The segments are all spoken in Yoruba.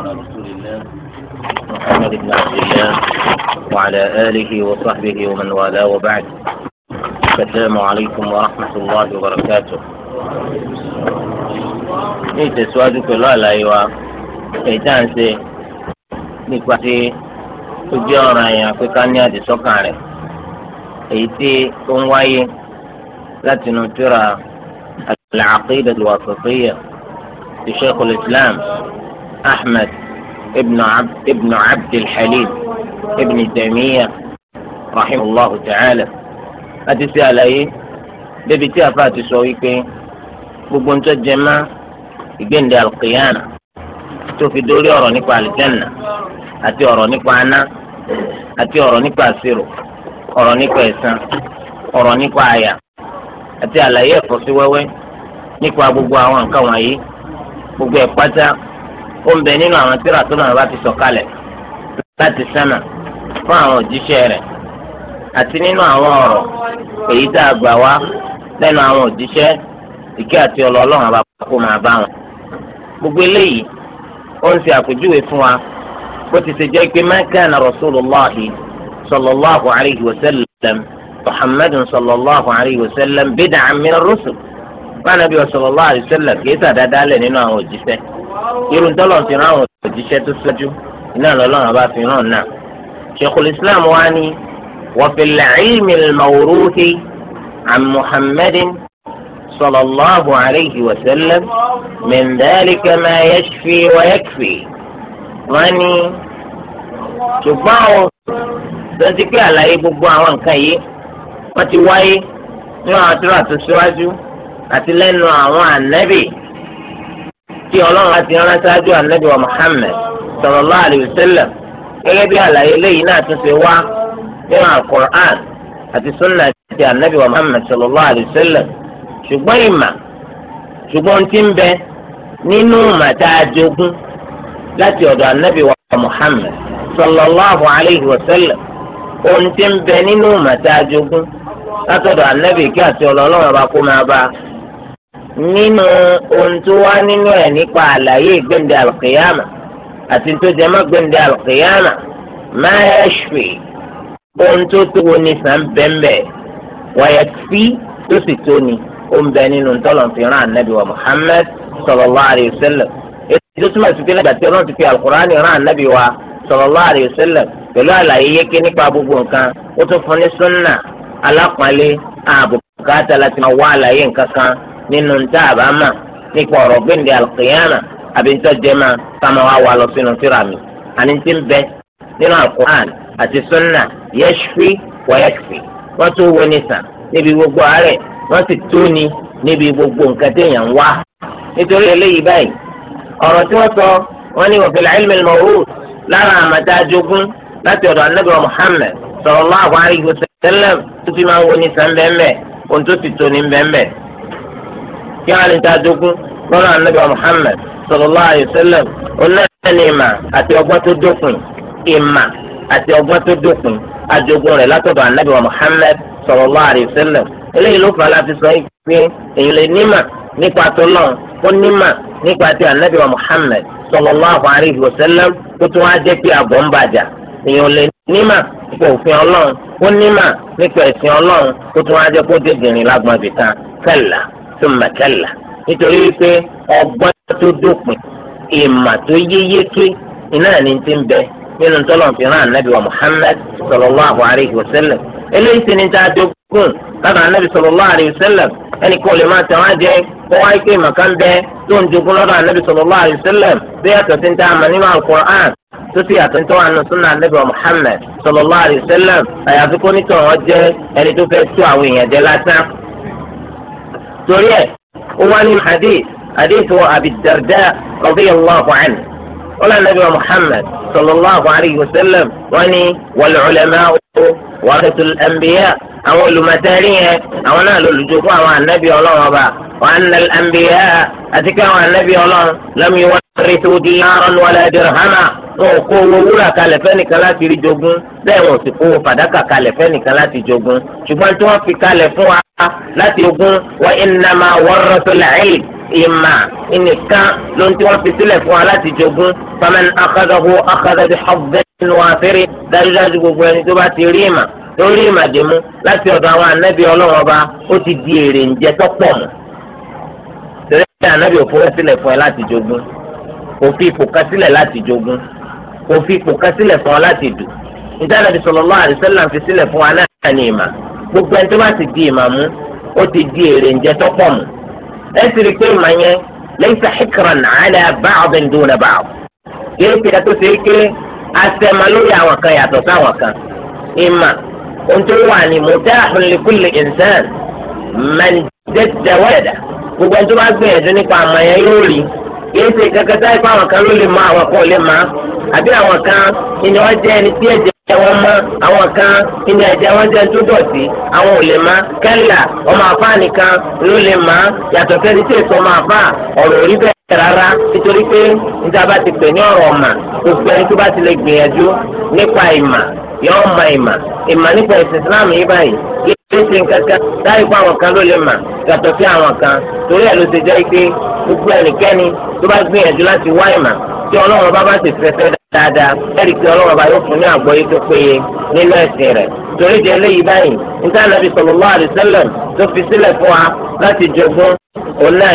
على رسول الله محمد بن عبد الله وعلى آله وصحبه ومن والاه وبعد السلام عليكم ورحمة الله وبركاته إيه تسواد كل الله أيوة إيتان سي نكواتي تجارة يا فكان يا تسوكان إيتي تنوي لاتن ترى العقيدة الواسطية لشيخ الإسلام أحمد ابن عبد ابن عبد الحليم ابن تيمية رحمه الله تعالى أتسي عليه débi tí afa ti sọ wípé gbogbo ntọ́ jẹ má ìgbéǹde alqiyana tó fi dórí ọ̀rọ̀ nípa alìjẹ́nà àti ọ̀rọ̀ nípa aná àti ọ̀rọ̀ nípa àṣírò ọ̀rọ̀ nípa ẹ̀san ọ̀rọ̀ nípa àyà àti àlàyé ẹ̀fọ́ gbogbo ó ń bẹ nínú àwọn tírà tó náà bá ti sọ̀kalẹ̀ láti sánà fún àwọn òjíṣẹ́ rẹ̀ àti nínú àwọn ọ̀rọ̀ èyí tá a gbà wá lẹ́nu àwọn òjíṣẹ́ ìkẹ́ àti ọlọ́ọ̀lọ́run àbá kó máa bá wọn. gbogbo eléyìí ó ń ṣe àpèjúwe fún wa bó ti ṣe jẹ́ pé mákàna rasulullahi sallallahu alayhi wa sallam muhammadun sallallahu alayhi wa sallam bid'an min rusul bá nàbí wa sallallahu alayhi wa sallam kì í sàdáadáa lẹ̀ nínú àwọn òjíṣẹ́ irun tọ́lọ̀ ti rán àwọn òjíṣẹ́ tó ṣáájú iná lọ́lọ́run bá fi ràn náà sheikhul islam wa ni wa fil ilmi al-mawruthi an muhammadin sallallahu alayhi wa sallam min dhalika ma yashfi wa yakfi wọ́n ní ṣùgbọ́n o sọ́tí pé àlàyé gbogbo àwọn nǹkan yìí wọ́n ti wáyé nínú àwọn tó rà tó àti lẹ́nu àwọn ànábì tí ọlọ́run àti ọ̀rán ṣáájú ànábì wa Muhammad sallallahu alayhi wa sallam gẹ́gẹ́ bí àlàyé lẹ́yìn náà tún ṣe wá nínú al-Qur'an àti sunna ti ànábì wa Muhammad sallallahu alayhi wa sallam ṣùgbọ́n ìmà ṣùgbọ́n ti ń bẹ nínú màtá àjogún láti ọ̀dọ̀ ànábì wa Muhammad sallallahu alayhi wa sallam ohun ti ń bẹ nínú màtá àjogún látọ̀dọ̀ ànábì kí àti ọlọ́run ọba kó máa bá a. nínú ohun tó wá nínú ẹ̀ nípa àlàyé àti tó máa yẹ ohun tó tó wo sàn tí tó ni ó ń bẹ nínú ntọ́lọ̀fìrán anabi wa Muhammad sallallahu alayhi wa tó túmọ̀ ọlọ́run ti fi alukur'ani ran anabi wa sallallahu pẹ̀lú àlàyé nípa gbogbo nǹkan ó tún nínú níta àbámà nípa ọ̀rọ̀ gbẹ̀ǹdẹ̀ alqiyama àbí ntọ́jẹ́mà táwọn wá wà lọ sínú tírà àní ti ń bẹ nínú alukur'an àti sunna yashfi wa wọ́n tún wo ní níbi gbogbo àárẹ̀ wọ́n sì tó ni níbi gbogbo nǹkan téèyàn ń wá. nítorí eléyìí báyìí ọ̀rọ̀ tí wọ́n sọ wọ́n ní wọ́n ilmi lára àmàtà àjogún láti ọ̀dọ̀ kí á ní ta dógún lọ́nà anábìá Muhammad sallallahu alayhi wa sallam onáàní ìmà àti ọgbọ́n tó dópin ìmà àti ọgbọ́n tó dópin àjogún rẹ̀ látọ̀dọ̀ anábìá Muhammad sallallahu alayhi wa sallam eléyìí ló fà á láti sọ pé èyí lè nímà nípa tọ́lọ́ kó nímà nípa ti anábìá Muhammad sallallahu alayhi wa sallam kó tó wá jẹ́ pé àbọ̀ ń bàjá èyí lè nímà nípa òfin ọlọ́run kó nímà nípa ẹ̀sìn ọlọ́run kó tó wá jẹ́ kó dé gìrìn lágbọ̀n ibìkan kẹ́là thumma kalla nítorí wípé ọgbọ́n tó dópin ìmà tó yéyéké iná ní ti ń bẹ nínú tọ́lọ̀mùfin rán anábì wa Muhammad sallallahu alayhi wa sallam eléyìí sì ní tá a dógún lábàá anábì sallallahu alayhi wa sallam ẹnì kan lè máa tẹ̀wọ́n jẹ kó wáyé pé màkà ń bẹ tó ń jogún lọ́dọ̀ anábì sallallahu alayhi wa sallam bí yàtọ̀ sí ń tá a mọ̀ nínú al-Qur'an tó sì yàtọ̀ nítorí àwọn sunna anábì wa Muhammad sallallahu alayhi wa sallam àyàfi kó nítorí wọn jẹ ẹni tó fẹ́ tó àwọn èèyàn jẹ lásán torí ẹ̀ ó wá ní hadith hadith wa Abi Darda radiyallahu anhu. قال النبي محمد صلى الله عليه وسلم واني والعلماء waratul anbiya àwọn olùmọ̀tẹ́rì yẹn àwọn náà lòlùjogún àwọn ànábì ọlọ́run ọba wọn àna anbiya àti kí àwọn ànábì ọlọ́run lam yuwarrithu dinaran wala dirhama wọn ò kó owó wúrà kalẹ̀ fẹ́nìkan láti rí jogún bẹ́ẹ̀ wọn sì kó fàdákà kalẹ̀ fẹ́nìkan láti jogún ṣùgbọ́n tí wọ́n fi kalẹ̀ fún wa láti jogún wa innama waratul ilm ìmà ìnìkan ló ń tí wọ́n fi sílẹ̀ fún wa láti jogún faman akadahu akadahu ọ̀bẹ́ni wa fẹ́rẹ́ dájúdájú gbogbo ẹni tó bá ti rí ìmà tó rí ìmà dì mú láti ọ̀dọ̀ àwọn anábì ọlọ́wọ́n bá ó ti di èrè ǹjẹ́ tó pọ̀ mọ́ torí ẹ̀ anábì ò fowó sílẹ̀ fún ẹ láti jogún kò fi ipò kan sílẹ̀ láti jogún kò fi ipò kan sílẹ̀ fún ọ láti dù ìdáná bí sallallahu ẹ sì rí i pé ìmọ̀ yẹn lẹ́yìn sàkíkàrà nàálẹ́ bá ọ̀bẹ ndúnà bá ọ̀. kìí ṣe tó ṣe é pé asẹ́mà lórí àwọn kan yàtọ̀ sáwọn kan. ìmọ̀ ohun tó wà ní mutahun li kulli insan man jadda wada gbogbo ẹni tó bá gbìyànjú nípa àmọ̀ yóò rí kìí ṣe kankan sáyé pé àwọn kan ló lè mọ àwọn kan ò lè mọ àbí àwọn kan ìnáwó jẹ́ ẹni tí ẹ̀jẹ̀ ẹwọn mọ àwọn kan ilé ẹjẹ wọn jẹ tó dọ̀tí àwọn ò lè má kẹlà ọmọ àfa nìkan ló lè má yàtọ̀ sẹ́ni tí èso ọmọ àfa ọ̀rọ̀ orí bẹ́ẹ̀ rárá nítorí pé níta bá ti pè ní ọ̀rọ̀ ọmọ gbogbo ẹni tó bá ti lè gbìyànjú nípa ìmà yọ ọmọ ìmà ìmà nípa ìsìn Islam yìí báyìí yìí ṣe nǹkankan dáì pa àwọn kan ló lè mà yàtọ̀ sí àwọn kan torí ẹ̀ ló ti jẹ́ pé gbogbo ẹnikẹ́ni tó bá gbìyànjú láti wá ìmà tí Ọlọ́run bá bá ti fẹ́ fẹ́ dáadáa ẹ̀rí pé ọlọ́run ọba yóò fún ní àgbọ́yé tó péye nínú ẹ̀sìn rẹ̀ torí di eléyìí báyìí níta nàbí sallallahu alaihi wasallam tó fi sílẹ̀ fún wa láti jogún òun náà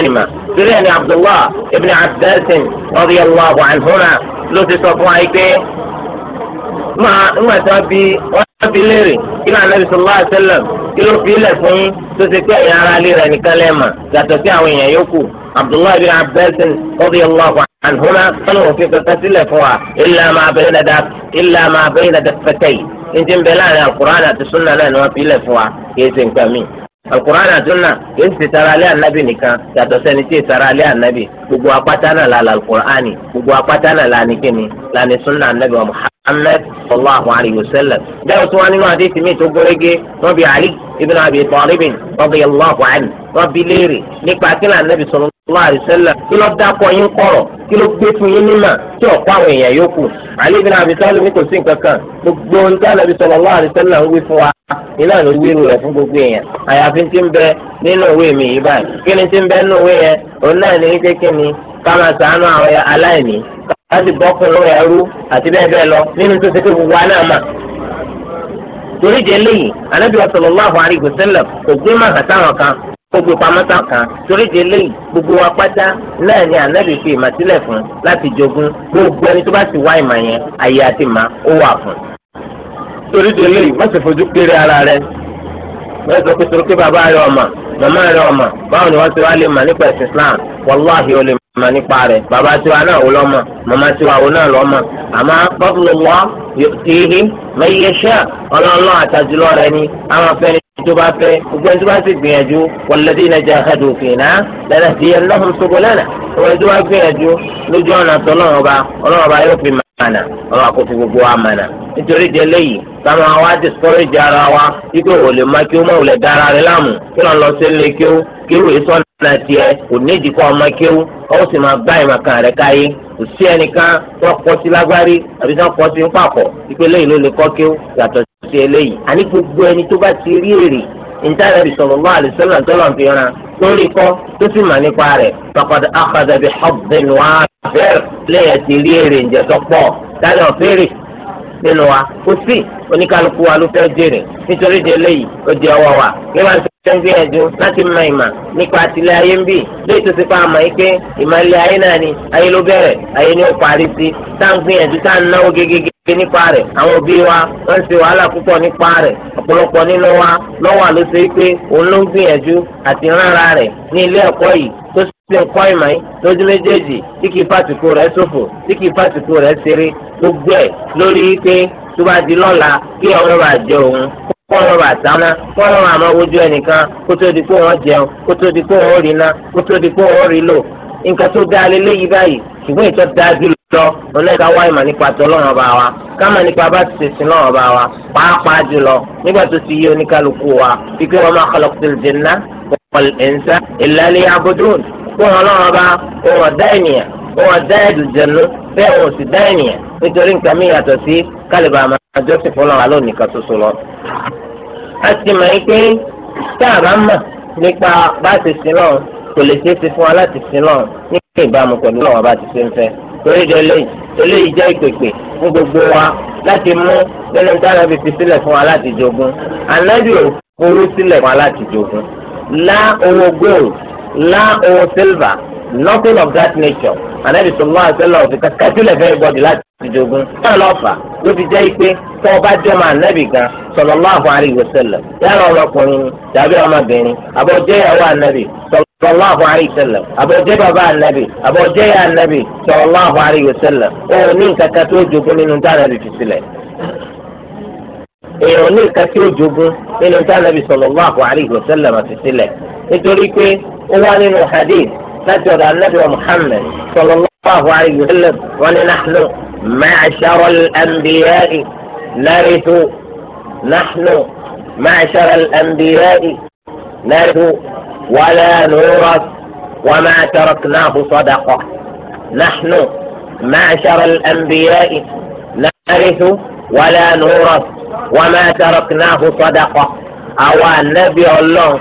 torí ẹni abdullah ibn ló ti sọ fún wa yìí pé ńgbà bí wọ́n bí léèrè kí kí ló fi ilẹ̀ fún tó ti abdullahi bin abbas radiyallahu anhuma wọn ò fi kankan sílẹ̀ fún wa illa ma bayna dá illa ma bayna dafatayi ní ti ń bẹ láàrin alukur'an àti sunna náà ni wọn fi lẹ̀ fún wa kì í ṣe nǹkan mi alukur'an àti sunna kì í ṣe tara alẹ́ anabi nìkan yàtọ̀ sẹ́ni tí ì tara alẹ́ anabi gbogbo apáta náà la alukur'ani gbogbo apáta náà la ni kíni la ni sunna anabi wa muhammad. Muhammad sallallahu alayhi wa sallam bẹ́ẹ̀ tó wá nínú àdéhùn mi tó gbórégé wọ́n bí Ali ibn Abi Talib radiyallahu anhu wọ́n bí léèrè nípa kílà nàbì sallallahu alayhi wa sallam kí ló dákọ̀ yín kọ̀rọ̀ kí ló gbé fún yín nímà tí ọ̀pọ̀ àwọn èèyàn yòókù Ali ibn Abi Talib ní kò sí nǹkan kan gbogbo nǹkan nàbì sallallahu alayhi wa sallam ń wí fún wa iná ló wíru rẹ̀ fún gbogbo èèyàn àyàfi tí ń bẹ nínú òwe mi yìí báyìí kí ni tí ń bẹ nínú òwe yẹn òun náà ní kékeré ká máa ṣàánú àwọn aláìní a sì bọ́ fún lọ́wọ́ ẹrú àti bẹ́ẹ̀ bẹ́ẹ̀ lọ nínú tó ṣe pé gbogbo aná mà. torí jẹ́ léyìn anábì sallallahu alaihi wasallam kò gbé màkà táwọn kan kó gbé pamọ́ táwọn kan torí jẹ́ léyìn gbogbo wa pátá náà ni anábì fi ìmà sílẹ̀ fún láti jogún gbogbo ẹni tó bá sì wá ìmà yẹn ayé àti ìmà ó wà fún. torí jẹ́ léyìn má ṣe fojú kéré ara rẹ bẹ́ẹ̀ sọ pé torókè bàbá rẹ ọmọ màmá rẹ ọmọ báwo ni wọ́n ti wá lè mà nípa ẹ̀sìn Islam wàláhì ma nípa rẹ̀ bàbá tiwa náà wò lọ́mọ màmá tiwa wò náà lọ́mọ àmọ́ bọ́ọ̀lùwọ́ ìhí mẹ́yẹsẹ́ ọlọ́ọ̀lọ́ àtàjùlọ rẹ̀ ni àwọn afẹ́ni tó bá fẹ́ gbogbo ẹni tó bá sì gbìyànjú wọlẹ́dí ìnajà àkàdé òfin náà lẹ́nà sí ẹ lọ́hùn sọ́kò lẹ́nà wọlé tó bá gbìyànjú lójú ọ̀nà tọ́lọ́wọ́ba ọlọ́wọ́ba yóò fi mànà ọlọ́wọ́ kò fi gbogbo wa mànà nítorí di eléyìí táwọn àwa discourage ara wa ikú òwòlè má kí ó má wòlẹ̀ dára rẹ̀ láàmú kí lọ́n náà tiẹ̀ kò nídìí kọ́ ọmọ kéwú ó sì máa bá ìmọ̀ kan rẹ̀ káyé kò sí ẹnìkan tó kọ́ sí lágbárí àbí tó kọ́ sí ńpàkọ́ ìpele yìí ló lè kọ́ kéwú yàtọ̀ sí eléyìí. àní gbogbo ẹni tó bá ti rí èrè ìntànẹ́bì sallallahu alaihi wasallam tọ́lọ̀ fi hàn lórí kọ́ tó sì mà nípa rẹ̀ faqad akhadha bi haddin wafir lẹ́yìn ti rí èrè ǹjẹ́ tó pọ̀ dáná fèrè nínú wa kò sí oníkálukú wa ló fẹ́ tẹ́gbìyànjú láti mọ ìmọ̀ nípa àtìlẹ̀ ayé ń bì lóyè tó ti pa àmọ́ yìí pé ìmọ̀ ilẹ̀ ayé náà ni ayé ló bẹ̀rẹ̀ ayé ni ó parí sí tá à ń gbìyànjú tá à ń náwó gégége nípa rẹ̀ àwọn òbí wa wọ́n ń ṣe wàhálà púpọ̀ nípa rẹ̀ ọ̀pọ̀lọpọ̀ nínú wa lọ́wọ́ ló ṣe pé òun ló ń gbìyànjú àti rárá rẹ̀ ní ilé ẹ̀kọ́ yìí tó ṣe ń kọ́ ìmọ̀ yìí lójú méjèèjì tí kì kọ́nà bàtà ná kọ́nà àmọ́ ojú ẹnìkan kó tó di pé wọ́n jẹun kó tó di pé wọ́n rí ná kó tó di pé wọ́n rí lò nǹkan tó dáa lé léyìí báyìí ṣùgbọ́n ìtọ́ dáa jù lọ ọlọ́ọ̀ká wá ìmọ̀ nípa tó lọ́wọ́ bá wa káma nípa bá ti ṣèṣì lọ́wọ́ bá wa pàápàá jùlọ nígbà tó ti yé oníkálukú wa wípé wa ma khalaqtul jinna wal insa illa liya'budun fún ọlọ́wọ́ bá òun ọ̀dá ènìyàn òun ọ̀dá ẹ̀dùn jẹ̀nu bẹ́ẹ̀ òun sì dá ènìyàn nítorí nǹkan mi yàtọ̀ sí kálíbà máa jọ́sìn fún ọlọ́run alóòní kan ṣoṣo lọ. a ti mọ̀ ẹ́ pé tá a bá mọ̀ nípa bá a ti sin lọ́run kò lè ṣeé ṣe fún wa láti sin lọ́run ní ìbámu pẹ̀lú ọlọ́run bá a ti ṣe ń fẹ́. torí eléyìí jẹ́ ìpèpè fún gbogbo wa láti mú nínú táwọn ẹbí fi sílẹ̀ fún wa láti jogún. ànábì ò forú sílẹ̀ fún wa láti jogún. lá owó gold lá owó silver nothing of that nature and anabi sọlá àṣẹlẹ ọ̀sẹ̀ kẹsílẹ̀ fẹ́ gbọ́dọ̀ láti jogun náà lọ́fà ló fi jẹ́ pé tó o bá jẹ́ máa nẹ́bì gan sallallahu alaihi wasallam yára ọmọkùnrin ni tàbí ọmọbìnrin àbọ̀jẹ́ ìyàwó ànẹ́bì sallallahu alaihi wasallam àbọ̀jẹ́ bàbá ànẹ́bì àbọ̀jẹ́ ìyá ànẹ́bì sallallahu alaihi wasallam òun ní nǹkan kan tó jogun nínú tánàbì fi sílẹ̀ èèyàn ní nǹkan tí ó jogun nínú tánàbì sallallahu alaihi wasallam fi sílẹ̀ nítorí pé ó wá فتر النبي محمد صلى الله عليه وسلم ونحن معشر الأنبياء نرث نحن معشر الأنبياء نرث ولا نورث وما تركناه صدقة نحن معشر الأنبياء نرث ولا نورث وما تركناه صدقة àwa نبي الله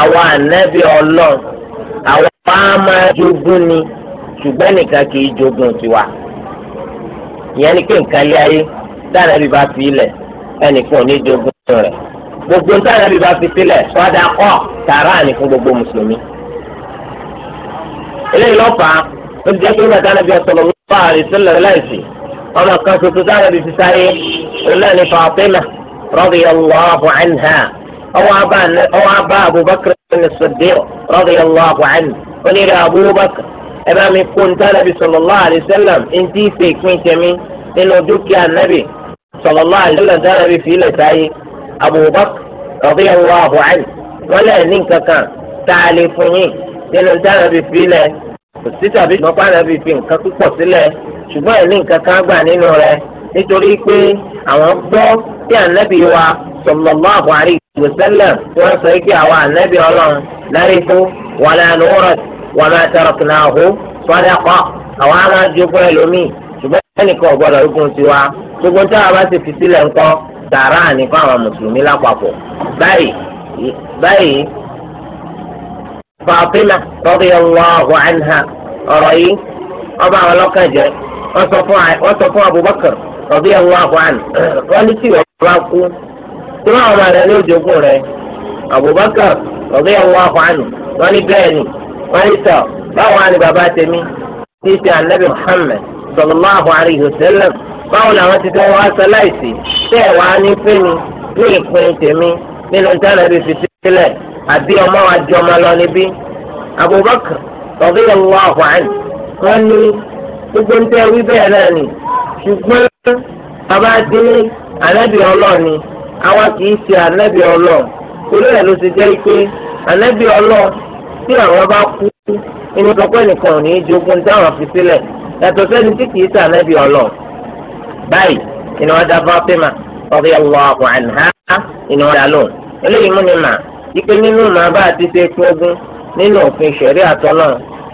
àwa نبي الله àwa wàá máa jogún ni ṣùgbọ́n nìkan kì í jogún tiwa ìyẹn ni pé nǹkan lé ayé dáná bí bá fi ilẹ̀ ẹnìkan ò ní jogún rẹ̀ gbogbo dáná bí bá fi sílẹ̀ sọ́dà kọ́ tààrà ní fún gbogbo mùsùlùmí. eléyìí lọ́fàá ló jẹ́ pé nígbà dáná bí ọ̀sán lọ́wọ́ bá àrè sílẹ̀ láìsí ọmọ kan tuntun dáná bí fi sáyé ìlànà ní Fatima radiyallahu anha ọwọ́ abá Abubakar ní Siddiq radiyallahu anhu onírè abubakar ẹ bá mi kó níta nàbì sallallahu alaihi wasallam ntí ìfẹ́ ìpín tẹ̀mí nínú dúkìá nàbì sallallahu alaihi wasallam dára bí fìlẹ̀ sáyé abubakar radiyallahu anhu wọn lẹ̀ ní kankan tá a lè fún yín nínú dára bí fìlẹ̀ sí tàbí ìgbọ́pá nàbì fi nǹkan púpọ̀ sílẹ̀ ṣùgbọ́n ẹ̀ kankan gbà nínú rẹ̀ nítorí pé àwọn gbọ́ bí ànábì wa sallallahu alaihi نرث ولا نورث وما تركناه صدقة أو أنا جبر الأمي ṣùgbọ́n kò a bá ti fi sílẹ̀ ńkọ́ mùsùlùmí lápapọ̀ báyìí báyìí Fatima radiyallahu anha ọ̀rọ̀ yìí ọba àwọn ọlọ́kàn jẹ́ wọ́n sọ fún Abubakar radiyallahu anhu wọ́n ní tí ìwọ́n ọ̀gá ẹ̀wọ̀n wa wọ́n ní bẹ́ẹ̀ ni wọ́n ní sọ ni bàbá tèmi ti ṣe ànábì Muhammad sallallahu alayhi wa sallam làwọn ti tẹ́ wá sọ láìsí tẹ́ ẹ̀ wá ní fẹ́ mi ní ìpín tèmi nínú tánàbí fi sílẹ̀ àbí ọmọ wa di ọmọ lọ níbí Abubakar wọ́n ní gbogbo ń tẹ́ wí bẹ́ẹ̀ náà ni ṣùgbọ́n bàbá torí ẹ̀ ló ti jẹ́ pé ànábì ọlọ́ tí àwọn bá kú inú sọpẹ́ nìkan ò ní í jogún táwọn fi sílẹ̀ yàtọ̀ sẹ́ni tí kìí sàn ànábì ọlọ́ báyìí inú wọn dá Fátímà radiyallahu anha inú wọn dá lóhùn eléyìí mú ni mà ipe nínú màá bá a ti ṣe pín ogún nínú òfin ṣẹ̀rí àtọ́nà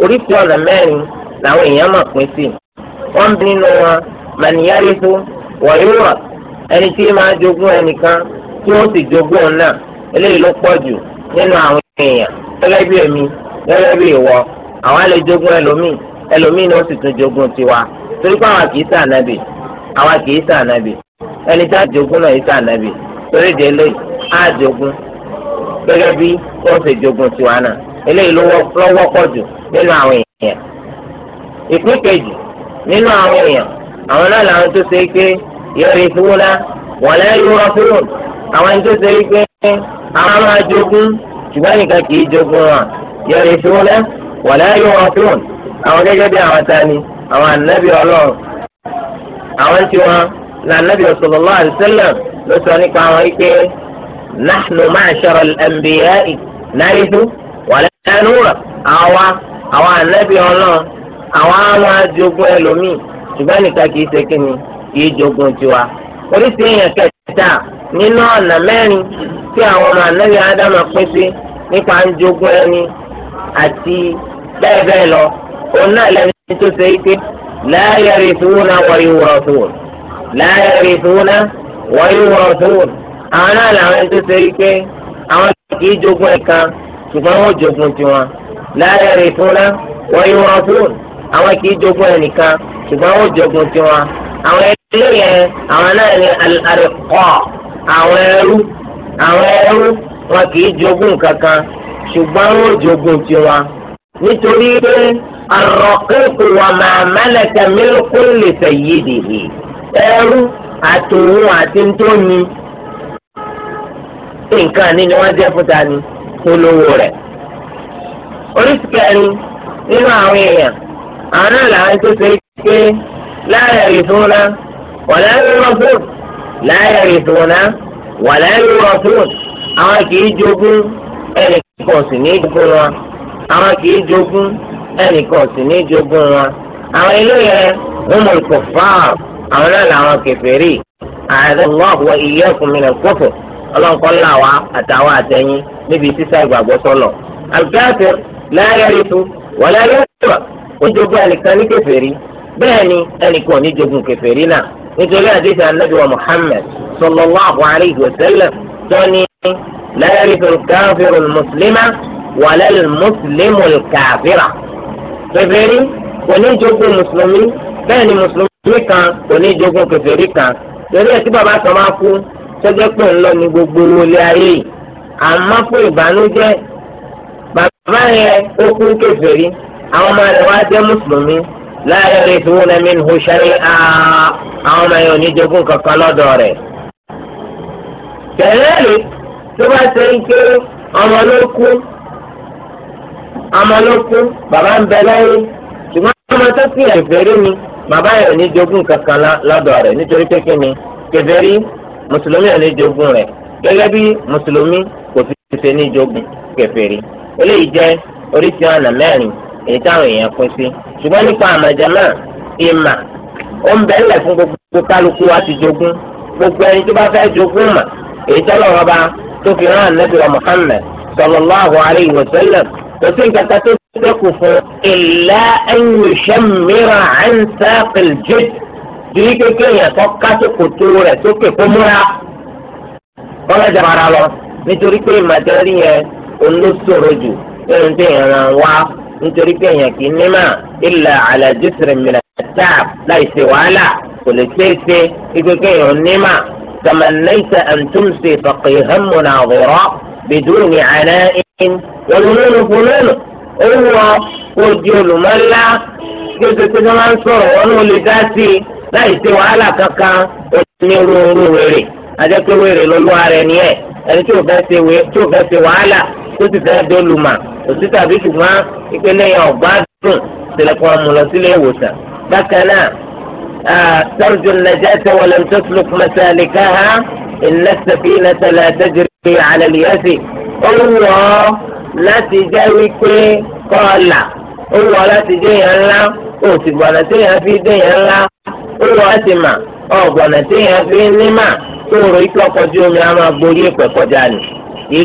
oríṣi ọ̀nà mẹ́rin làwọn èèyàn máa pín sí wọ́n bí nínú wọn màníyárí tó wọ̀nyí wọ̀ ẹni tí máa jogún ẹnìkan tí ó sì jogún náà eléyìí ló pọ̀ jù nínú àwọn èèyàn gẹ́gẹ́ bí èmi gẹ́gẹ́ bí ìwọ àwọn alẹ́ jogún ẹlòmíì ẹlòmíì ni ó sì tún jogún tiwa torí pé àwọn kì í sàn nàbì àwọn kì í sàn nàbì ẹni tá a jogún náà yìí sàn nàbì torí de lóyè á jogún gẹ́gẹ́ bí ó sì jogún tiwa náà eléyìí ló wọ́pọ̀ jù nínú àwọn èèyàn ìpín kejì nínú àwọn èèyàn àwọn náà làwọn tó ṣe é pé yọrí fúnra wọn lẹ́yìn rọ fúnra àwọn ẹni tó ṣe é pé àwọn máa jogún ṣùgbọ́n nìkan kì í jogún wọn yẹrì ìṣúná wọ̀lẹ́ yóò wọn fún un àwọn gẹ́gẹ́ bí àwọn tani àwọn ànábì ọlọ́run àwọn tí wọn ní ànábì sallallahu alaihi wasallam ló sọ nípa àwọn ike nahnu ma'shara al-anbiya'i narithu wala nura àwa àwọn ànábì ọlọ́run àwọn àwọn ajogun ẹlòmíì ṣùgbọ́n nìkan kì í ṣe kíni kì í jogun tiwa oríṣi èèyàn kẹta nínú ọ̀nà mẹ́rin tí àwọn ọmọ ànábì ádámà pín sí nípa ń jogún ẹni àti bẹ́ẹ̀ bẹ́ẹ̀ lọ òun náà lẹ́ni tó ṣe é pé láyé rí ìfowóná wọ́n yóò wọ́rọ̀ tó wọ̀ láyé rí ìfowóná wọ́n yóò wọ́rọ̀ tó wọ̀ àwọn náà làwọn ẹni tó ṣe é àwọn kì í jogún ẹ̀kan ṣùgbọ́n wọ́n jogún tiwọn láyé rí wọ́n yóò wọ́rọ̀ tó wọ̀ àwọn kì í jogún ẹnìkan àwọn ẹrú àwọn ẹrú wọn kì ji jogún kankan ṣùgbọ́n wọn jogún tiwa nítorí pé àròkèkù wọn máa mẹ́lẹ̀kẹ́ mílíkù lè fẹ̀yìí dìhì ẹrú àtòun àti ntóni nǹkan ni wọ́n jẹ́ fúta ni olówó rẹ̀. oríṣi nínú àwọn èèyàn àwọn náà làwọn tó ṣe é pé ìfúnra láyé ìdùnnà wà láyé rọ̀tún àwọn kì í jogún ẹnìkan sì ní jogún wọn àwọn kì í jogún ẹnìkan sì ní jogún wọn àwọn ilé yẹn wọn mọ ìkọfà àwọn náà làwọn kèfèrí àdéhùn wa iyyakum min al-kufr ọlọ́nkọ́lá wa àtàwọn àtẹ̀yìn níbi sísá ìgbàgbọ́ sọ́lọ̀ al-kafir la yarithu wa la yurith ẹnìkan ní kèfèrí bẹ́ẹ̀ ni ẹnìkan ní jogún kèfèrí náà nítorí àdéhùn anábì wa muhammed sallallahu alayhi wa sallam tóní lẹ́yìn káfíìrù mùsùlùmá wàlẹ́ mùsùlùmù káfíìrà. kèfèrí kò ní jogún mùsùlùmí bẹ́ẹ̀ ni mùsùlùmí kan kò ní jogún kèfèrí kan torí ẹ̀ tí bàbá kan máa kú sọ́jọ́ pé ńlọ ní gbogbo olè ayé yìí àmọ́ fún ìbànújẹ́ bàbá yẹn ó kú kèfèrí àwọn ọmọ rẹ̀ wá jẹ́ mùsùlùmí la yarithuna minhu shay'a àwọn ọmọ yẹn ò ní jogún kankan lọ́dọ̀ rẹ̀. tẹ̀lẹ́lì tó bá ṣe ń ké ọmọ ló kú ọmọ ló kú bàbá ń bẹ lẹ́yìn ṣùgbọ́n ọmọ tó sì yàn ìfẹ́rí ni bàbá yẹn ò ní jogún kankan lọ́dọ̀ rẹ̀ nítorí pé kí ni mùsùlùmí ò ní jogún rẹ̀ gẹ́gẹ́ bí mùsùlùmí kò sì ṣe ní jogún kèfèrí eléyìí jẹ́ oríṣi ọ̀nà mẹ́rin èyí táwọn èèyàn pín sí ṣùgbọ́n nípa àmàjàmá ìmà ó ń bẹ̀rẹ̀ fún gbogbo kálukú wa ti jogún gbogbo ẹni tó bá fẹ́ jogún mà èyí tọ́lọ̀ wọn bá tó fi rán ànábì wa Muhammad sallallahu alayhi wa sallam kò sí nǹkan kan tó dẹ́kun fún illa an yushammira an saqil jid kìí kékeré yẹn kọ́ kásìkòtò rẹ̀ sókè kó múra kọ́lẹ́jà ara lọ nítorí pé màtẹ́rì yẹn olóṣòro jù lẹ́yìn tí ìran nítorí pé èèyàn kì í nímà ilà àlàjísìrì mìíràn táàb láì ṣe wàhálà kò lè ṣe é ṣe kíkó kéèyàn nímà tàmánẹ́sà àǹtúnṣe fàkìhánmùnà àwòrán bìdúrùnì àná ìhìn olùmọ́nù fúnlẹ́nu òun wọ ojú olùmọ́lá kí o ṣe pé wọ́n máa ń sọ̀rọ̀ wọn ò lè dá sí i láì ṣe wàhálà kankan ní wèrè ajẹ́pẹ́ wèrè lọ́lọ́ ara ẹni ẹ̀ ẹni tí ò fẹ́ ṣe wàhálà tó ti fẹ́ dọ́lùmà òsì tàbí ṣùgbọ́n ìpele yẹn ọ̀gbá dùn tẹlẹkùn ọmọ lọ sílé ìwòsàn. bákan náà tọ́jú nàìjíríà tẹwọlé tọ́sílùkù mẹsàlẹ̀ káhá ìlẹ́sẹ̀fì ìlẹ́sẹ̀lẹ̀ àtẹ́jìrì àlẹ́lẹ́yẹsì. ó wọ̀ ọ́ láti jẹ́ wípé kọ́ọ̀là ó wọ̀ ọ́ láti jẹ́ yẹn ńlá ó sì gbọ̀nà tí yẹn fi dé yẹn ńlá ó wọ̀ ọ́ sì mà ọ̀ gbọ̀nà tí yẹn fi ní mà tó rò ikú ọkọ̀ ojú omi á máa gborí ni kì í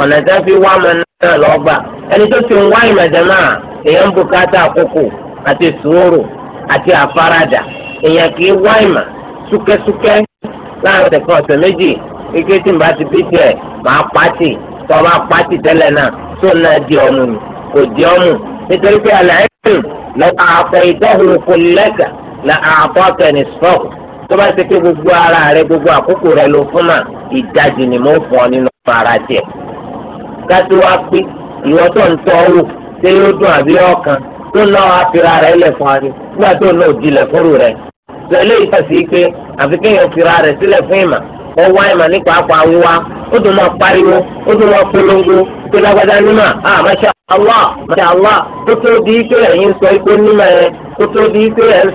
ọ̀nà tí wọ́n fi wá ọmọ náà lọ́gbà ẹni tó ti ń wá ìmọ̀jẹ̀mọ́ èèyàn ń bùkátà àkókò àti sùúrù àti àfaradà èèyàn kì í wá ìmọ̀ súkẹ́súkẹ́ láàrin ọ̀sẹ̀ kan ọ̀sẹ̀ méjì ike tí n bá ti bí tiẹ̀ máa pàtì tó o pàtì tẹ́lẹ̀ náà tó náà di ọmọ mi kò di ọmọ nítorí pé àlàyé lọ àpọ̀ ìtọ́hùn kò lẹ́kà la àpọ̀ tẹ̀nis fọ́ọ̀kù tó bá ti pé gbogbo ara rẹ gbogbo àkókò rẹ ló fún mà ìdajì ni mo fọ́ nínú ara dájú wá pé ìwọ tó ń tọ́ wò ṣé yóò dùn àbí ọkàn tó lọ́ àfira rẹ̀ lẹ̀ fún adé nígbà tó lọ́ òjìlẹ̀ fúru rẹ̀ si yìí fẹ̀sí pé àfi kéèyàn fira rẹ̀ sílẹ̀ fún ìmà ó wá ìmà nípa apá wíwá ó dùn mọ́ pariwo ó dùn mọ́ polongo pé lágbádá nímà tó di pé ẹ̀yin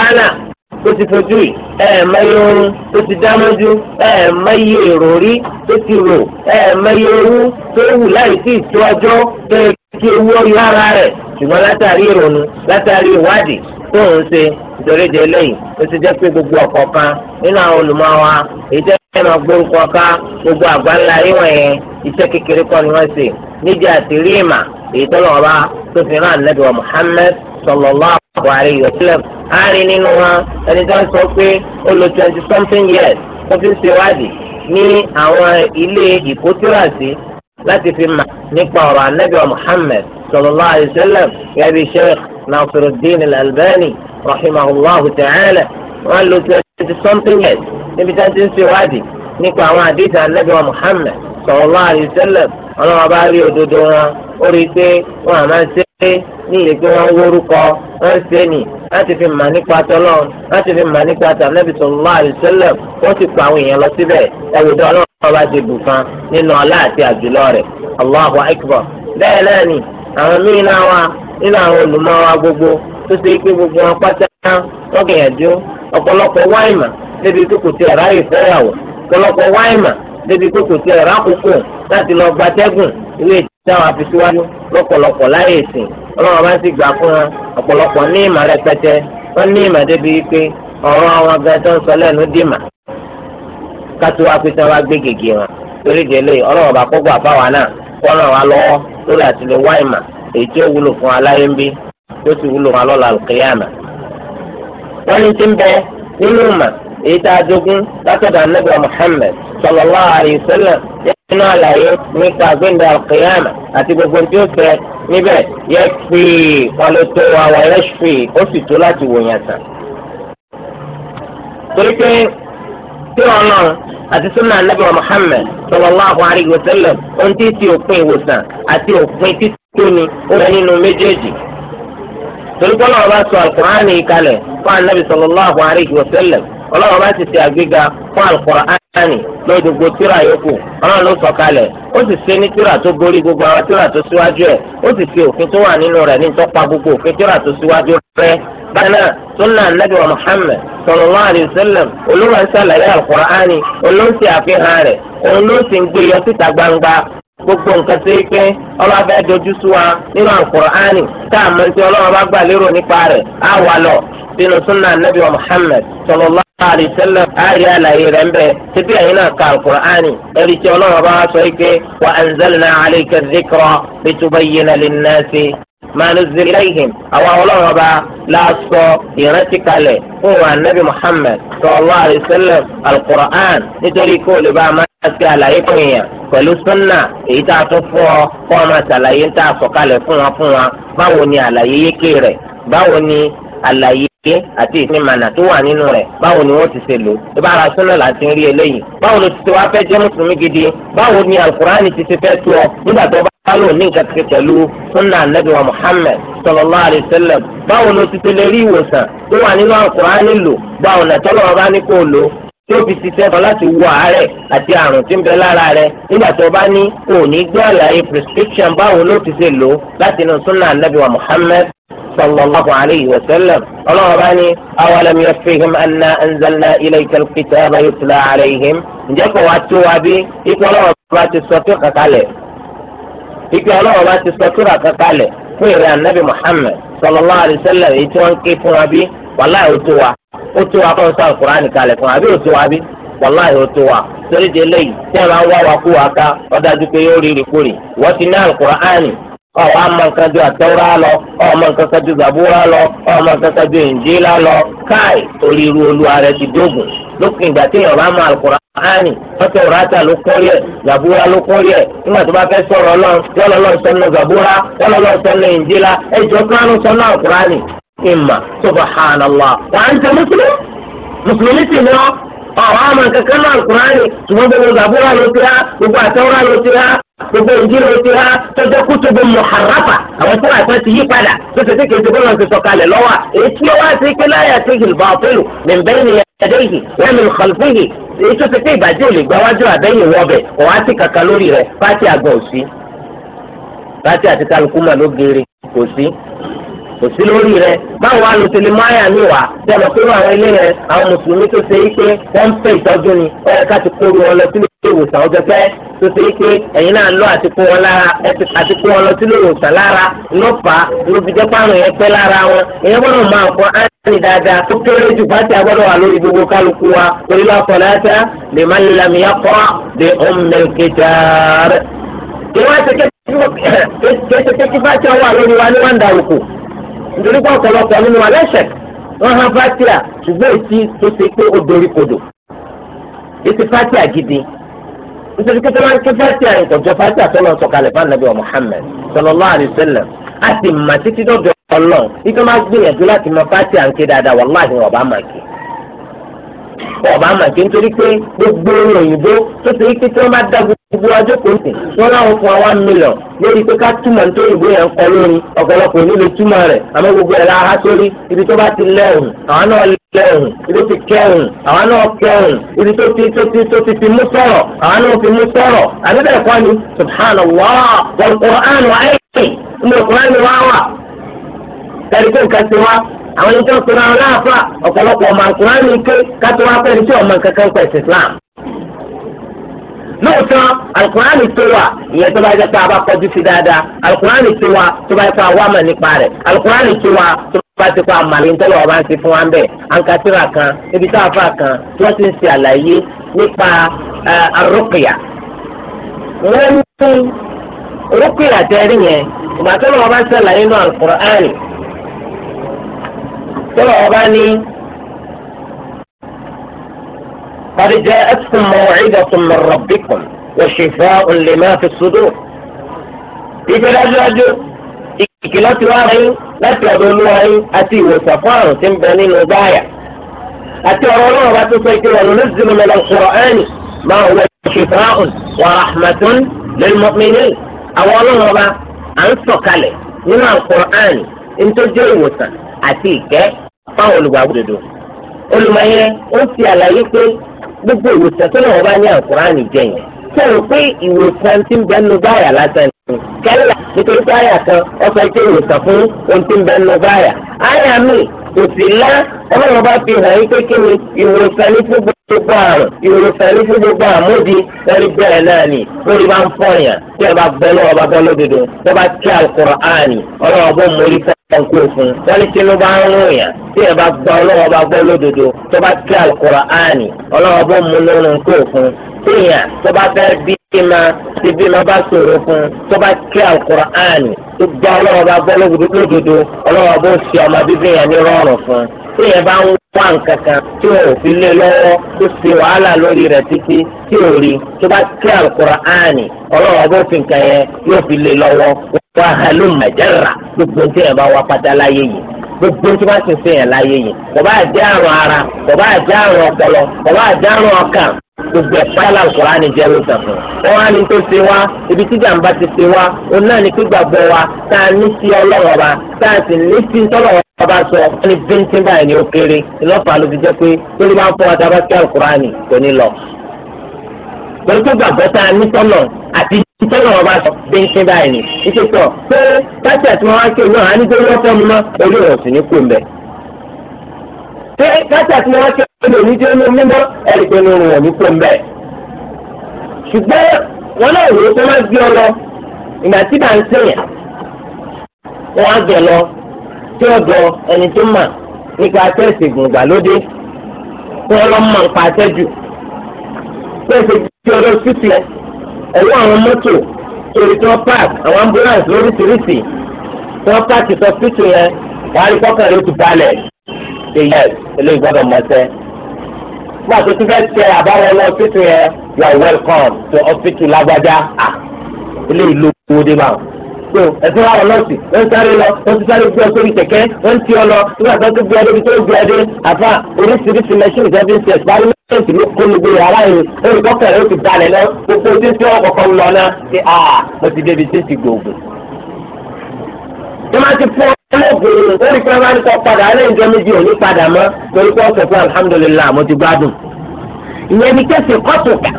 sọ tó ti fojú yìí ẹ mẹyẹ oorun tó ti dámọjú ẹ mẹyẹ èrò rí tó ti rò ẹ mẹyẹ ewu tó wù láì sí tó yẹ ara rẹ̀ ṣùgbọ́n látàrí ìrònú látàrí ìwádìí tó ń ṣe lẹ́yìn ti jẹ́ gbogbo ọ̀kọ̀ọ̀kan nínú àwọn olùmọ̀wá ìjẹ́ gbogbo àgbáńlá ìwọ̀n yẹn iṣẹ́ kékeré kọ́ ni wọ́n ṣe níbi àtìrí ìmà èyí tó sallallahu alaihi wasallam àárín nínú wọn ẹni tó ń sọ pé ó lo twenty something years ó fi ń ṣèwádìí ní àwọn ilé ìkótírasì láti fi mà nípa ọ̀rọ̀ anabi muhammed sallallahu alaihi wasallam gẹ́gẹ́ sheikh nasiruddin al-albani rahimahullahu ta'ala wọ́n lo twenty something years níbi tí wọ́n ti ń ṣèwádìí nípa àwọn àdìsí anabi muhammed sallallahu alaihi wasallam ọlọ́wọ́ bá rí òdodo wọn ó rí i pé wọ́n àmà ń ṣe pé ní ilé pé wọ́n ń wórúkọ wọ́n ń ṣe nì láti fi mà nípa láti fi mà nípa wọ́n ti pa àwọn èèyàn lọ síbẹ̀ ẹ̀wẹ̀dọ́ ọlọ́run bá ti bù kan nínú ọlá àti àjùlọ rẹ̀ Allahu akbar bẹ́ẹ̀ náà ni àwọn míín gbogbo tó ṣe pé gbogbo wọn pátá gbìyànjú ọ̀pọ̀lọpọ̀ wáìmà níbi tó kò ti ẹ̀ráyè débi pé kò sí ẹ̀rọ láti lọ gbatẹ́gùn ìwé ìtàwọn àfisíwájú lọ́pọ̀lọpọ̀ láyé ìsìn ọlọ́run bá ti gbà fún wọn ọ̀pọ̀lọpọ̀ ní ìmọ̀ rẹpẹtẹ wọ́n ní ìmọ̀ débi pé ọ̀rọ̀ àwọn gan tó ń sọ lẹ́nu dìmà kátó apẹtẹ wa gbé gègé wọn torí ọlọ́run bá náà kọ́nà wa lọ́wọ́ lórí wá ìmọ̀ èyí tí ó fún ń bí tó wúlò lọ́la àlùkìyàmà wọ́n ní ti ń èyí tá a jogún látọ̀dọ̀ ànábì Muhammad wa sallam nínú nípa gbẹ̀ndà al àti gbogbo tí ó fẹ́ níbẹ̀ yẹ fi wọn tó wa wà fi ó sì tó láti wò yẹn tán. torí pé tí wọn náà wa sallam ohun tí ti òpin ìwòsàn àti òpin títóni ó rẹ nínú méjèèjì torí pé wọn bá sọ al ọlọ́run bá ti ṣe àgbéga fún alukur'ani lórí gbogbo tíra yòókù ọlọ́run ló sọ̀kalẹ̀ ó sì ṣe ní tíra tó borí gbogbo àwọn tíra tó síwájú ẹ̀ ó sì ṣe òfin tó wà nínú rẹ̀ ní tọ́pa gbogbo òfin tíra tó síwájú rẹ̀ náà sunna anabi wa muhammed wa ń ṣàlàyé gbogbo nǹkan pé ọlọ́wọ́ dojú sú wa nínú tá a mọ̀ sí ọlọ́wọ́ bá gbà nínú súnà nàbí wa muhammed sallallahu alayhi wa sallam àárí àlàyé rẹ̀ ń bẹ̀ títí ẹ̀yin náà ka alukur'ani ẹ̀rí tí ọlọ́run bá sọ ike wa anzalna alayka dhikra litubayyina linnasi máa ní ziri lẹ́yìn àwọn ọlọ́run ọba láàsọ ìrántí kalẹ̀ fún wa nabi muhammed sallallahu alayhi wa sallam alukur'an nítorí kó lè bá a máa ṣe àlàyé fún yẹn pẹ̀lú èyí tá a tún fún ọ kó o máa ṣàlàyé tá a sọ̀kalẹ̀ fún wa fún wa báwo ni àlàyé yékè rẹ̀ báwo ni àlàyé ké àti ìpínmànà tó wà nínú rẹ̀ báwo ni wọ́n ti ṣe lò ó bá ara súnà láti rí eléyìí báwo ló ti ṣe wá fẹ́ jẹ́ mùsùlùmí gidi báwo ni alukur'ani ti ṣe fẹ́ tó ọ nígbà tó bá lò ní nǹkan ti pẹ̀lú súnà anabi muhammed sallallahu alayhi báwo ló ti ṣe lè rí ìwòsàn tó wà nínú alukur'ani lò báwo nà tọ́lọ́ ọba ní kò lò tí ó fi ṣiṣẹ́ kan láti wo àárẹ̀ àti àrùn tí ń bẹ lára rẹ̀ nígbà tó bá ní kò ní gbé àlàyé prescription báwo ló ti ṣe lò láti inú súnà anabi muhammed sallallahu alayhi wa sallam ọlọ́run bá ní awalam yafihim anna anzalna ilayka alkitaba yutla alayhim ǹjẹ́ kò wá tó wa bí ikú ọlọ́run bá ti sọ tó kàkálẹ̀ ikú ọlọ́run bá ti sọ tó kàkálẹ̀ fún ìrìn anabi muhammed sallallahu alayhi wa sallam èyí tí wọ́n ń ké fún wa bí wàláhì ó tó wa ó tó wa kó ń sọ alukur'ani kalẹ̀ fún wa àbí ó tó wa bí wàláhì ó tó wa torí de lẹ́yìn tí wọ́n bá ń wá wa kú wa ká ó dájú pé yóò rí rí kúrì wọ́n ti ní alukur'ani ọmọ àmọ nǹkan ju àtẹwúrà lọ ọmọ nǹkan kan ju zàbúrà lọ ọmọ nǹkan kan ju ìǹjìlá lọ káì torí irú olúwa rẹ ti dógùn lópin ìgbà tí yorùbá máa alukóra áàní àtẹwúrà tà ló kórí ẹ zàbúrà ló kórí ẹ nígbà tó bá fẹ́ sọ̀rọ̀ lọ yọlọ lọ sọnù zàbúrà yọlọ lọ sọnù ìǹjìlá ẹjọ kánú sọnù alukóra ni ìmà subhanallah wà á ń tẹ mùsùlùmí ọ̀rọ̀ àmọ̀ kankan náà alukóra ni ṣùgbọ́n gbogbo zàbúrà ló ti rá gbogbo àtẹwúrà ló ti rá gbogbo ìdílé ti ha tọjọ kútùbù muharrafa àwọn tí wàá fẹ́ ti yí padà tó ṣe tí kìí ṣe bọ́lá ti sọ̀kalẹ̀ lọ́wọ́ èyí tí wọ́n wá sí pé láyà sí ìbáfẹ́lù mẹ̀mbẹ́rẹ́ ni ẹ̀dẹ́yìí wọ́n mi xọlùfẹ́yìí èyí tó ṣe pé ìbàjẹ́ ò lè àbẹ́yìn wọ́bẹ̀ kò wá kàkà lórí rẹ̀ pátí àgbọ̀ òsì pátí àti kálukú mà ló geere kò kò sí lórí rẹ báwo wá ló tẹlẹ mọ àyà mi wá tí a lọ pé àwọn ilé rẹ àwọn mùsùlùmí tó ṣe pé wọn ń fẹ́ ìtọ́jú ni ó yẹ ká ti kó wọn lọ sílé ìwòsàn ọjọ́ pẹ́ tó ṣe pé ẹ̀yin náà lọ àti kó wọn lára àti kó wọn lọ sílé ìwòsàn lára ló fà á ló fi jẹ́ pààrọ̀ yẹn pẹ́ lára wọn èyí gbọ́dọ̀ máa kọ́ áyàn dáadáa tó kéré jù bá ti agbọ́dọ̀ wà lórí gbogbo kálukú wa torí lọ́kọ̀ láta lè má kí fàtí ọwọ́ àlọ́ ni wà ní wàǹdà òkú nítorí pé ọ̀pọ̀lọpọ̀ nínú alẹ́sẹ̀ wọ́n hàn fatia ṣùgbọ́n èsì tó ṣe pé ó dorí kodò èsì fatia gidi nítorí pé sọ́wọ́n ké fatia yìí kò jọ fatia tó lọ sọ̀kalẹ̀ fún anabi wa Muhammad sallallahu alaihi wasallam a sì mà títí dọ́dọ̀ ọlọ́run ikú máa gbìyànjú láti mọ fatia ń ké dáadáa wàláhì ọ̀bá máa ké ọ̀bá máa ké nítorí pé gbogbo òyìnbó tó ṣe é pé tí wọ́n bá dá gbogbo gbogbo ajókòó sìn wọn láwọn fún wa one million lórí pé ká túmọ̀ nítorí ìwé yẹn ń kọ lórí ọ̀pọ̀lọpọ̀ nílé túmọ̀ rẹ̀ àmọ́ gbogbo ẹ̀ la há sórí ibi tó bá ti lẹ́hùn àwọn náà lẹ́hùn ibi tó ti kẹ́hùn àwọn náà kẹ́hùn ibi tó ti tó ti tó ti fi mú sọ̀rọ̀ àwọn náà fi mú sọ̀rọ̀ àbíbẹ̀ kọ́ ni subhanallah wal qur'an wa ayé ní ọkùnrin wa wà kẹ́rì kó nǹkan ti wá àwọn ẹni tó ń sọ̀rọ̀ àwọn láàfà ọ̀pọ̀lọpọ̀ ọmọ àkùnrin nìké ká tó wá pẹ́ẹ́ni tí ọmọ nǹkan kan lóòótọ́ alukurani tó wa ìyẹn tó bá yẹ kó a bá kọjú sí dáadáa alukurani tó wa tó bá yẹ kó a wá mà nípa rẹ̀ alukurani tó wa tó bá ti kó a mà lóyún tẹ́lẹ̀ wà bá ń ti fún wa ń bẹ̀ ankatira kan ibi tá a fà kan tí wọ́n ti ń ṣe àlàyé nípa arúkìyà. wọ́n ní rúkìyà tẹ́rí yẹn ìgbà tẹ́lẹ̀ wà bá ń ṣàlàyé nínú alukurani tẹ́lẹ̀ wà bá ní. قد جاءتكم موعظة من ربكم وشفاء لما في الصدور إذا لجأج إكلات واعي لا تدول واعي أتي وصفان تنبني نضايا أتي ورونه لا تسيك وننزل من القرآن ما هو شفاء ورحمة للمؤمنين أولو ربا أنصك لي من القرآن انت جيوسا أتيك طول وابدو قل ما هي أنت على يكي gbogbo ìwòsàn tó lọ́wọ́ bá ní àkùránì jẹ yẹn ṣe pé ìwòsàn ti ń bẹnu báyà lásán ni kẹ́lá nítorí báyà kan ọ̀sẹ̀ tó ìwòsàn fún ohun tí ń bẹnu báyà. àyà mi kò sí lá ọlọ́run bá fi hàn yín pé kí ni ìwòsàn ní fún gbogbo àrùn ìwòsàn ní fún gbogbo àmódi lórí bẹ́ẹ̀ náà ni lórí bá ń fọyàn tí ẹ bá bẹ́ lọ́wọ́ bá bẹ́ lódodo tó bá kí àlùkùránì ọlọ́run ẹ̀kú òfin wọ́n ní kí ló bá ń rún yàn tí ẹ bá gba ọlọ́wọ́ bá gbọ́ lódodo tó bá kí Al-Kùránì ọlọ́wọ́ bó mú lórun kó òfin tí yàn tó bá fẹ́ bí bímọ tí bímọ bá sọ̀rọ̀ fún tó bá kí Al-Kùránì tó gba ọlọ́wọ́ bá gbọ́ lódodo ọlọ́wọ́ bó ṣe ọmọ bíbí yàn ní rọrùn fún tí yẹn bá ń wá nǹkan kan tí ò fi lé lọ́wọ́ tó ṣe wàhálà lórí rẹ̀ títí tí ò rí tó bá kí al wà hàlù màjàrà gbogbo tí yẹn bá wá pátá láyé yìí gbogbo tí wọn ti fẹyàn láyé yìí kò bá jẹ àrùn ara kò bá jẹ àrùn ọpọlọ kò bá àrùn ọkàn gbogbo ẹ̀fọ́ aláǹkọ̀rá ni jẹ́ lóṣà fún wọn wá ní tó ṣe wá ibi tí jàǹbá ti ṣe wá òun náà ní gbígbàgbọ́ wa tá a ní sí ọlọ́wọ́ wa tá a sì ní sí tọ́lọ́wọ́ wa bá sọ wọn ní bíntín báyìí ni ó kéré ìlọ́fà ló fi jẹ́ pé torí máa ń fọwọ́ tá a kò ní lọ. pẹ̀lú gbígbàgbọ́ tá a ní tọ́lọ̀ àti nítorí wọn bá sọ bíntín báyìí ni ìṣe sọ pé láti àti wọn wá kí òun náà á ní pé wọn fẹ́ mu mọ́ orí òun sì ní kú mbẹ. pé láti àti wọn wá kí òun náà ní pé wọn mímọ́ ẹ̀rí pé orí òun ní kú mbẹ. ṣùgbọ́n wọn náà wò ó pé wọ́n gbé ọ lọ ìgbà tí bá ń sèyàn wọn á gbẹ lọ tí ó ẹni tó mà ọwọ́ àwọn mọ́tò torí tí wọ́n park àwọn ambulance lóríṣiríṣi tí wọ́n park ìtọ́ fíìtì yẹn wọ́n á rí kọ́kàn ló ti balẹ̀ ṣe yẹ gbọ́dọ̀ mọ̀ọ́sẹ́. nígbà tó ti fẹ́ ṣe àbáwọ̀ lọ fíìtì yẹn you are welcome to hospital lágbájá ah ló kú ó dé báwọn so ẹ̀sìn wa ọlọ́sìn wọ́n sáré lọ wọ́n ti sáré gbé ọ sórí kẹ̀kẹ́ wọ́n ti ọ lọ nígbà tó ti gbé ọ débi tó gbé ọ dé àfa oríṣiríṣi mẹ́ṣíìnì tó fi ń ṣe ẹ̀sìn mẹ́ṣíìnì ló kó gbogbo yàrá yìí olùdókè rẹ̀ ó ti balẹ̀ lọ gbogbo tí ń tí wọ́n kọ̀kọ́ lọ náà ṣe à mo ti débi tí ń ti gbòògùn. ìmọ̀ ti fún ọlọ́gbìn lórí pé wọ́n á ní kọ́ padà á lẹ́yìn jọ méjì ò ní padà mọ́ torí pé ọ̀sẹ̀ fún alhamdulilayi mo ti gbádùn. ìyẹn ni kẹ́sì kọ́tùkà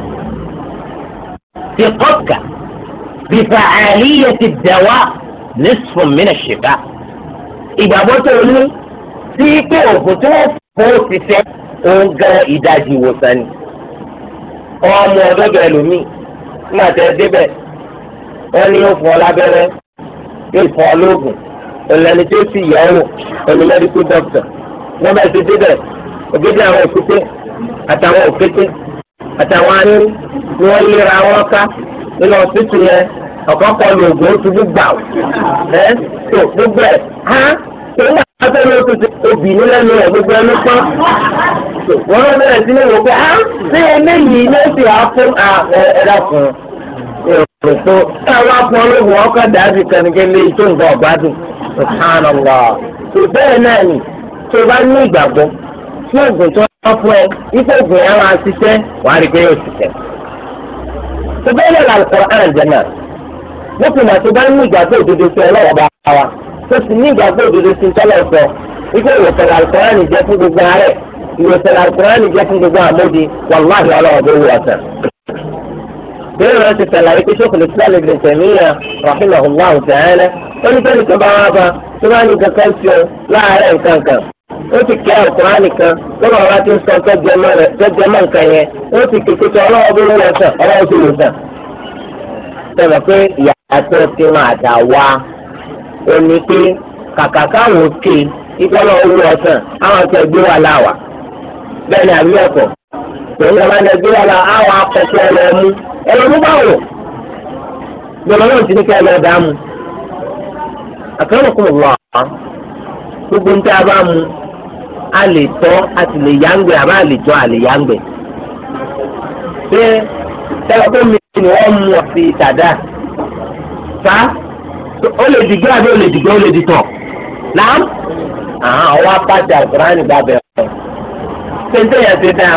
bifa'aliyati ad-dawa' nisfun min ash-shifa. ìgbàgbọ́ tó ní sí pé òògùn tí wọ́n fún ó ti fẹ́ òun gan ìdajì ìwòsàn ni. wọ́n mú ọlọ́bẹ̀ ẹlòmíì nígbà tẹ́ ẹ débẹ̀ wọ́n ní yóò fún ọ lábẹ́rẹ́ yóò fún ọ lóògùn ìlànà tí ó sì yẹ̀ ẹ́ wò pẹ̀lú medical doctor bá ti débẹ̀ ògidì àwọn òkété àtàwọn òkété àtàwọn anírí ni wọ́n léra wọn ká nínú ọ̀sítù yẹn ọ̀kan kọ lu oògùn ó ṣubú gbà ẹ́ tó gbogbo ẹ̀ á tó ń bá tó ló tuntun obì ní lẹ́nu rẹ̀ gbogbo ẹnu pọ́n wọ́n lọ bẹ̀rẹ̀ sí ní ìwòkè á ṣé eléyìí ló ti wá fún ẹ̀dá fún un tó táwa fún olóògùn ọkọ̀ dàbí kànìkẹ́lẹ́ tó nǹkan ọ̀gbádùn subhanallah tó bẹ́ẹ̀ náà ni tó bá ní ìgbàgbọ́ tí oògùn tó wọ́n fún ẹ ife oògùn yẹn máa ṣiṣẹ́ wàá rí pé yóò ṣiṣẹ́ tó bẹ́ẹ̀ náà làlùkọ́ àrùn jẹ náà nítorí àti bá ní ìgbàgbọ́ òdodo sí ọlọ́wọ́ bá wa tó sì ní ìgbàgbọ́ òdodo sí tọ́lọ́sọ wípé ìwòsàn alukurani jẹ́ fún gbogbo ààrẹ ìwòsàn alukurani jẹ́ fún gbogbo àmódi wàláhì ọlọ́wọ́ bó wù ọ̀sán. bẹ́ẹ̀ rẹ̀ ti sàlàyé pé sọ́kùnrin islam ibn tẹ̀míyà rahimahullah ta'ala ó ní sẹ́ni kan bá wá bá tó bá ní kankan sí ọ láàárẹ̀ nǹkan kan ó ti kí alukurani kan lọ́wọ́ bá ti ń sọ tọ́jú ẹ̀mọ́ nǹkan yẹn ó ti kékeré ọlọ́wọ́ bó wù ọ̀sán ọlọ́wọ́ sọ̀rọ̀ pé ìyàtọ̀ ti wa láwà bẹ́ẹ̀ ni àbí ẹ̀kọ́ tòun lọ́ba ní ẹgbẹ́ wa la àwọn akọ̀kọ̀ ẹ̀rọ mú ẹ̀rọ mú báwò gbọ̀dọ̀ náà ti ní wà á gbogbo ń a bá mu a lè tọ́ a sì lè yá ń gbẹ àbá ni wọ́n mú ọ sí tàdá sá ó lè dìgbà àbí ó lè dìgbà ó lè dìtọ̀ náà àwọn àwọn apájà ìkùránì gba bẹ̀rẹ̀ pété yẹn ti dá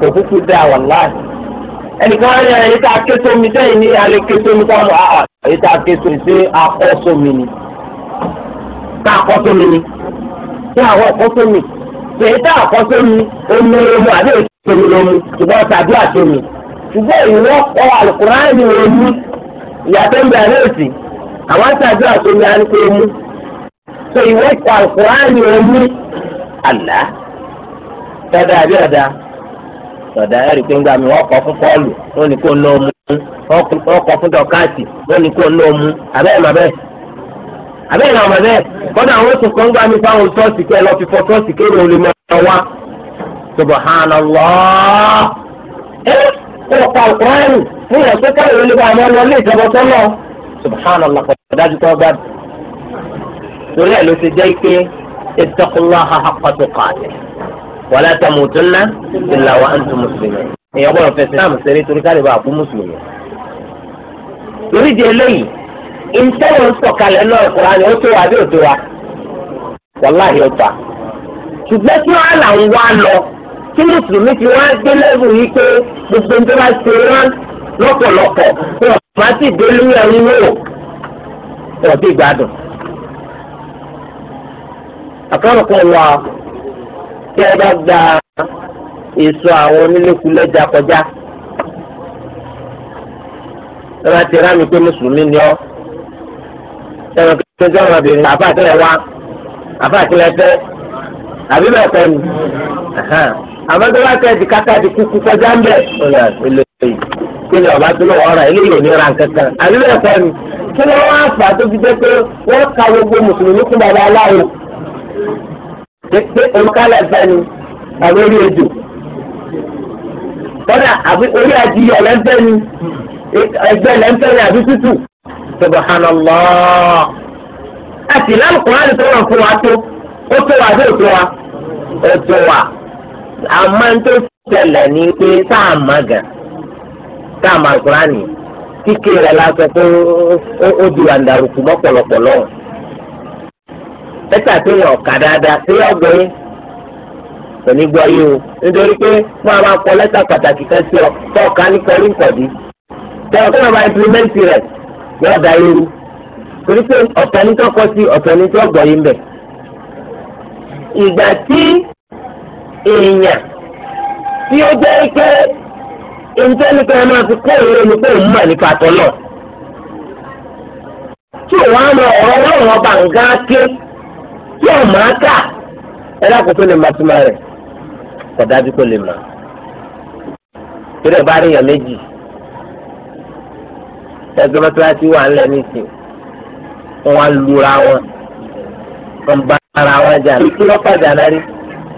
kò kúkú dá wàláì ẹnìkan á ní ẹni tá a ké sómi sẹ́yìn ní alẹ́ ké sómi ká mọ̀ àà ah, èyí tá a ké sómi sí akọ́ sómi ni ká akọ́ sómi ni sí àwọn ọkọ́ sómi èyí tá akọ́ sómi ó ní ló mú àbí èyí sómi ló mú ṣùgbọ́n tàbí àsómi. ṣùgbọ́n ìwọ kọ́ àlùkùránì ojú ìyàtọ̀ ìgbà náà sì àwọn àtàjọ àtòmí àlùkò omi ṣe ìwọ kọ́ àlùkùránì ojú àlá tọ́da àbí tọ́da ẹ̀rí pé ńgbà mi wọ́n kọ́ fún pọ́ọ̀lù ó ní kó ná omu wọ́n kọ́ fún dọ́kátì ó ní kó kọ́dà àwọn oṣù kan fáwọn ọ. kó o ka àlùkùránì fún ìrẹsẹ́ káyọ̀ olùkọ́ àwọn ọmọ ilé ìjọba tó lọ subhana allah kò dájú tó gbà dùn. torí ẹ̀ ló ti jẹ́ pé ittaqullaha haqqa tuqatih wa la tamutunna illa wa antum muslimun. èèyàn gbọ́dọ̀ fẹsẹ̀ náà mùsùlùmí torí káyọ̀ bá fún mùsùlùmí. torí di eléyìí ìtẹ́wọ̀n sọ̀kalẹ̀ náà kùránì ó tó wa bí ó tó wa wàláhì ó ta ṣùgbọ́n tí wọ́n á tí mùsùlùmí ti wá dé lẹ́rù yìí pé gbogbo ń tó bá ṣe wá lọ́pọ̀lọpọ̀ pé ọ̀pọ̀ àti ìdélú ẹ̀rín wò ọ̀dẹ́ gbádùn. àkàrọ̀kọ̀ wa tí ẹ bá gba èso àwọn onílékulẹ́jà kọjá ẹ bá ti rá mi pé mùsùlùmí ni ọ́ ẹ bá tó jẹ́ ọmọbìnrin àbá àtẹ̀lẹ̀ wá àbá àtẹ̀lẹ̀ fẹ́ àbí bẹ́ẹ̀ fẹ́ mi àmọ́ tó bá tẹ̀ di kàkà di kúkú kọjá ń bẹ̀ ọ̀nà eléyìí kí ni ọba tó lọ ọ̀rọ̀ eléyìí ò ní ra kankan àlùbẹ̀ ẹ̀kọ́ ni kí ni wọ́n á fà tó fi jẹ́ pé wọ́n ka gbogbo mùsùlùmí kún bàbá aláwo pé olùkálẹ̀ fẹ́ ni àbí orí ejò kọ́dà àbí orí adìyẹ lẹ́ńfẹ́ ni ẹgbẹ́ lẹ́ńfẹ́ ni àbí tútù subhanallah àti lálùkùnrin àti tó rọ̀ fún wa tó ó tó wa àbí òtó wa òtó wa àmọ́ tó ṣẹlẹ̀ ni pé tá a mọ̀ gan tá a mọ̀ àkùránì kíkè rẹ̀ la sọ pé ó di àǹdàrúkú mọ́ pọ̀lọpọ̀lọ. ẹ̀ka tó yàn ọ̀kà dáadáa sí ọ̀gbìn kò ní gbọ́ yìí o nítorí pé fún àwọn akọ lẹ́tà pàtàkì kan sí ọ tó ọ̀ka ní kọrí nkọ̀dí tó ọ̀ka náà bá implimẹ́ǹtì rẹ̀ yóò da irú torí pé ọ̀tọ̀ ní tó sí ọ̀tọ̀ ní tó gbọ́ bẹ̀. ìgbà tí èèyàn tí ó jẹ́ pé ìjẹ́nìkan ẹ máa fi kó ìwé ni pé òun mà ní pàtó náà. tí òun á mọ ọ̀rọ̀ ọlọ́run ọba nǹkan ké tí òun máa kà ẹ lákòókò lè máa túmọ̀ rẹ̀ kò dájú kó lè mọ̀. ìrẹ̀ bá rí èèyàn méjì ẹgbẹ́ mọ́tíláṣí wà ń lẹ́nu ìsìn wọ́n á lura wọn wọ́n bá ara wọn jà kí lọ́ọ́ náà rí.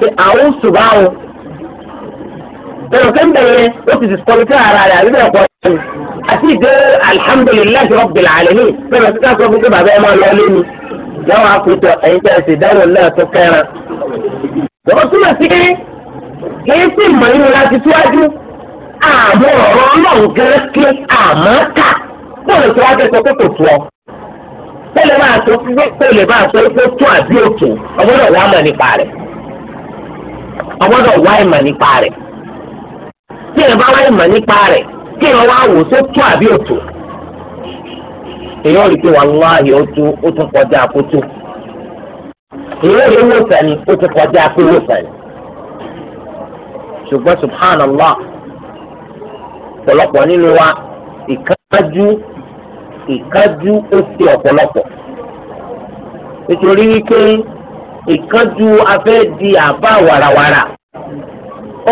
pé àwọn oṣù báwọn ẹ̀rọ kẹ́ńtà yẹn ó ti disqualify ara rẹ̀ àbí bẹ́ẹ̀ kọ́ ẹ̀ àti ìgbé alhamdulilayi rabbil alamin bẹ́ẹ̀ bẹ́ẹ̀ kíkà sọ fún pé bàbá ẹ̀ máa lọ lé mi láwọn akutọ ẹ̀yin tẹ́ ẹ ṣe dáwọ́ náà tó kẹ́ran. wọ́n túmọ̀ sí kìí sí ìmọ̀ nínú láti túwájú àmọ́ ọ̀rọ̀ ọlọ́run gẹ́gẹ́ àmọ́ kà bọ́ọ̀lù tó wá kẹ́kọ̀ọ́ kó kò tó ọ. kó lè máa sọ pé kó máa sọ pé tó àbí òtò ọmọdé wàá mọ̀ nípa rẹ̀ ọgbọ́dọ̀ wá ìmọ̀ nípa rẹ̀ tí ẹ bá wá ìmọ̀ nípa rẹ̀ kí ẹ wá wò tó tó àbí òtò èyí ò rí pé wàláhì ó tún ó tún kọjá àkótó èyí ò rí wòsàn ni ó tún kọjá àkówòsàn ni ṣùgbọ́n subhanallah ọ̀pọ̀lọpọ̀ nínú wa ìkájú ìkájú ó ti ọ̀pọ̀lọpọ̀ nítorí wípé ìkánjú afẹ́ di àbá wàràwàrà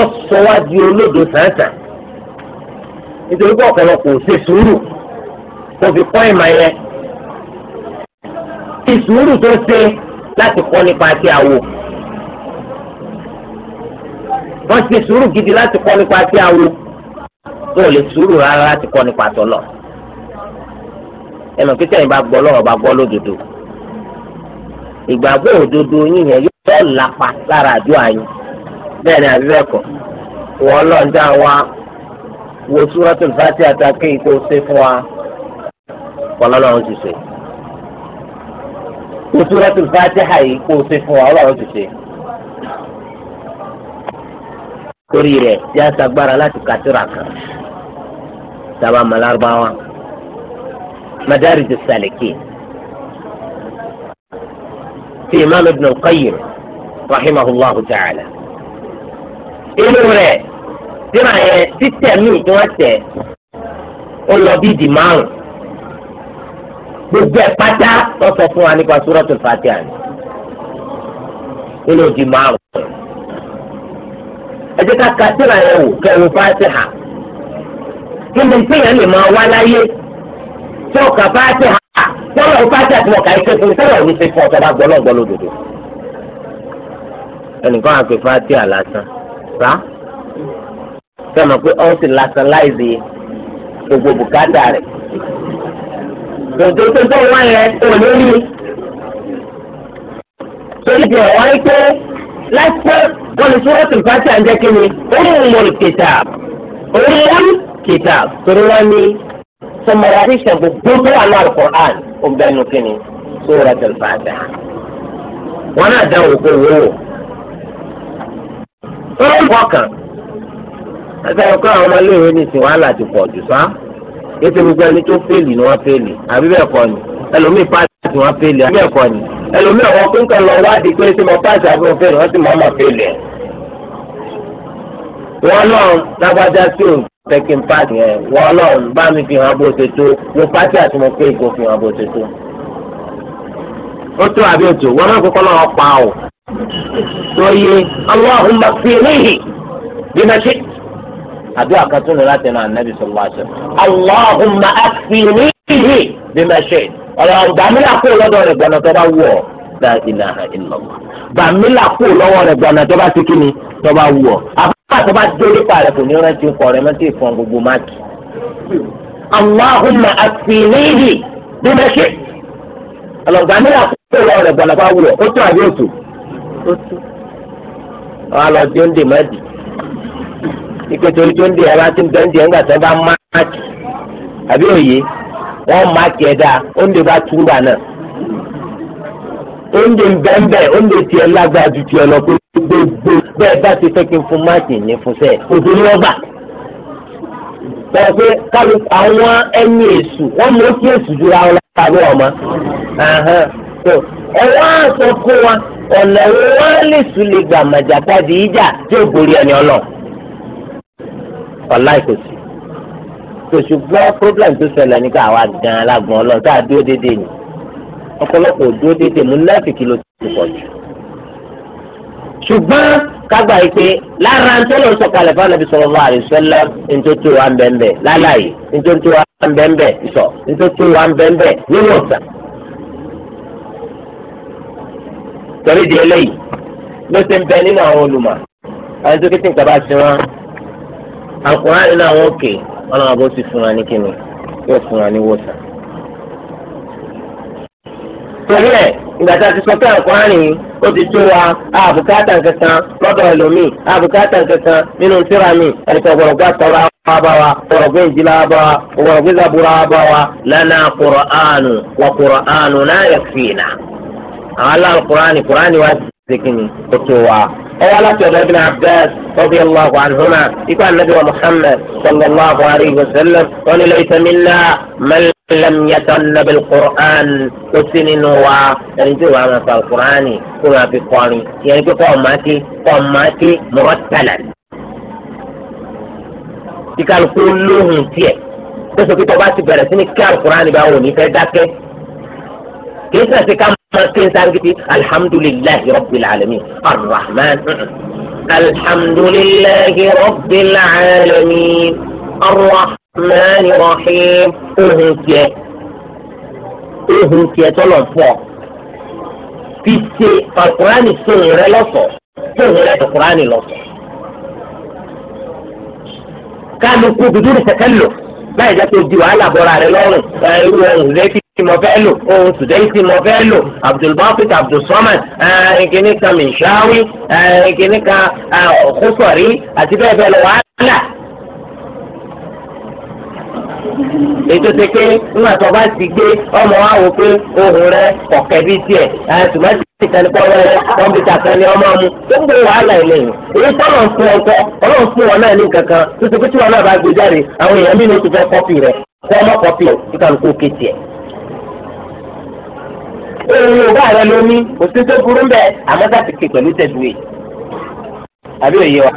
ó sọ wá di olódo sàǹsàn nítorí pé ọ̀pọ̀lọpọ̀ ò ṣe sùúrù kò fi kọ́ ìmọ̀ yẹn ìsùúrù tó ṣe láti kọ́ nípa ti àwò wọ́n ṣe sùúrù gidi láti kọ́ nípa ti àwò tó lè sùúrù rárá láti kọ́ nípa tọ́lọ̀ ẹnu kíkẹ́ yìí bá gbọ́ lọ́wọ́ bá gbọ́ lódodo ìgbàgbọ́ òdodo yín yẹn yóò lápa lára àdúrà yín bẹ́ẹ̀ ni àbí bẹ́ẹ̀ kọ́ wọ́n lọ́ọ̀dá wa wo Suratul Fatiha àtàkì ìtò ṣe fún wa kọ́lọ́lọ́run ti ṣe wo Suratul Fatiha ìkó ṣe fún wa ọlọ́run ti ṣe torí rẹ̀ tí a láti kàtúrà kan sábà malárúbáwá madarij as-salikin ti imam ibn al-qayyim rahimahullahu ta'ala. inú rẹ̀ síra yẹn títẹ̀ míì tí wọ́n tẹ̀ ó lọ bí di márùn. gbogbo ẹ̀ pátá wọ́n sọ fún wa nípa suratul fatiha ni. ó lọ di márùn. ẹ jẹ́ ká ka síra yẹn wò kẹrin fatiha. kí ni tí yẹn lè máa wá láyé tí ó kà fatiha sọ́wọ́ ọ̀pá àti àtìmọ̀ kàí pé fún mi sọ́wọ́ ọ̀rọ̀ ṣe fún ọ̀tọ̀ bá gbọ́lọ́ gbọ́lọ́ òdòdó. ẹnìkan àpè fatia lásán rà sọ́nà pé ọ́n sì lásán láìsí gbogbo bùkátà rẹ̀. òdòdó tó tó wá yẹn kò ní rí. torí ìdí ọ̀wá yìí pé láìpẹ́ wọ́n lè sọ́wọ́ sì fatia ń jẹ́ kí ni ó mú un mọ̀ kìtà ó mú un kìtà torí wọ́n ní sọmọláríṣẹ gbogbo tó wà náà alukur'an ó bẹ nu kí ni sóra tẹlifàdà wọn náà dá òkú wúwo. wọ́n ń bọ̀ kàn ẹsẹ̀ kọ́ àwọn ọmọléèwé ní ìsìn wàhálà ti pọ̀ jù sá ètò gbogbo ẹni tó fèlì ni wọ́n fèlì àbí bẹ́ẹ̀ kọ́ ni ẹlòmíì páàsì ni wọ́n fèlì àbí bẹ́ẹ̀ kọ́ ni ẹlòmíì ọ̀wọ́ pínpín lọ wádìí pé ṣé mo páàsì àbí mo fèlì wọ́n sì máa ma fèlì ẹ̀ wọ́n lọ́n lágbájá tí ò fẹ́kin páàkì yẹn wọ́n lọ́n bá mi fi hàn bó ṣe tó wo pátí àti mo pé ìgò fi hàn bó ṣe tó. ó tó àbí òtò wọ́n náà kọ́kọ́ lọ́wọ́ pa ọ́ tó yé Allahumma fi níhì bí mo ṣe. àbí àkàtúndì láti nà ànábì sallallahu alaihi wasallam Allahumma fi níhì bí mo ṣe. ọ̀rọ̀ ọ̀gbà mi náà kó lọ́dọ̀ rẹ̀ gbọ́nà la ilaha illallah bàmílà kú lọ́wọ́ rẹ̀ gbọ́nà tó bá ti kí ni tó bá wù ọ́ àbúrò tó bá ti dé nípa rẹ̀ kò ní rántí ń kọ́ rẹ̀ mọ́tì fún gbogbo máàkì. Allahumma àfìníhì bí mo ṣe ọlọ́gbàmílà kú lọ́wọ́ rẹ̀ gbọ́nà tó bá wù ọ́ ó tún àbí òtù ó tún ọ̀ àlọ́ tí ó ń dè mẹ́dì ike torí tó ń di ẹ̀rọ àti nǹkan di ẹ̀ńgà tó bá máàkì àbí òye wọ́n máàkì ẹ̀dá ó ń di bá túbà náà oúnjẹ ìbẹ̀ǹbẹ̀ oúnjẹ tiẹ̀ lágbára ju tiẹ̀ lọ pé gbogbo bẹ́ẹ̀ bá ti fẹ́ kí n fún máàkì ní fúnṣẹ́ òdo ni wọ́n gbà. sọ pé kálu àwọn ẹni èṣù wọ́n mú kí èṣù jura wọn lọ́wọ́ àbí ọmọ. ẹ̀wọ́n á sọ fún wa ọ̀nà wọn lè sùn lè gbà màjà tàbí ìjà tí ò borí ẹni ọlọ. ọ̀la ìkòsí. kòsùgbọ́n problem tó ṣẹlẹ̀ ní ká àwa gan-an lágbọ̀n ọlọ́run tá a dúró déédéé ni ọ̀pọ̀lọpọ̀ òdúró déédéé múnáfìkì ló ti pọ̀ jù. ṣùgbọ́n kágbà yìí pé lára ń tẹ́lọ̀ sọ̀kalẹ̀ fún anabi sallallahu alaihi wasallam ntótó wa ń bẹ́ẹ̀ láláyé ntótó wa ń bẹ́ẹ̀ sọ ntótó wa ń bẹ́ẹ̀ nínú ọ̀sán. torí di eléyìí ló ti ń bẹ nínú àwọn olùmọ̀ àwọn tó kékeré nǹkan bá wọn àkùnrin nínú àwọn òkè ọlọ́run bó ti fún wa ní kíni yóò fún wa ní wòsàn torí ẹ̀ ìgbà tá a ti sọ pé àkùnrin ó ti tó wa àbùkátà kankan lọ́dọ̀ ẹlòmíì àbùkátà kankan nínú síra mi ẹ̀sọ̀ gbọ̀rọ̀gbà tọ́ra wa bá wa gbọ̀rọ̀gbà ìjìlá bá wa gbọ̀rọ̀gbà ìzàbúra bá wa lánà kùrọ̀ánù wà kùrọ̀ánù náà yẹ fìnà. àwọn aláwọ̀ kùránì kùránì wa ti kìíní ó tó wa. ẹ wá láti ọ̀dọ̀ ibn Abbas radiyallahu anhuma ikú anabi wa Muhammad sallallahu alayhi wa sallam wọn ni لم يتن بالقرآن وسنين و يعني جوا ما في يعني القرآن وما في القرآن يعني كي قوماتي قوماتي مرتلا تكال كلهم في بس كي تباتي برسيني كار القرآن باوني فرداك كيسا سكام مكين سارجتي الحمد لله رب العالمين الرحمن الحمد لله رب العالمين الرحمن mẹ́rin ọ̀hìn ohun tiẹ̀ ohun tiẹ̀ tọ́lọ̀ fọ́ fi ṣe alukurani sóhun rẹ lọ́sọ̀ sóhun rẹ alukurani lọ́sọ̀ kálukú bidúrú tẹkẹlò láì jẹ́ pé di wàhálà bọ́ra rẹ lọ́rùn irú ohun rẹ fi ti mọ fẹ́ lò ohun sùdẹ́ ti mọ fẹ́ lò abdulbafit abdulsamad nkíní kan mishawi nkíní kan ọ̀kúsọ̀rí àti bẹ́ẹ̀ bẹ́ẹ̀ lọ wàhálà ètò ti pé nígbà tó bá ti gbé ọmọ wa wò pé ohun rẹ kọ̀kẹ́ bí tiẹ̀ tòmátì ìtẹ̀lẹ́ pọ̀ rẹ kọ̀mpútà kan ní ọmọ mu tó ń gbé wàhálà ìlẹ́yìn èyí tọ́lọ̀ ń fún ọkọ ọlọ́run fún wọn náà ní kankan tó ti pé tí wọn náà bá gbé jáde àwọn èèyàn mí ló ti fẹ́ kọ́pì rẹ fẹ́ ọmọ kọ́pì rẹ kí kálukú ké tiẹ̀. èrè òbá rẹ ló kò sí tó burú bẹ́ẹ̀ àmọ́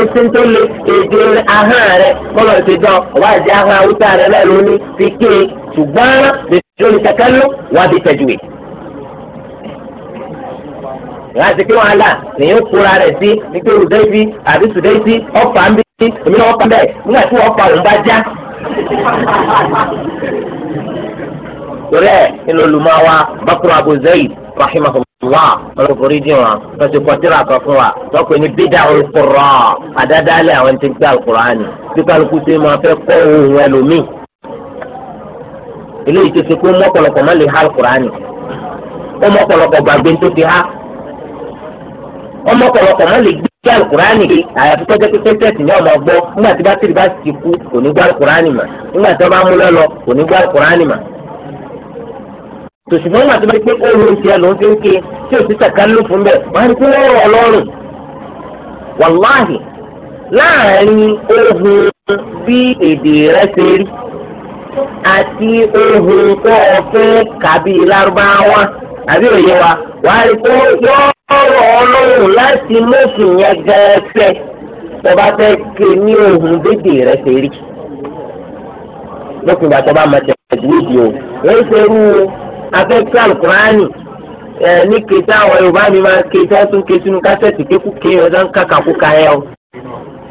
oṣù tó lé èdè ahọ́n rẹ bọ́lá ti dán ọba àti ahọ́n awúsá rẹ náà ní fi ṣùgbọ́n lèṣọ́ ní kẹkẹ́lú wà á di tẹ̀júwe. ìyá àti kí wọn ni nìyẹn kóra rẹ sí wípé rùdẹ́sí àbí sùdẹ́sí ọ̀fà ń bí èmi náà ọ̀fà rahimahullah ọlọ́kùnrin dín wọn wọ́n ti kọ́tìrà kan fún wa wọ́n pè ní bídà olùkọ́rọ̀ àdádálẹ̀ àwọn tí ń gbé alukur'ani bí kálukú ṣe máa fẹ́ kọ́ ohun ẹlòmíì eléyìí tó ṣe pé mọ́kànlọ́kọ̀ má lè ha alukur'ani ó mọ́kànlọ́kọ̀ gbàgbé tó ti ha ó mọ́kànlọ́kọ̀ má lè gbé alukur'ani ké àyàfi tọ́jú pé ní ọmọ gbọ́ nígbà tí bá tìrì bá ti kú kò ní gbé alukur'ani mà tòṣìṣẹ́ wọn àti pé ó lo ìṣẹ́ ló ń fi ń ké tí ò sí tàkálù fún bẹ́ẹ̀ wọ́n á ní kí wọ́n rọ̀ ọlọ́run wàláhì láàrin ohun bí èdè rẹ ṣe rí àti ohun tó o fẹ́ kàbí lárúbáwá àbí òye wa wàá rí pé yóò rọ̀ ọlọ́run láti mọ́sùn yẹn gẹ́gẹ́ tó bá fẹ́ ké ní ohun bédè rẹ ṣe rí lókùnbà tó bá mọ̀ tẹ̀síwìdì o wọ́n ṣe rú o akẹ́kẹ́ alukurani ẹ̀ ní kété àwọn yorùbá mi máa kété tún ké sínú kásẹ̀tì kéku ké yẹn ọ̀dọ́ ń kàkà kú ka yẹn o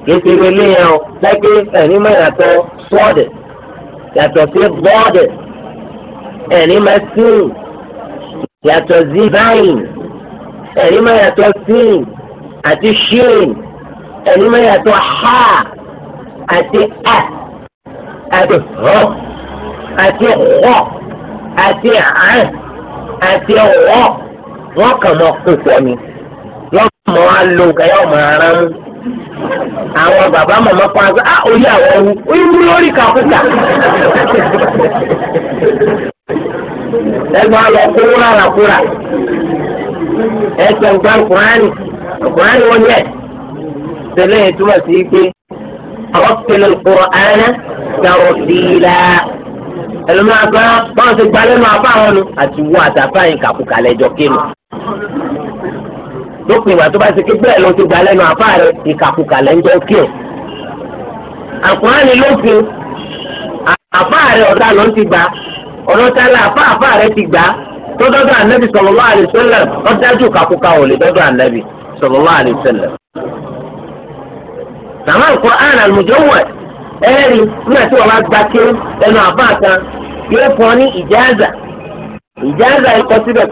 kété wọlé yẹn o lẹ́gbẹ́ ẹ̀ní máa yàtọ̀ sọ́ọ̀dẹ̀ yàtọ̀ sí bọ́ọ̀dẹ̀ ẹ̀ní máa sìn yàtọ̀ sí báyìn ẹ̀ní máa yàtọ̀ sìn àti ṣìn ẹ̀ní máa yàtọ̀ ha àti ẹ̀ àti họ àti họ. àti a àti ọwọ́ wọn kàn mọ́ kókó ni lọ́mọ wa lo gẹ̀yà ọmọ ara mú àwọn bàbá màmá kan sọ ah orí àwọn ewu orí mú lórí kàkúkà ẹgbẹ́ alọ kúrúra la kùránì kùránì wọn yẹ tẹ́lẹ̀ túmọ̀ sí pé àwọn a kúránì dàrọ̀ sí i la. ẹlòmíràn àgbà báwọn ti gba lẹ́nu àbá àwọn nu àti wọ àtàfà yín kàkúkalẹ̀ ẹjọ́ kéènù. lópin ìwà tó bá ti ké bẹ́ẹ̀ ló ti gba lẹ́nu àbá rẹ ìkàkúkalẹ̀ ẹjọ́ kéènù. àkùnrin lópin àbá rẹ ọ̀dà ló ti gbà ọ̀dọ́tàlẹ̀ àbá àbá rẹ ti gbà tó dọ́dọ̀ ànábì sallallahu ọ̀dájú kàkúkà ò lè dọ́dọ̀ ànábì sallallahu alaihi ẹ̀rí nígbà tí wọ́n bá gba ké ẹnu àbá kan yóò fún ọ ní ìjáàzà ìjáàzà ikọ̀ gba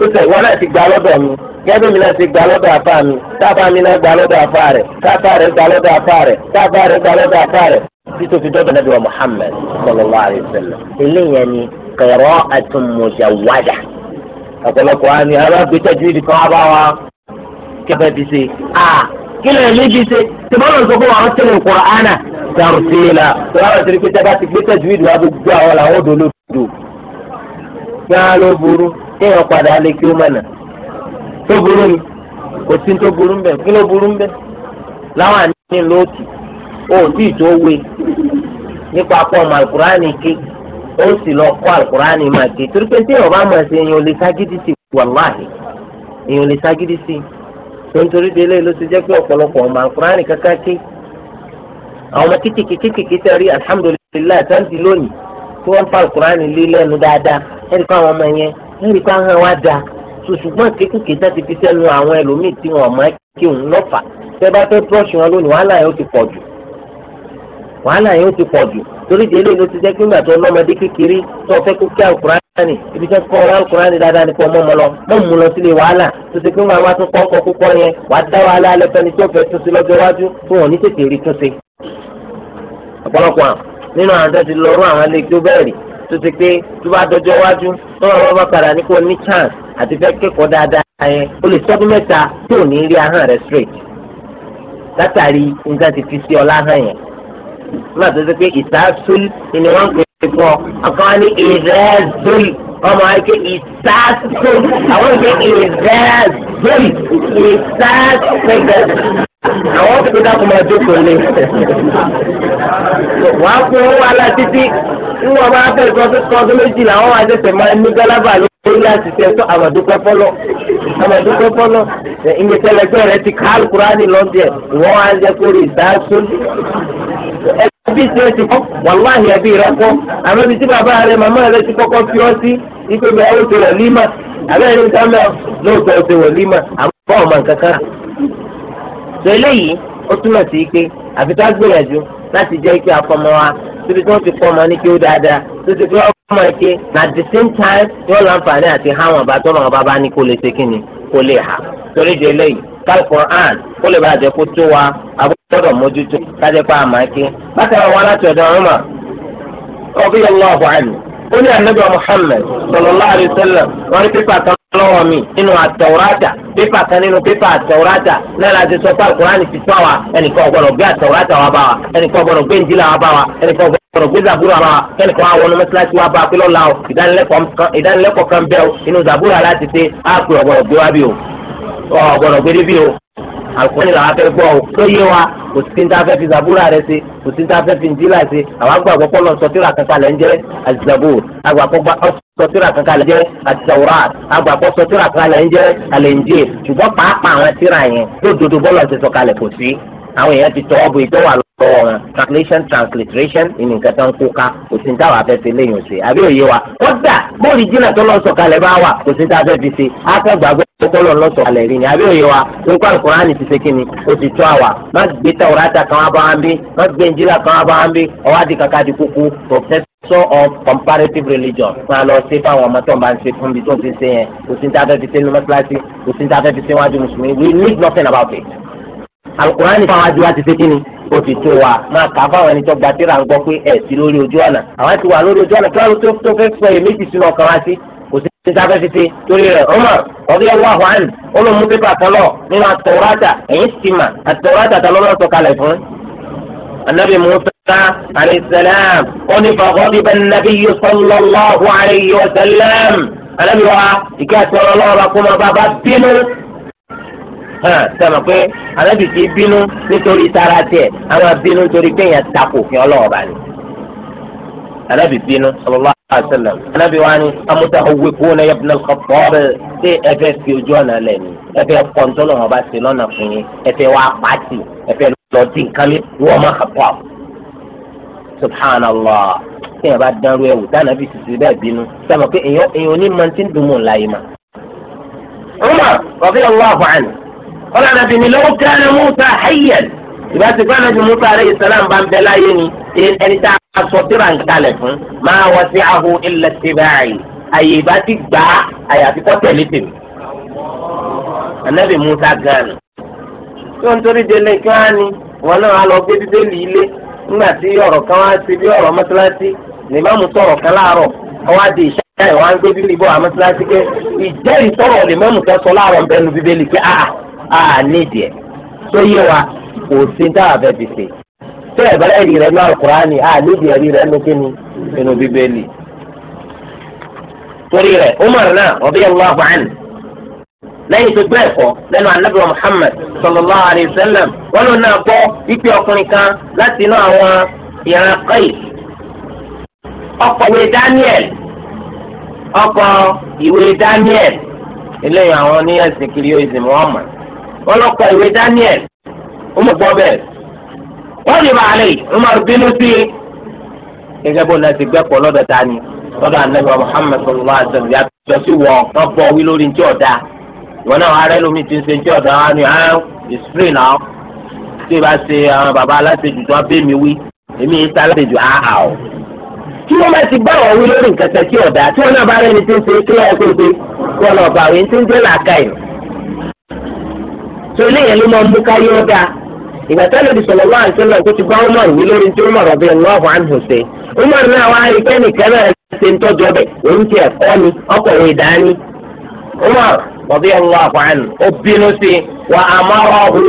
lọ́dọ̀ mi gẹ́gẹ́ gba lọ́dọ̀ afá mi tábà mi náà gba lọ́dọ̀ afá rẹ̀ tábà rẹ̀ gba lọ́dọ̀ afá rẹ̀ tábà rẹ̀ gba lọ́dọ̀ rẹ̀ fi dọ́dọ̀ sallallahu alayhi wa sallam ni ọ̀pọ̀lọpọ̀ ju ibi kan bá wa kẹfẹ́ bí se a kílẹ̀ mi bí se tàǹfìlà tó wà na pé tẹ́lá ti gbé tajwid wá gbogbo àwọn làwọn odò lòdò kí á burú kí padà lè kí ó mọ̀nà tó burú ni kò sí tó burú mbẹ kí ló burú mbẹ láwọn àníyàn lóòtù ó tí nípa ọmọ alukurani ké ó sì lọ kọ́ alukurani máa ké torí pé tí lè ságídí àwọn ọmọ kékeré kékeré sẹ́rí alhamdulilayi santi lónìí tí wọ́n ń fa alukur'ani lé lẹ́nu dáadáa ẹ̀rí kó àwọn ọmọ yẹn ẹ̀rí kó àwọn wa dáa ṣùṣùgbọ́n kékeré náà ti fi sẹ́nu àwọn ẹlòmíì tí wọ́n máa kí òun lọ́fà tẹ́ bá fẹ́ bọ́ọ̀ṣì wọn lónìí wàhálà yẹn ó ti pọ̀ jù wàhálà yẹn ó ti pọ̀ jù torí délé ló ti jẹ́ pé ìgbà tó lọ́mọdé kékeré tó fẹ́ kó kí alukur'ani ibi tó kọ́ alukur'ani dáadáa ni kò mọ́ mọ́ lọ mọ́ mú lọ sílé wàhálà tó ti pé wọn wá tó kọ́ ọkọ̀ púpọ̀ yẹn wàá dá wàhálà alẹ́ fẹ́ni tó fẹ́ tó sí lọ́jọ́ iwájú tó wọn ní tètè rí tó ṣe ọ̀pọ̀lọpọ̀ nínú àwọn tẹ́tí lọ́rọ́ àwọn ilé tó bẹ̀rẹ̀ tó ti pé tó bá dọjọ́ wájú tó wọn bá padà ní kó ní chance àti fẹ́ kẹ́kọ̀ọ́ dáadáa yẹn o lè sọ́dún mẹ́ta tí ò ní rí ahọ́n rẹ̀ straight látàrí nǹkan ti fi sí ọlá hàn yẹn nígbà tó ti pé ìsáàsúl ni wọ́n ń pè é fún ọ àkànní ọmọ ike ìsáàsì àwọn ike ìrẹ́sì ìsáàsì àwọn òkè dákun máa jókòó lé wàá fún wa la títí níwọ̀n bá fẹ́ kọ́dún méjì làwọn wà tẹ̀sẹ̀ máa ní gálábà lórí láti tẹ̀ tó àmàdúpẹ́ fọ́lọ́ àmàdúpẹ́ fọ́lọ́ ìgbésẹ̀lẹ́gbẹ́ rẹ ti ká alukurani lọ́dẹ̀ wọ́n á jẹ́ kórè ìsáàsì ẹbí tí ó ti kọ́ wàláhì ẹbí rẹ kọ́ àwọn ibi tí bàbá rẹ màmá rẹ ti kọ́kọ́ fi ọ́ sí ikú bẹ ó ti wọ̀ abẹ́rẹ́ ní sámẹ́ lóòótọ́ ó ti wọ̀ àbọ̀ ọ̀mà kankan. sọ eléyìí ó túmọ̀ sí pé àfi ike àfọmọ́ wa síbi tí wọ́n ti kọ́ ọmọ ní kí ó dáadáa ike na at the same time yóò láǹfààní àti háwọn àbátọ́ náà ní kó lè ṣe kó lè hà torí kó lè bàjẹ́ kó tó wa mójútó ike bákan yẹn lọ́ọ̀bù àná. ó ní anabi muhammed sallallahu alayhi wa sallam wọ́n ní pépà kan lọ́wọ́ mi nínú àtẹ̀wúrátà pépà kan nínú pépà àtẹ̀wúrátà náà láti sọ pé alukurani ti fún wa ẹnìkan ọ̀gbọ́dọ̀ gbé àtẹ̀wúrátà wa bá wa ẹnìkan ọ̀gbọ́dọ̀ gbé njìlá wa bá wa ẹnìkan ọ̀gbọ́dọ̀ gbé zabura wa ẹnìkan àwọn ọmọ mẹsàlásì wa bá a pé lọ́la o ìdánilẹ́kọ̀ọ́ kan bẹ́ẹ̀ inú zabura alukóni làwọn fẹ́ gbọ́ o tó yé wa kò sí ní táwọn fẹ́ fi zabura rẹ ṣe kò sí ní táwọn fẹ́ fi ndílà ṣe àwọn agbàgbọ́ pọlọ sọtìrà kankan lẹ ń jẹ azabur agbàgbọ́ sọtìrà kankan lẹ ń jẹ atawura agbàgbọ́ sọtìrà kankan lẹ ń jẹ alẹnjẹ ṣùgbọ́n pàápàá àwọn tírà yẹn tó dodo bọlọ ṣe sọ̀kalẹ̀ àwọn èèyàn ti tọwọ́ bọ ìtọ́ wà lọ́wọ́ wọn translation transliteration ìní nǹkan tó ń kó ká kò sí táwọn afẹ́fẹ́ léyìn òsè àbí òye wa kódà bóòlì jìnnà tó lọ́sọ̀ kalẹ̀ bá wà kò sí táwọn afẹ́fẹ́ ṣe akẹ́gbàgbọ́ kọ́lọ̀ lọ́sọ̀ kalẹ̀ rí ni àbí òye wa nípa alukur'an ti ṣe kíni o ti tọ́ àwà má gbé tàwùrátà kan wá bá wọn bí má gbé njìlá kan wá bá wọn bí ọwọ́ àti di kúkú professor of comparative religion máa lọ sí fáwọn ọmọ tó ń bá ń ṣe fún bí tó ń ti ṣe yẹn kò sí táwọn afẹ́fẹ́ ṣe ní mọ́tíláṣí kò sí táwọn afẹ́fẹ́ ṣe wájú mùsùlùmí we need nothing about it alukurani fáwọn adúlá ti ṣe kíni o ti tó wa máa kà á fáwọn ẹni tó gba tíra ń gbọ́ pé ẹ sí lórí ojú ọ̀nà àwọn ti wà lórí ojú ọ̀nà kí wọ́n tó tó fẹ́ sọ èyí méjì sínú ọkàn wá sí kò sí ti sáfẹ́ fi ṣe torí rẹ̀ ọmọ ọdún yẹn wà hàn olóhùn pépà kọlọ̀ nínú àtọ̀wádà ẹ̀yìn sìmà àtọ̀wádà tá lọ́nà tó kalẹ̀ fún anabi musa alayisalaam ó ní fàkọ́bí bẹ́ẹ̀ nàbí yusuf sọ̀rọ̀ pé anábì kì í bínú nítorí tara tiẹ̀ àwọn abínú nítorí kéèyàn takò fi ọlọ́ọ̀bà ni. anábì bínú sallallahu alaihi wasallam anábì wa ni amúta owó kó na yẹ bínú kọ̀pọ̀ rẹ̀ ṣé ẹ fẹ́ fi ojú ọ̀nà lẹ̀ ni ẹ fẹ́ kọ́ńtọ́lọ̀ wọn bá ṣe lọ́nà fún yín ẹ fẹ́ wá pàtì ẹ fẹ́ lọ dín nǹkan mi wọ́n má kọ̀pọ̀ subhanallah kéèyàn bá dánrú ẹwù tánàbì sì bẹ́ẹ̀ bínú sábà ọlọ́run àti ní lọ́wọ́ kẹ́rẹ́ Musa hayyan ìbá ti fẹ́ lọ́jọ́ Musa alayhi salam bá ń bẹ láyé ni ẹni tá a sọ síra ń kalẹ̀ fún máa wasi'ahu illa ittiba'i àyè ìbá ti gbà á àyàfi kọ́ tẹ̀lé tèmi. anabi Musa gan tí wọ́n torí délé kí wọ́n á ní wọn náà á lọ gbé bíbélì ilé nígbà tí ọ̀rọ̀ kan wá sí bí ọ̀rọ̀ mọ́tíláṣí ní bá mu kan láàárọ̀ a nídìí ẹ̀ tó yé wa kò sí táwa fẹ́ fi ṣe tẹ́ ẹ̀ a nídìí ẹ̀rí rẹ̀ nù kíni nínú bíbélì. torí rẹ̀ Umar náà radiyallahu anhu lẹ́yìn tó gbé ẹ̀kọ́ lẹ́nu anábìrò Muhammad sallallahu alayhi wa sallam wọn lòun náà gbọ́ wípé ọkùnrin kan láti inú àwọn ìran Daniel ọkọ̀ ìwé Daniel eléyìí àwọn kiri ọlọ́kọ̀ ìwé Daniel Umar gbọ́ bẹ́ẹ̀ wọ́n lè máa lè Umar bínú sí i gẹ́gẹ́ bó náà ti gbẹ́kọ̀ọ́ dání lọ́dọ̀ anabi Muhammad sallallahu alaihi wa sallam yàtọ̀ sí wọ́n wọ́n bọ̀ wí lórí ntí ọ̀dà ìwọ náà arẹ́ lómi ti ń ṣe ntí ọ̀dà wọn ni ẹ̀ ah, is free now tí ìbá ṣe àwọn baba aláṣejù tó wá bẹ́ mi wí èmi yìí ta aláṣejù áhà o kí wọ́n bá ti bá wọn wí lórí nǹkan kan tí ọ̀dà tí wọ́n náà bá rẹ́ni tí ń ṣe kí wọ́n yẹ kó náà bá wọn ti ń dé làákàyè tó léyìn ló máa ń búká yóò dáa ìgbà tí alẹ́ sọ̀rọ̀ wá àìsílẹ̀ kó ti bá Umar wí lórí tí Umar rọ̀bì ọlọ́ọ̀fù àǹhùn ṣe Umar náà wá rí pé nìkan ṣe ń tọ́jú ọbẹ̀ òun ti ẹ̀kọ́ ni ọkọ̀wé dání Umar rọ̀bì bínú sí wa ma'ahu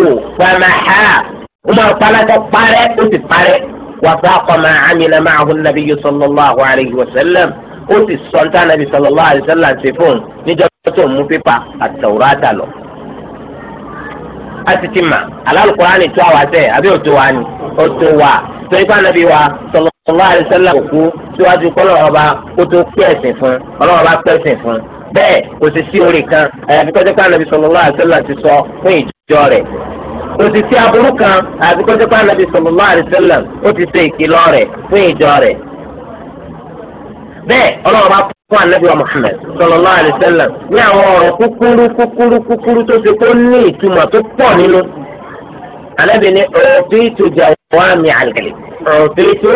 sallallahu wa sallam a ti ti mà alálùkùránì tó àwa sẹ àbí òtó wa ni òtó wa torí pa nàbí wa sallallahu alaihi wasallam òkú síwájú kọlọ́wọ́ bá kó tó pẹ́ ẹ̀sìn fún ọlọ́wọ́ bá pẹ́ ẹ̀sìn fún bẹ́ẹ̀ kò sì sí orí kan àyàfi kọ́jọ́ pa nàbí sallallahu alaihi ti sọ fún ìjọ rẹ̀ kò sì sí aburú kan àyàfi kọ́jọ́ pa nàbí sallallahu alaihi ó ti ṣe ìkìlọ̀ rẹ̀ fún ìjọ rẹ̀ bẹ́ẹ̀ ọlọ́wọ́ fún anabi wa muhammed sallallahu alaihi wasallam ní àwọn ọ̀rọ̀ kúkúrú kúkúrú kúkúrú tó ṣe kó ní ìtumọ̀ tó pọ̀ nínú anabi ní ọ̀ọ́dẹ́tò jawami alkalim ọ̀ọ́dẹ́tò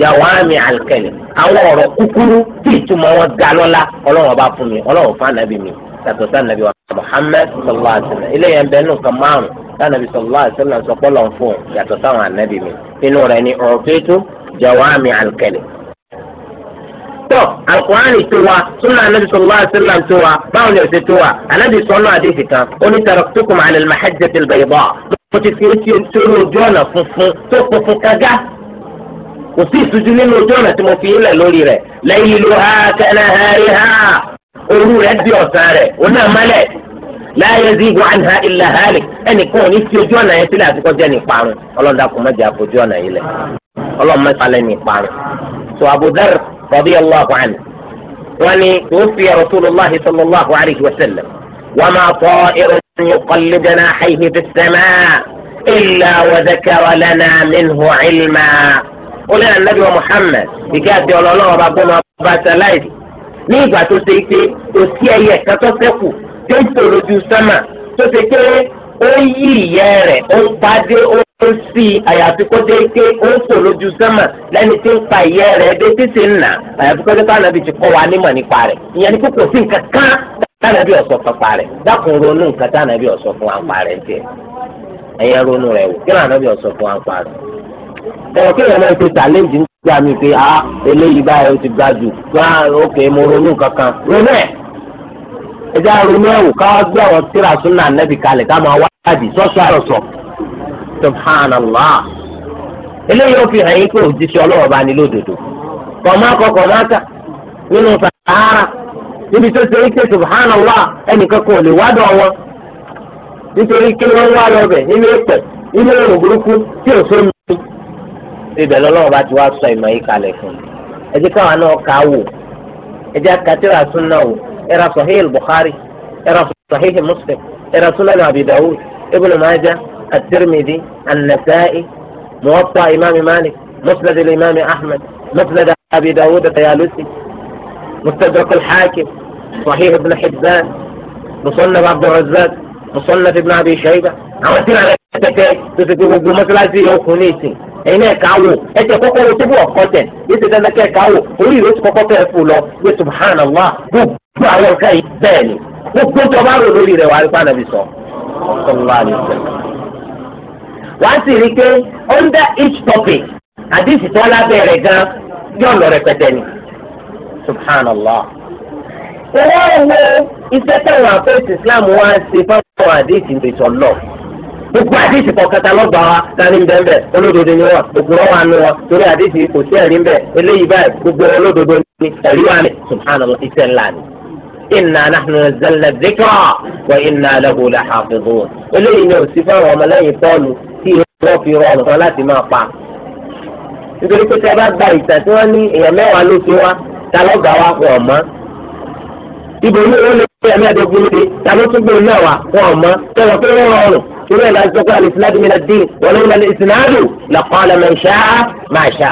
jawami alkalim àwọn ọ̀rọ̀ kúkúrú tí ìtumọ̀ wọn ga lọ́la ọlọ́wọ́n bá fún mi ọlọ́wọ́n fún anabi mi yàtọ̀ sí anabi wa muhammed sallallahu alaihi wasallam ilé yẹn bẹ́ẹ̀ nù kan márùn anabi sallallahu alaihi wasallam fún yàtọ̀ sáwọn anabi mi inú rẹ̀ ní ọ̀ọ́dẹ́tò jawami alkalim tọ́ alukur'ani tó wa sunna anabi sallallahu alayhi wa sallam tó wa báwo ni o ṣe tó wa anabi sọ̀nù àdéhìí kan ó ní taraktukum ala al-mahajjati al-bayda mo ti fi etí ojú ojú ọ̀nà funfun tó funfun kágá kò sí ìtújú nínú ojú ọ̀nà tí mo fi ilẹ̀ lórí rẹ̀ layluha kanahariha òru rẹ̀ di ọ̀sán rẹ̀ òun náà mọ́lẹ̀ la yazigu anha illa halik ẹnìkan ò ní fi ojú ọ̀nà yẹn sílẹ̀ àti kọjá ní ìparun ọlọ́dà kò má jẹ́ àfojú ọ̀nà yìí lẹ̀ ọlọ́mọ ìfalẹ̀ ní ìparun. tó Abu Dharr radiyallahu anhu wọ́n ní tuwfiya rasulillah sallallahu alayhi wa sallam wa ma ta'irun yuqallidu janahihi fi as-samaa illa wa dhakara lana minhu ilma olè anabi wa muhammed ìkẹ́ àti ọlọ́lọ́wọ́ bá gbọ́n ọba sàláìdì ní ìgbà tó ṣe é pé kò sí ẹyẹ kan tó ṣẹ́kù tó ń tò lójú sámà tó ṣe pé ó yí ìyẹ́ rẹ̀ ó pàdé ó ń sí àyàfi kó dé pé ó ń fò lójú sánmà lẹ́ni tí ń pa ìyẹ́ rẹ̀ ń nà àyàfi kó dé ti kọ́ wa nímọ̀ nípa rẹ̀ ìyẹn ni pé sí nǹkan kan tánàbí ọ̀sọ̀ kan pa dákun ronú nǹkan tánàbí ọ̀sọ̀ fún wa rẹ̀ ń tiẹ̀ ẹ̀yẹ ronú rẹ̀ wò kí ọ̀sọ̀ fún ẹjẹ àrùn mẹ́wù ka gbé àwọn tíra súnà nẹ́bì kalẹ̀ ká máa wáyàbí sọ́sọ́ àròsọ. subhanallah eléyìí ó fi hàn yín pé òjíṣẹ́ ọlọ́wọ́ bá ní lódodo kọ̀ọ̀má kọ̀ọ̀kọ̀ nínú sàárà níbi tó ṣe ike subhanallah ẹnìkan kò lè wádọ̀ wọn nítorí kí wọ́n wá lọ bẹ̀ nínú ìpẹ̀ nínú burúkú tí ò sómi. ibẹ̀ bá ti wá اقرا صحيح البخاري اقرا صحيح مسلم اقرا سنن ابي داود ابن ماجه الترمذي النسائي موطا امام مالك مسند الامام احمد مسند ابي داود الطيالسي مستدرك الحاكم صحيح ابن حبان مصنف عبد الرزاق musannaf ibn abi shayba àwọn tí nàá tẹ́tẹ́ tó ti gbogbo mọ́sálásí ọkùnrin ìsìn ẹ̀yin náà ká wò ẹ̀jẹ̀ kọ́kọ́ wo tóbi ọ̀kọ́ tẹ̀ yìí ti dandan kẹ́ ká wò orí ìlú ti kọ́kọ́ tẹ̀ fún lọ bí subhanallah gbogbo àwọn nǹkan yìí bẹ́ẹ̀ ni gbogbo tó bá rò lórí rẹ̀ wà á rí pa nàbì sọ sallallahu sì rí pé under each topic àdìsí tó lábẹ́ rẹ̀ gan yọ̀ọ̀nà rẹpẹtẹ ni subhanallah wọ́n wá wo iṣẹ́ táwọn àpẹẹsì islam wá ń ṣe fáwọn àdéhìí ìrètò lọ gbogbo àdéhìí kọ̀ọ̀kẹ́ta lọ́gbàá wa dání bẹ́ẹ̀ olódodo ni wọn gbogbo wọn wà nù wọn torí àdéhìí kò sí ẹ̀rí bẹ́ẹ̀ eléyìí báyìí gbogbo olódodo ni ẹ̀rí wà ní subhanallah iṣẹ́ ńlá ni. inna nahnu nazzalna dhikra wa inna lahu lahafidhun eléyìí ni òsì fáwọn ọmọlẹ́yìn pọ́ọ̀lù tí wọ́n fi rọ ọ̀nà láti máa pa. nítorí pé tẹ́ bá gba ìtàn tí wọ́n ní ibò ní ìwé lè fi ẹ̀mí ẹ̀dẹ́gbẹ́ lóde tàbí tún gbòòrò náà wà wọn ò mọ sọ̀rọ̀ pé wọ́n rọrùn torí ẹ̀ láti sọ́kọ́ alìsínádù mi náà dín wọ́n lóun náà ìsìnádù làkọ́ọ̀lẹ̀ mẹ́ṣá máa ṣá.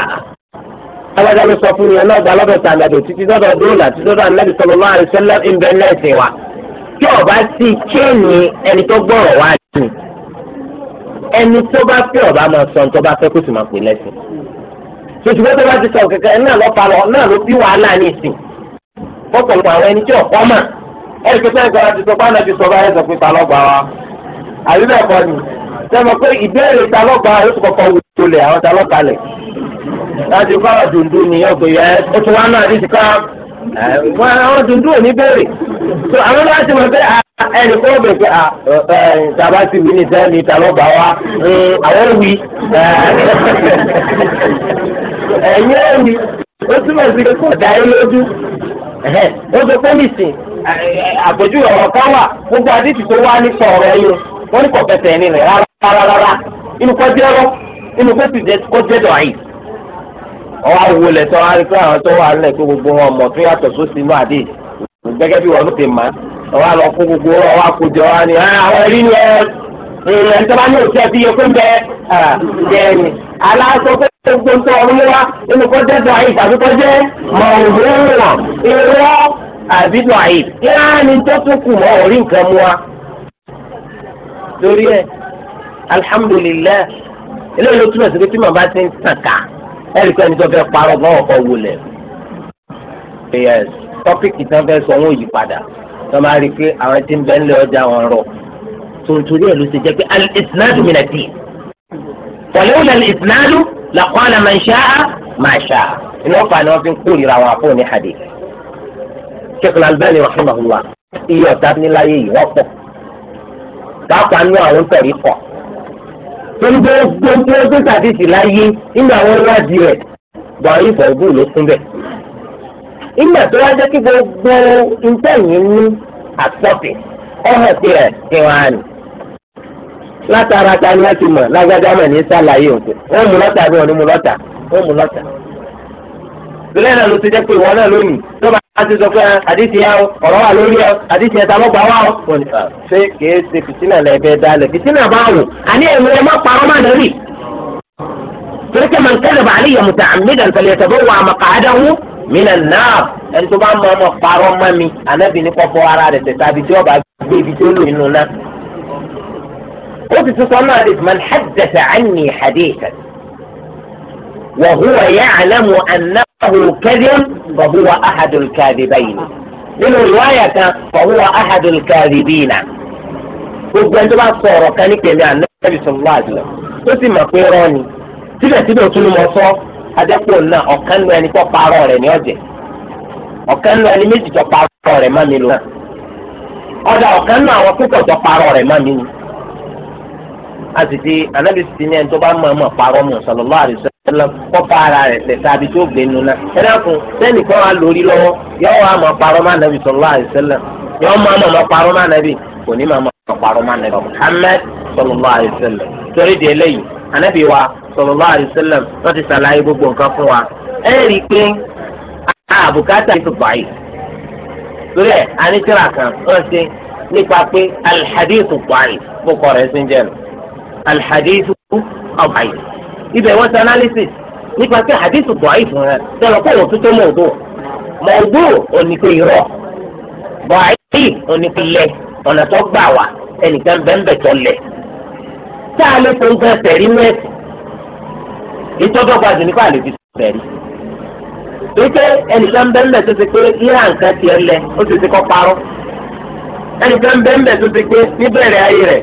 alága ló sọ fún yẹn náà gba lọ́dọ̀ tàbí àdó títí lọ́dọ̀ dóòlà títí lọ́dọ̀ anábì sọ̀rọ̀ máa rẹ̀ sẹ́lẹ̀ ìbẹ̀ ẹ̀sìn wa. fọ́pọ̀lọpọ̀ àwọn ẹni tí ọ̀pọ̀ mà ẹ̀rí pé sẹ́yìn kan ti sọ fáwọn ẹ̀jú sọ̀rọ̀ ayé sọ pé ta wa àbí bẹ́ẹ̀ kọ́ ni pé ìbéèrè ta yóò tún kọ́kọ́ wù tó lẹ̀ àwọn ta lẹ̀ láti kọ́ àwọn dundun ni ó tún wá náà ní ti ká àwọn dundun ò ní tó àwọn bá ti mọ̀ pé kọ́ bẹ̀ pé tàbá ti wí ní ta wa hmm, àwọn wí ẹ̀yìn ẹ̀yìn ó sí ó sọ pé ọrọ àpèjú ọ̀rọ̀ kan wà gbogbo àdìsí tó wá ní sọ̀rọ̀ ẹ̀yìn wọ́n ní kò fẹsẹ̀ ní rárá inú kọ́ jẹ́ rọ́ inú kó sì kó jẹ́ dọ̀ àyè. ọwọ́ àwòwò lẹ̀ arí àwọn tó wà nílẹ̀ pé gbogbo wọn mọ̀ tó yàtọ̀ inú gẹ́gẹ́ bí ti gbogbo ọwọ́ àkójọ wa ni ah, àwọn ẹ̀rí ni gbogbo ń tọ́ ọ̀rọ̀ wá inú kọ́ jẹ́ dọ̀ àyè tàbí kọ́ jẹ́ mọ̀ọ́rùn-ún irọ́ àbí dọ̀ àyè láàánú tó tún kù mọ́ orí nǹkan mu wa. torí ẹ alihamudulilayi eléyìí ló túmọ̀ sí pé tí màmá ti ń tàn ká ẹ̀rí pé ẹni tó fẹ́ parọ́ bá ọkọ̀ wọlé. tọ́pìkì tán fẹ́ sọ wọn ò padà tó máa rí i pé àwọn tí ń bẹ ńlẹ̀ ọjà wọn rọ torí ẹ̀ ló ṣe jẹ́ pé al-isnadu min ad-din wa lawla al làkọ́lá máa ń ṣá máa ṣá inú ọ̀fà ni wọ́n fi ń kórìíra àwọn àfọ̀ ní hadith Sheikh Albani rahimahullah iye ọ̀tá níláyé yìí wọ́n pọ̀ pàápàá nú àwọn tẹ̀rí kọ̀ torí pé gbogbo ọdún sàdísì láyé nínú àwọn ìwádìí rẹ̀ bọ̀ọ̀rí ìfọ̀gbù ló kún bẹ̀. ìgbà tó wá jẹ́ kí gbogbo ìtẹ̀yìn ní àsọ̀tì ọ̀hún ti rẹ̀ ti wá nì látara ta ni wọ́n ti mọ̀ lágbájá mọ̀ ní sàlàyé òkú wọ́n mú lọ́tà bí wọ́n ní mú lọ́tà wọ́n mú lọ́tà. ìrẹ́ náà ló ti jẹ́ pé ìwọ náà lónìí tó bá a ti sọ pé ah, àdìsí yà ó ọ̀rọ̀ wà lórí ọ àdìsí yà tàbọ̀ gbà wà ó. Ah, ṣé kìí ṣe fìtínà lẹ́ẹ̀bẹ̀ dálẹ̀ fìtínà bá wò àní ẹ̀mí ẹ̀ má parọ́ má lórí. torí pé màǹkẹ́lẹ̀ bá àlẹ́ yẹ̀mùtà àmìgàn tẹ̀lé ẹ̀sẹ̀ bó wà ẹni tó bá mọ ọmọ parọ́ mọ́ mi ànábì ní kọ́kọ́ ara rẹ̀ tẹ̀ tàbí tí ọba gbé ibi tó lò nínú náà ó ti tún sọ náà lè man haddatha anni hadithan wa huwa ya'lamu annahu kadhib fa huwa ahadul kadhibayn nínú riwaya kan fa huwa ahadul kadhibina gbogbo ẹni tó bá sọ ọ̀rọ̀ kan ní pèmí ànábì sallallahu tó sì mọ̀ pé rán ni síbẹ̀síbẹ̀ ó tún ní mọ adẹ́pọ̀ náà ọ̀kan lu ẹni tó parọ́ rẹ̀ ní ọ̀jẹ̀ ọ̀kan lu ẹni méjì tó parọ́ rẹ̀ má mi lò ọ̀dà ọ̀kan lu àwọn púpọ̀ tó parọ́ rẹ̀ má mi ni àtìtì anabi sì ní ẹni tó bá mọ̀ ọmọ parọ́ mọ̀ sallallahu alaihi wasallam kọ́ fa ara rẹ̀ lẹ́sẹ̀ àbí tó gbé nu náà ẹ dákun sẹ́ni kan wà lórí lọ́wọ́ yọ wà mọ̀ parọ́ mọ́ anabi sallallahu alaihi wasallam yọ mọ̀ ọmọ mọ̀ parọ́ mọ́ anabi kò ní mọ̀ mọ̀ parọ́ mọ́ anabi Muhammad sallallahu alaihi wasallam torí di eléyìí anabi wa sallallahu alaihi wasallam wọ́n ti sàlàyé gbogbo nǹkan fún wa ẹ rí i pé àbùkátà ti bàyì torí ẹ anítìrà kan wọ́n ti nípa pé alhadith alhadithu ọ̀bàyì ibẹ̀ wọ́n ṣe analysis nípa pé hadithu bọ̀ọ̀yì fún rẹ sọ̀rọ̀ pé òun tuntun mọ̀ọ́dù mọ̀ọ́dù onípe irọ́ bọ̀ọ̀yì onípe lẹ̀ ọ̀nà tó gbà wá ẹnìkan bẹ́ẹ̀ tó lẹ̀ tá a lè fún gan tẹ̀rí mẹ́sì ìtọ́dọ̀gba jù nípa àlè fi tẹ̀rí wípé ẹnìkan bẹ́ẹ̀ tó ti pé ìhà nǹkan tiẹ̀ lẹ̀ ó ti ti kọ́ parọ́ ẹnìkan bẹ́ẹ̀ tó ti pé níbẹ̀rẹ̀ ayé rẹ̀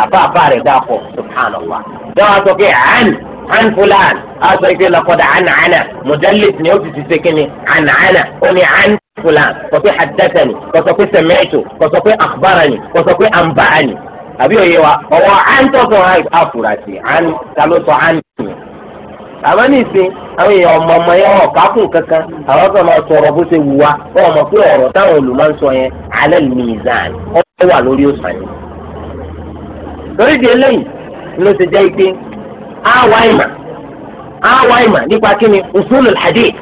àbá àbá rẹ̀ dàpọ̀ subhanallah dáwọn sọ pé àn àn fúlàn á sọ pé lọ́kọ̀dà àn ànà mùdálìs ni ó ti ti sékìnì àn ànà ó ní àn fúlàn kò sí haddathani kò sọ pé sami'tu kò sọ pé akhbarani kò sọ pé anba'ani àbí òye wa ọwọ́ àn tó sọ àn àfúrásì àn ta ló sọ àn nìyẹn. àmọ́ ní ìsìn àwọn èèyàn ọmọ ọmọ yẹn wọn kákùn kankan àwọn kan máa sọ̀rọ̀ bó ṣe wù wá wọn mọ̀ pé ọ̀rọ̀ táwọn olùmọ̀ ń sọ yẹn alal mizan ó wà lórí òṣùwọ̀n torí di eléyìí ló ti jẹ́ ike àwa ìmà àwa ìmà nípa kíni usulul hadith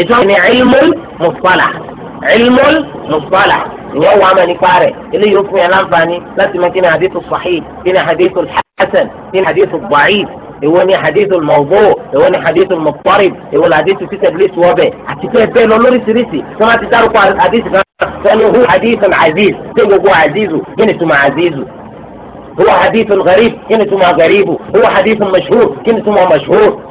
ètò ìní ilmul mustalah ilmul mustalah ìyẹn wà á ma nípa rẹ̀ eléyìí ó fún yẹn láǹfààní láti mọ kíni hadithu sahih kíni hadithu hasan kíni hadithu da'if èwo ni hadithu mawdu' èwo ni hadithu mọ̀tọ́rì èwo ni hadithu títẹ̀lẹ́sì wọ́bẹ̀ àti bẹ́ẹ̀ bẹ́ẹ̀ lọ lóríṣiríṣi wọ́n ti dárúkọ hadithu kan sọ́nu hu hadithu aziz ṣé gbogbo azizu kí tuma azizu هو حديث غريب كني تما غريب هو حديث مشهور كني تما مشهور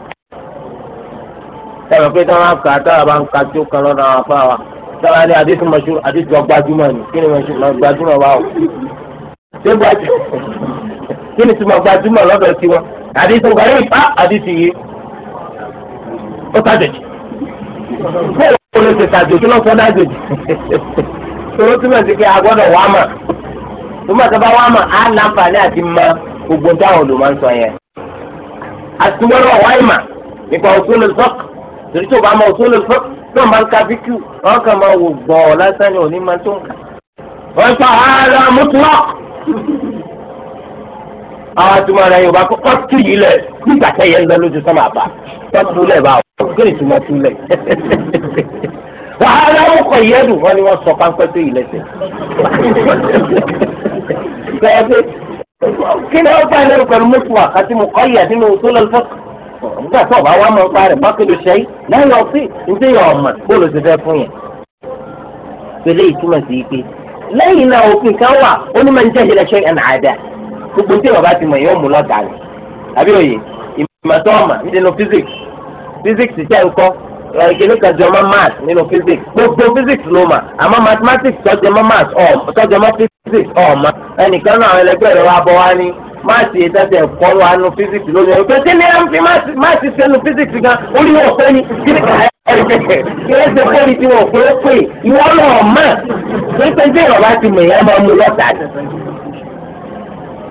ẹ̀rọ pé táwọn akàtà àbá ń ka tí ó kan lọ́dọ̀ àwọn afáwa sábà ní àdìsí mọ̀ṣúrù àdìsí ọgbàjúmọ̀ ni kí ni gbajúmọ̀ wà ó. ṣé gbajúmọ̀ kí ni tuma gbajúmọ̀ lọ́dọ̀ tiwọn àdìsí ọgbà yìí pa àdìsí yìí ó tàjèjì. kó o lè ṣe tàjèjì lọ́sọ̀ọ́ dájèjì. tòun túmọ̀ sí pé a gbọ́dọ̀ wá mà nígbà tó bá wà mọ̀ á láǹfààní àti mọ gbogbo táwọn olùmọ̀ ń sọ yẹn. àtúwọ́rọ̀ wáyé mà nípa usulul fiqh torí tó bá mọ usulul fiqh tó ń bá ń ka bíkú wọn kàn máa wò gbọ́ ọ lásán ni òní máa tó ń kà. wọ́n sọ ààrẹ mutlaq. àwọn àtúmọ̀ rẹ̀ yorùbá kọ́kọ́ tú yìí lẹ̀ nígbà tẹ́yẹ ń lọ lójú sọ́mà àbá tọ́tù lẹ̀ bá wọn kí ni ìtumọ̀ tú lẹ̀ wàhálà ọkọ̀ ìyẹ́dùn wọn ni wọ́n sọ páńpẹ́ tó yìí lẹ́sẹ̀. gbẹ̀ẹ́fẹ́ kí ni wọ́n bá ilé pẹ̀lú mùsùlùmí àti mùkọ́yà nínú usul al-fiqh nígbà tó ọba wa máa ń parẹ́ bákẹ́lẹ́ ṣẹ́yí lẹ́yìn ọ̀sìn ǹjẹ́ yọ ọ̀mọ̀ bóòlù ti fẹ́ fún yẹn. pẹ̀lú ìtumọ̀ sí pé lẹ́yìn náà òfin kan wà ó ní máa ń jẹ́jẹ́ lẹ́sẹ̀ ẹ̀ náà dà gbogbo tí ọba ti mọ̀ yóò mú lọ́dà rẹ̀ àbí òye ìmọ̀tọ́ ọ̀mà nínú physics physics jẹ́ nǹkan ìkíní kan jẹ ọmọ math nínú physics gbogbo physics ló mà àmọ́ mathematics tọ́jú ọmọ math ọ̀ tọ́jú ọmọ physics ọ̀ ma ẹnìkan náà àwọn ẹlẹgbẹ́ rẹ̀ wá bọ̀ wá ní máàsì yìí tẹ́tẹ́ ẹ̀kọ́ wa nu físíkì lónìí ẹ̀ pé kí ni ẹ̀ ń fi máàsì sẹ́nu físíkì gan orí wọn pé ní kí ni kàá ẹ ṣe pé ní wọn pé pé ìwọ náà mọ̀ pé pé ìrọ̀lá ti mọ̀ ìyá máa mú lọ́tà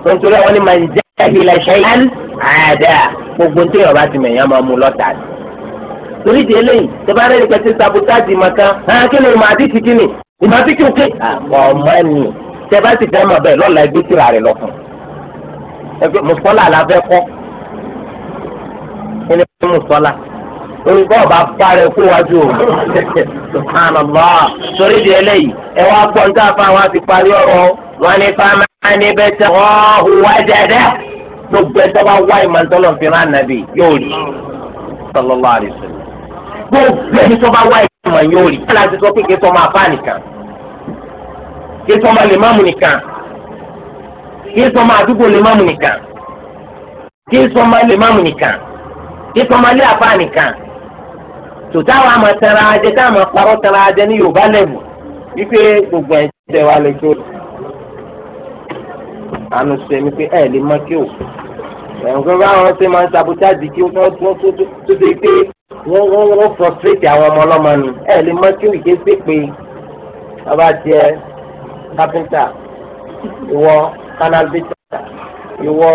nítorí àwọn ni màá jẹ́ ìlẹ̀ ṣẹ́yìn àdá gbogbo tí ìrọ̀lá ti mọ̀ ìyá máa mú lọ́tà torí di eléyìí tẹ́bárẹ́ ìpẹ́tẹ́ sabotage màkà hàn kí ni ìmọ̀ àdìsí kí ni ìmọ̀ àdìsí kí ni ọmọ ẹni tẹ bá sì fẹ́ mọ̀ bẹ́ẹ̀ lọ́la ẹgbẹ́ tìrà rẹ̀ lọ fún ẹgbẹ́ mùsọ́là la fẹ́ kọ́ ẹni fún mùsọ́là olùkọ́ ọba bá rẹ̀ kó wájú o subhanallah torí di eléyìí ẹ wá gbọ́ ní káfá wọn ti parí ọ̀rọ̀ wọn ní fáwọn ẹni bẹ́ẹ̀ tẹ wọ́n hùwà jẹ́dẹ́ gbogbo ẹjọ́ bá wá ìmọ̀ntọ́lọ́ fi rán ànábì yóò rí sallallahu alaihi gbogbo ẹni bá wá ìmọ̀ yóò rí kí kí sọmọ lè má mu nìkan kí sọmọ àdúgbò lè má mu nìkan kí sọmọ lè má mu nìkan kí sọmọ lè àbá nìkan tòtá wa máa tẹ̀ra ajẹ tá a máa parọ́ tẹ̀ra ajẹ ní yorùbá lẹ́bù wípé gbogbo ẹ̀ jẹ́ wa lè tó àánú sọ èmi pé ẹ̀ lè má kí o ẹ̀ǹkan bá wọn ṣe máa ń sabotage kí wọ́n tó tó tó ṣe pé wọ́n wọ́n wọ́n frustrate àwọn ọmọ ọlọ́mọ ni ẹ̀ lè má kí o ìké sèpè ọba tiẹ̀ kápẹ́ńtà ìwọ kánálbítà ìwọ.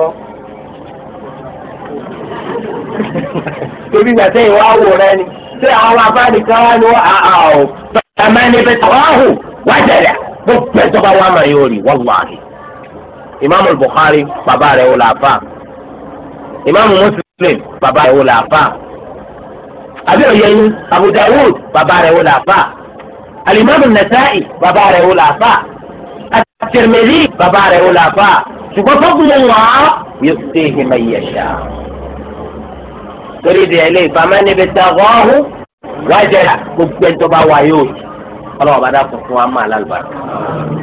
torí gbàtẹ́ ìwọ àwòrán ni ṣé àwọn abánìkan wá ní wọ́n àà ọ̀ bàtà máa ní bẹ́ẹ̀ tàwọn àhù wá jẹ̀dá bó bẹ́ẹ̀ tó bá wà máa yóò rí wàlláhi. imaamu bukhari bàbá rẹ̀ wò láàfà imaamu muslim bàbá rẹ̀ wò láàfà àbí òye abu dawud bàbá rẹ̀ wò láàfà alimami nasa'i bàbá rẹ̀ wò láàfà. Tirmidhi bàbá rẹ̀ wò láfa ṣùgbọ́n fọ́gbìnrin wà á yóò ṣe é ma yẹ ṣá. torí ìdílé ilé ìfàmẹ́ níbi tá a wọ́ ọ́hún wájú ẹ̀dá gbogbo ẹ̀ńtọ́ bá wà yóò jù ọlọ́wọ́ bá dákun fún wa máa lálùbárà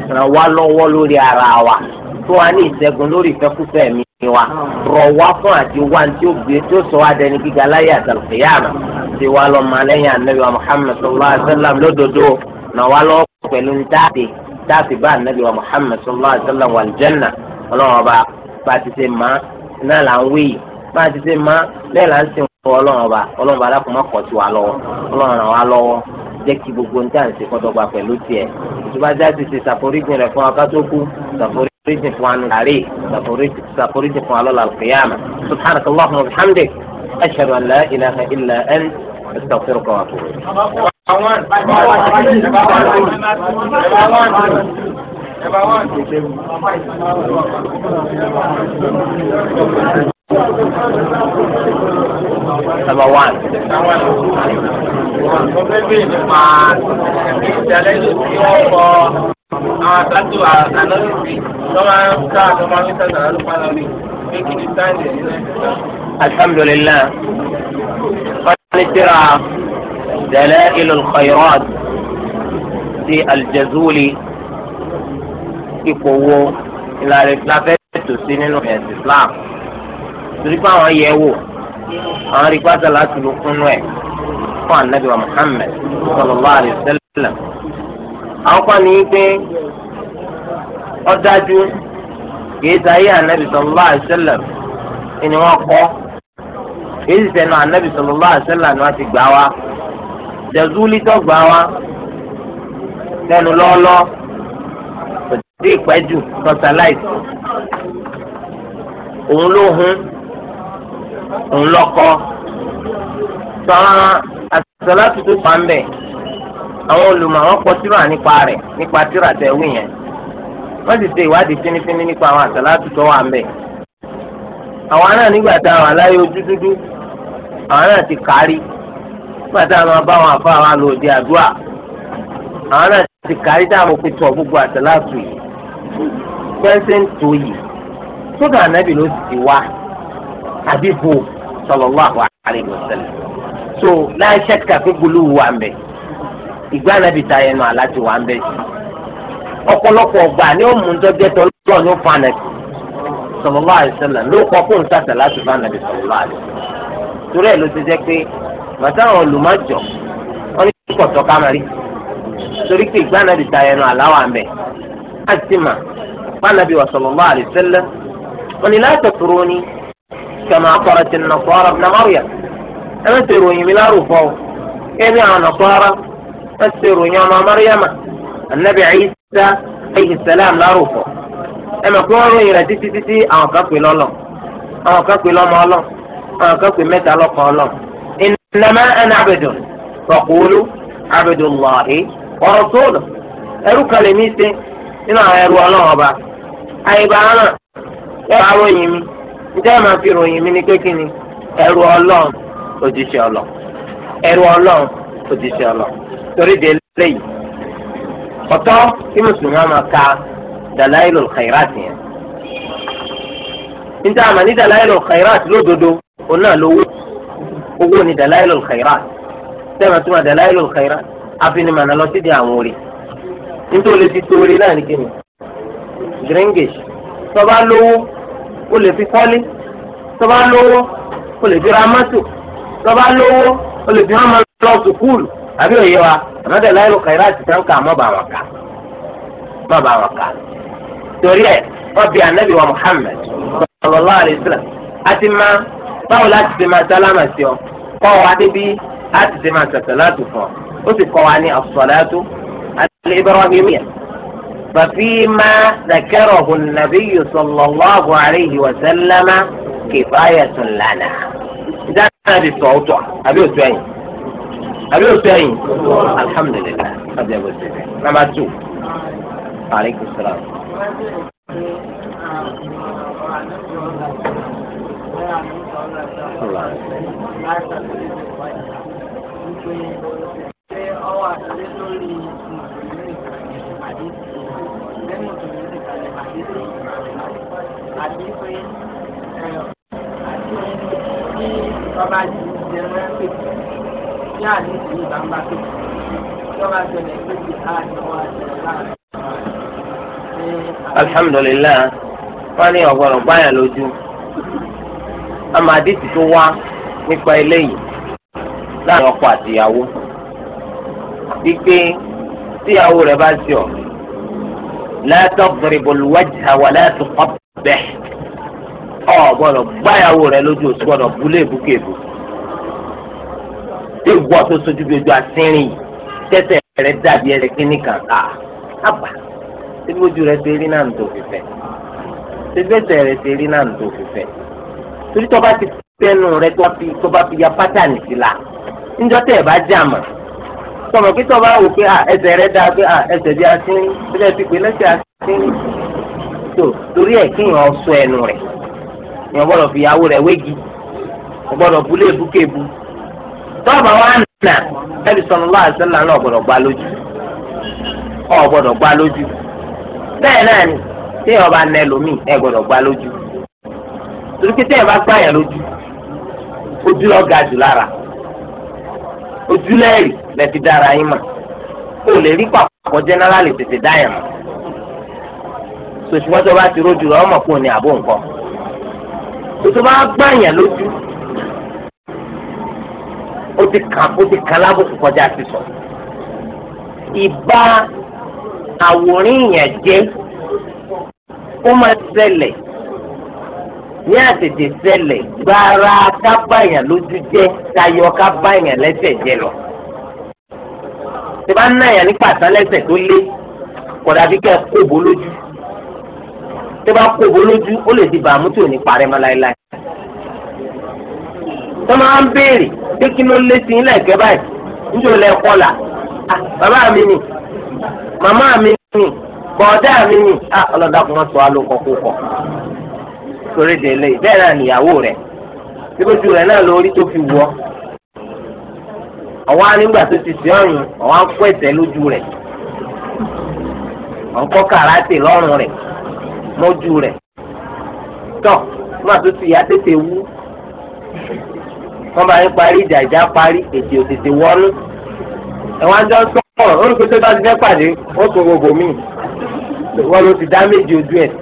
ràn wá lọ́wọ́ lórí ara wa tó wá ní ìṣẹ́gun lórí ìfẹ́kúfẹ́ mi wa rọ̀ wá fún àti wá tí ó gbé tí sọ wá dẹni gíga láyé àtàlùfẹ́yàmà tí wá lọ́ọ́ máa lẹ́yìn ànábì wa Muhammad lódodo ràn wá lọ́wọ́ pẹ̀lú ní táàfì bá anabi wa muhammed sallallahu alayhi wa sallam wà lìjẹ́nà ọlọ́run ọba bá a ti ṣe máa náà là ń wí yìí bá a ti ṣe máa lẹ́yìn là ń sìn wọ́n ọlọ́run ọba ọlọ́run ọba alákùnmọ́ kọ̀ sí wa lọ́wọ́ ọlọ́run ràn wá lọ́wọ́ jẹ́ kí gbogbo nǹkan àti ìkọ́dọ̀gba pẹ̀lú tiẹ̀ ìtura já ti ṣe ṣàforíjìn rẹ̀ fún akátó kú fún anu àárè fún one ẹ̀bà one ẹ̀bà one ẹ̀bà one ẹ̀bà one. Number one. Mo fẹ́ bí nípa ìṣẹ̀lẹ̀ tí wọ́n kọ àwọn àtàtù ànálìsì tó máa ń ká àtọ́ máa ń sẹ́sẹ̀ àlùfáà náà ní kí ni sáyẹ̀nsì yìí náà. Alhamdulilayi. Wọ́n ti ra. دلائل الخيرات ti aljazuli ipò wo ìlànà ìfúnafẹ́ ètò sí nínú ẹ̀sìn islam torí pé àwọn yẹ̀ wò àwọn rí pátá láti lu kúnú ẹ̀ fún anabi wa muhammed sallallahu alayhi wa sallam àwọn kan ní pé ó dájú kìí ta ayé anabi sallallahu alayhi wa sallam ni wọ́n kọ́ kìí sì sẹ́nu anabi sallallahu alayhi wa sallam ni wọ́n ti gbà wá jazuli tó gbà wá lẹ́nu lọ́ọ́lọ́ kò sí ìpẹ́jù sọ́tàláìsì òun ló hun òun lọ́kọ sọ́ra àtàlátù tó pa ń bẹ̀ àwọn olùmọ̀ àwọn kọ tírà nípa rẹ̀ nípa tírà tẹ̀ wí yẹn wọ́n sì ṣe ìwádìí fínífíní nípa àwọn àtàlátù tó wà ń bẹ̀ àwọn náà nígbà tá a wà láyé ojú àwọn náà ti kárí pàtó àwọn abáwọn afọ àwọn alòdì àdúrà àwọn náà ti kárí dáàmú pé tọ gbogbo àtàlátù yìí pẹ́ńsẹ̀ ń tó yìí sódà ànábì ló ti wá àbí bò sallallahu alaihi wasallam so láì ṣẹ́ka pé gbólóhùn wà mbẹ́ ìgbà ànábì ta ẹnu aláti wà mbẹ́ sí ọ̀pọ̀lọpọ̀ ọgbà ni ó mú dọ́jẹ́ tọ́lọ́ ní fanẹ̀ sallallahu alaihi wasallam ló kọ́ fóun sàtàlátù fún ànábì sallallahu alaihi wasallam torí ẹ̀ ló ti jẹ́ pé bàtà àwọn olùmọ̀jọ wọn ní kí kọ̀tọ̀ ká máa rí torí pé ìgbàna ti ta ẹnu àláwà mẹ́ láti mà pànàbí wa sallallahu alaihi wasallam wọn ni láti tóró ni kama qalat an-nasara ibn Maryam ẹ má ṣe ròyìn mi lárúbọ o ẹni àwọn nasara má ṣe ròyìn ọmọ Maryama anabi Isa alayhi salam lárúbọ ẹ má pé wọn ròyìn rẹ títí títí àwọn kan lọ́lọ́ àwọn kan lọ́mọ ọlọ́ àwọn kan mẹ́ta lọ́kọ̀ ọlọ́ innama ana abdun faqulu abdullahi wa rasuluhu ẹrú kalẹ̀ mi ṣe nínú àwọn ẹrú ọlọ́run ọba àyíbá hàn ẹ̀rọ aróyìn mi njẹ́ ẹ̀ máa fi ròyìn mi ní kékeré ẹrú ọlọ́run òjíṣẹ́ ọlọ́run ẹrú ọlọ́run òjíṣẹ́ ọlọ́run torí de lẹ́yìn ọ̀tọ̀ kí mùsùlùmí máa ka dalailul khairat yẹn njẹ́ àmà ní dalailul khairat lódodo òun náà lówó owó ni dalailul khairat sẹ́wọ̀n tó ma dalailul khairat afinimọ̀nà lọ sí di àwọn orí nítorí ti torí náà ní kíni gringish tọ́ba lówó ó lè fi kọ́lé tọ́ba lówó ó lè fi ra mọ́tò tọ́ba lówó ó lè fi hàn máa lọ sùkúlù àbí òye wa àmọ́ dalailul khairat ti tán ká mọ́ bá wọn ká mọ́ bá wọn ká torí ẹ̀ wọ́n bi anabi wa Muhammad sallallahu alayhi wa àti máa báwo láti ṣe máa sálámà sí ọ kọ́ wa débi láti ṣe máa sàṣàlátù fún ọ ó sì kọ́ wa ní àṣàlátù al-Ibrahimiyya ففيما ذكره النبي صلى الله عليه وسلم كفاية لنا إذا كان بالصوت أبي أسوأين أبي أسوأين الحمد لله أبي أبو أسوأين نمبر 2 عليكم السلام Thank you. Right. alhamdulilayi wọn ní ọgbọràn báyà lójú àmọ́ àdìsí tó wá nípa eléyìí láàrin ọkọ àtìyàwó wípé tíyàwó rẹ̀ bá sí ọ la tadribul wajha wa la tuqabbih ọ gbọ́dọ̀ gbáyàwó rẹ̀ lójú oṣù gbọ́dọ̀ búlé búkèbù tí ìwọ tó sojú gbogbo àtìrìn yìí tẹ́tẹ̀ rẹ̀ dàbí ẹsẹ̀ kínní kan ká àbá síbi ojú rẹ̀ ṣe rí náà ń tó fífẹ́ síbi ẹsẹ̀ rẹ̀ ṣe rí náà ń tó fífẹ́ torí tó bá ti tẹnu rẹ tó bá fi ya pátánì sí la níjọ́ tẹ̀ bá jà mà sọmọ pé tó bá wò pé ẹsẹ̀ rẹ dáa pé ẹsẹ̀ bí asín bílẹ̀ ti pé lẹ́sẹ̀ asín tó torí ẹ̀ kí yàn sọ ẹnu rẹ̀ yàn gbọ́dọ̀ fi ìyàwó rẹ̀ wégi yàn gbọ́dọ̀ bu léèbú kéèbú tọ́ọ̀bà wa nà ẹbí sọ̀nù láàṣẹ́lá náà gbọ́dọ̀ gbá lójú ọ̀ gbọ́dọ̀ gbá lójú bẹ́ẹ̀ náà ni tí yàn bá nà ẹlòmíì ẹ gbọ́dọ̀ gbá lójú torí pé tẹ́yẹ̀ bá gbá yẹn lójú ojú lọ ga jù lára ojú lẹ́rìí lẹ fi dára yín mọ̀ kó lè rí pàpọ̀ jẹ́nẹ́rálì tètè dá yẹn mọ̀ sòṣùwọ́n tó bá ti rójú rẹ ọmọ kò ní àbó nǹkan tó bá gbá yẹn lójú ó ti kàn ó ti kàn lábùkù kọjá sí sọ ìbá àwòrán yẹn jẹ ó máa ṣẹlẹ̀ ní àtètè ṣẹlẹ̀ gbára kábàyàn lójú jẹ́ tayọ kábàyàn lẹ́sẹ̀ jẹ lọ. tìbá náyà ní pàtàkì lẹ́sẹ̀ tó lé kọ̀dà bí kẹ́ kóbo lójú. tìbá kóbo lójú ó lè di bàámu tí ò ní parẹ́ mọ́ láéláé. tọ́mọ á ń béèrè pé kí ló lé sí ilé ẹ̀kẹ́ báyìí níjó lẹ kọ́là bàbá mi ni màmá mi ni bọ̀ọ̀dá mi ni ọlọ́dà kò má sọ alókọ̀ọ́kọ̀ torí délé bẹ́ẹ̀ náà nìyàwó rẹ̀ síbójú rẹ̀ náà lórí tó fi wọ́ àwọn anígbà tó ti sí ọ̀run àwọn akó ẹ̀sẹ̀ lójú rẹ̀ ọ̀nkọ́ kàràtì lọ́rùn rẹ̀ mọ́jú rẹ̀ tọ́ nígbà tó ti yá tètè wú wọ́n bá yín parí ìjà ìjà parí èdè òtètè wọ́nú ẹ̀wọ̀n àjọ sọ̀rọ̀ ó ní pé tó bá ti fẹ́ pàdé ó sọ gbogbo míì wọ́n ló ti dá méjì ojú ẹ̀ sí.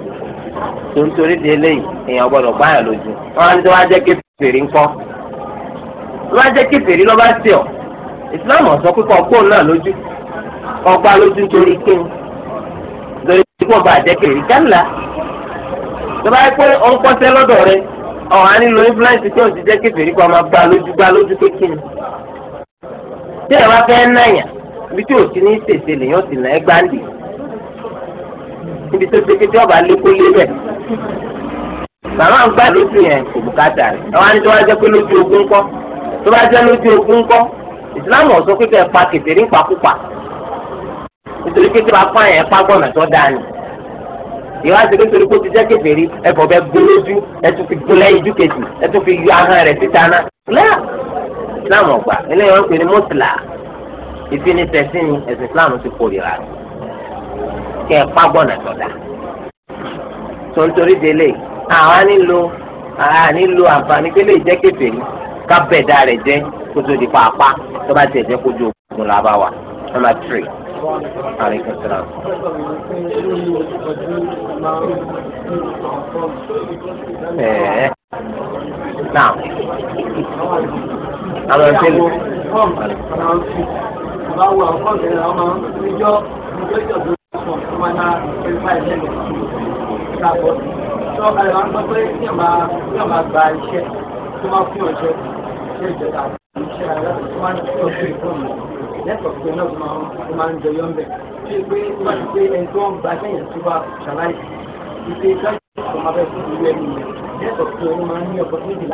tó ń torí de eléyìí èèyàn gbọ́dọ̀ gbáyà lójú wọn á ní tó wá jẹ́ kéferì ńkọ́ tó wá jẹ́ kéferì lọ́ba sí ọ islam ọ̀sọ́ pé kọ́ gbóòn náà lójú kọ́ gbá lójú nítorí kíni nítorí tí kò bá jẹ́ kéferì kálá tó bá yẹ pé ó ń kọ́sẹ́ lọ́dọ̀ rẹ ọ̀hún á nílò influence tí ó ti jẹ́ kéferì kọ́ máa gbá lójú gbá lójú pé tí ẹ náyà tí ò ní tètè lèyàn ti nà níbi tó ṣe kékeré ọba lé kó lé bẹ̀. màmá ń gbà lójú yẹn kò bùkátà rẹ̀ àwọn àni tó bá jẹ́ pé lójú ogun kọ́ tó bá jẹ́ lójú ogun kọ́ ìsìlámù ọ̀sọ́ kíkẹ́ pa kẹtẹ́rì pàkúpà nítorí pé kíkẹ́ apá yẹn pa gbọ́nà tó dáa ni ìwà àti nítorí kó ti jẹ́ kẹfẹ́rí ẹ̀fọ́ bẹ́ẹ̀ gbólójú ẹ̀tún fi gbólẹ́ ijú kejì ẹ̀tún fi yọ ahọ́n rẹ̀ síta náà lẹ́yà islam ọ̀gbà eléyìí wọ́n pè ní mọ́tìlá ìfinisẹ̀sìn ni ẹ̀sìn islam ti kórìíra rẹ̀ kẹ́ ẹ pa gbọ́nà tọ̀dà tó ń torí délé àwa nílò àwa nílò àǹfààní pé lè jẹ́ kéfèé ni ká bẹ̀dá rẹ̀ jẹ́ kó tó di pàápàá tó bá tiẹ̀ jẹ́ kójú ogun là bá wà number three. Aleykum salaam. Ẹ̀ẹ́ máa ná twenty five lẹ́nu ìgbàgbọ́ tí wọ́n kalẹ̀ máa ń gbọ́ pé tí wọ́n máa tí wọ́n máa gba iṣẹ́ tó máa fún ọ̀ṣẹ́ ṣe ìjọba iṣẹ́ aláàbò tó máa ń fún ọ̀ṣẹ́ ìfọ̀nù lẹ́kọ̀ọ́ pé náà tó máa ń jọyọ̀ ń bẹ̀ pé wọ́n ti pé ẹni tó ń gba sẹ́yìn tó bá ṣàlàyé ìpè káyọ̀ tó máa fẹ́ fún ìlú ẹni yẹn lẹ́kọ̀ọ́ pé wọ́n máa ń ní ọ̀pọ̀tunìtì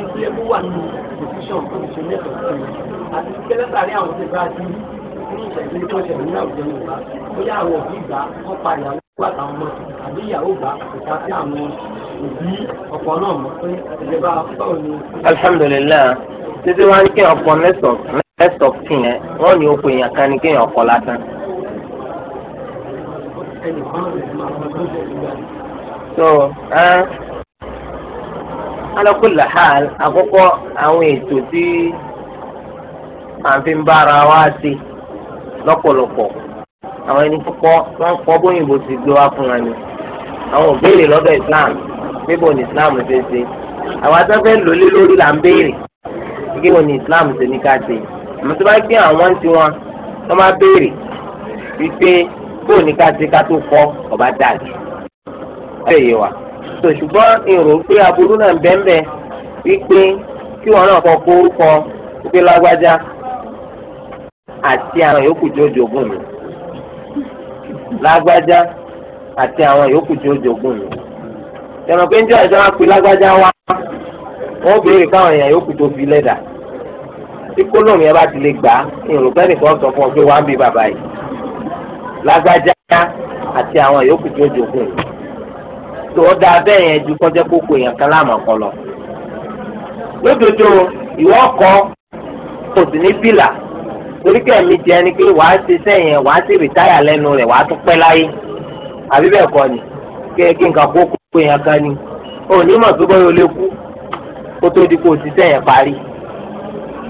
ìdílé mú wà nínú pòsíṣàn tó ti ṣe mẹ́tọ̀ sí i àti kẹlẹ́tàrí àwọn ti bá ti ní ìṣẹ̀lẹ̀ tó ṣẹlẹ̀ ní àwùjọ Yorùbá bóyá àwọn òbí gbà wọ́n pa ìyàwó gbà táwọn ọmọ àbí ìyàwó gbà kò pa sí àwọn òbí ọ̀pọ̀ náà mọ̀ pé ìjọba báwo ni. alhamdulilayi títí wá ní kéèyàn kọ mẹsàn kí yẹn wọn ní oko èèyàn kan ní kéèyàn kọ lásán. so. Uh, alákòlá hàn àkọ́kọ́ àwọn ètò tí à ń fi ń bára wa ṣe lọ́pọ̀lọpọ̀ àwọn ẹni kọ́kọ́ wọ́n kọ́ bóyìnbó ti gbé wá fún wa ni àwọn ò béèrè lọ́dọ̀ Islam bíbò ní Islam ṣe ṣe àwọn atẹ́fẹ́ lólé lórí là ń béèrè bíbò ní Islam ṣe ní ká ṣe àmọ́ tó bá gbé àwọn ti wọn wọ́n máa béèrè wípé bóò ní ká ṣe ká tó kọ́ ọba dàgbé tó ṣùgbọ́n èrò pé aburú náà ń bẹ́ẹ̀ wípé kí wọn náà kọ kó orúkọ wípé lágbájá àti àwọn yòókù tí ó jogún mi lágbájá àti àwọn yòókù tí ó jogún mi ẹnu pé ń jẹ́ ìjọba pé lágbájá wá wọ́n béèrè káwọn èèyàn yòókù tó fi lẹ́dà tí kólóòmù yẹn bá ti lè gbà á èrò nìkan sọ fún ọ pé wàá bí bàbá yìí lágbájá àti àwọn yòókù tí ó jogún mi tó o da bẹ́ẹ̀ yẹn ju kọjá kókó yẹn kan láàmú ọkọ lọ. lódodo ìwọ ọkọ kò sí ní bìlà torí pé ẹ̀mí jẹ́ ni pé wàá ṣe sẹ́yìn wàá sì rìtáyà lẹ́nu rẹ̀ wàá tún pẹ́ láyé àbí bẹ́ẹ̀ kọ́ ni kí nǹkan kókó yẹn kan ni onímọ̀ tó bọ́ yóò lé kú kó tó di kó o ti sẹ́yìn parí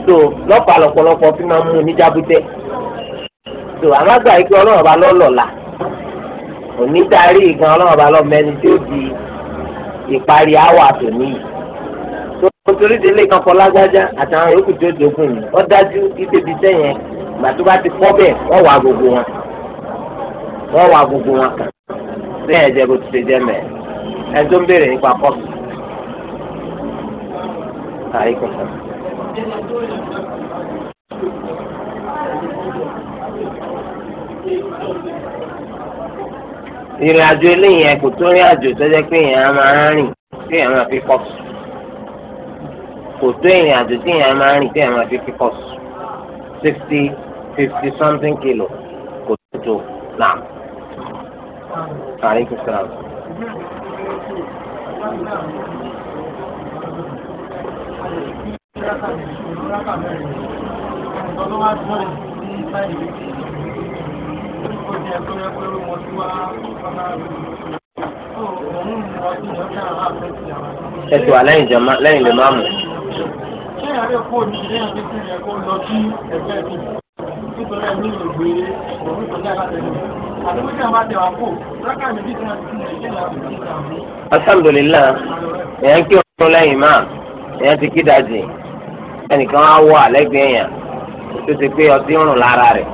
so lọ́pàá lọ́pọ̀lọpọ̀ fi máa ń mú níjàbútẹ́ so àmàgbà yìí pé ọlọ́run ọba lọ́lọ́la onídàárí ìgan ọlọ́run bá lọ mẹ́ni tí ó di ìparí àwọ̀ àtòní yìí nítorí délé kan fọ lágbájá àtàwọn yòókù tí ó dogun yìí ó dájú ìtẹ̀bí sẹ́yìn ìgbà tó bá ti pọ́ bẹ́ẹ̀ wọ́n wà gbogbo wọn wọ́n wà gbogbo wọn kàn lẹ́yìn ẹ̀jẹ̀ kò ti ṣe jẹ́ mẹ́ẹ̀ ẹ̀ tó ń béèrè nípa kọ́ọ̀sì. ìrìn àjò eléyìí kò tó rìn àjò tó jẹ́ pé èèyàn máa ń rìn tí èèyàn máa fi kọ́ọ̀sì kò tó ìrìn àjò tí èèyàn máa ń rìn tí èèyàn máa fi fi kọ́ọ̀sì sixty fifty something kilo kò tó náà. Aleykum salaam. Thank you ẹ ti wà lẹ́yìn jama lẹ́yìn lè máa mú. ṣé àárẹ̀ kò ní ilé àti kí ẹ kó lọ sí ẹgbẹ́ mi nítorí ẹ̀mí ló gbé òun tó dára tẹ̀lé àti wípé àwọn àti àwọn kò rákà méjì tí wọ́n ti fi ṣe ìyá àbùkù ìdààmú. alhamdulilayi èèyàn kí ọ̀run lẹ́yìn máa èèyàn ti kí dajì ẹnìkan á wọ àlẹ́gbẹ̀ẹ́ tó ti pé ọtí ń rùn lára rẹ̀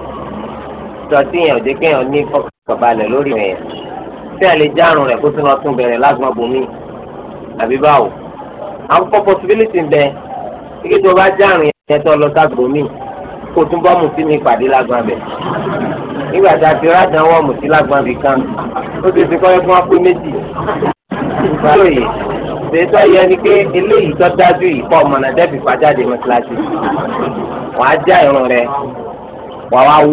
ìdọ̀tí yẹn ò jẹ́ kéèyàn ní fọkànbalẹ̀ lórí rẹ̀ tí a lè járun rẹ̀ kó tún lọ tún bẹ̀rẹ̀ lágbọ̀n bomi àbí báwo. àkọ́kọ́ possibility ń bẹ kíkẹ́ tó bá járun yẹn tó lọ ságbọ̀n mi kó tún bọ́ mùsí mi pàdé lágbọ̀n abẹ. nígbà tá a ti rádàn wọ́n mùsí lágbọ̀n abẹ kan ó ti ti kọ́ ẹ fún apé méjì. báyìí ṣètò ẹ̀yẹ ni pé eléyìí tó dájú ìkọ́ ọmọ náà dẹ́bi pàjáde mọ́ kíláàsì wàá já ìrùn rẹ̀ wàá wá wú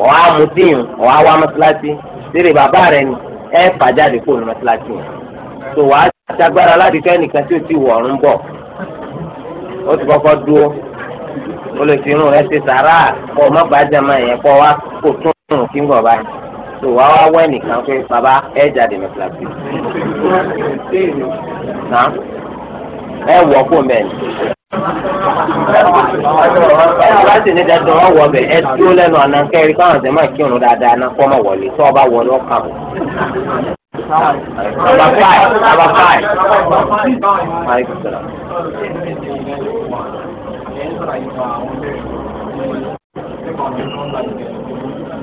wọ́n á mú dín wọ́n á wá mọ́sálásí sírí bàbá rẹ̀ ni ẹ fà jáde kó ní mọ́sálásí yẹn tó wàá ṣàgbára láti fẹ́ nìkan tí ó ti wọ̀ ọ̀run bọ̀ ó ti kọ́kọ́ dúró ó lè fi irun rẹ̀ ṣe sàrà kọ́ ọmọ gbàjà máa yẹn kọ́ wá kó tún irun kí n bọ̀ báyìí tó wàá wá wẹ́ nìkan pé bàbá ẹ jáde mọ́sálásí ẹ wọ̀ kó mẹ́rin. ẹnu sì ní dandan wọn wọ ẹ dúró lẹ́nu àná kẹrin káwọn ọ̀sẹ̀ máa kírun dáadáa náà wọlé ọba wọlé ọkà wọn. Nàbà fáì nàbà fáì.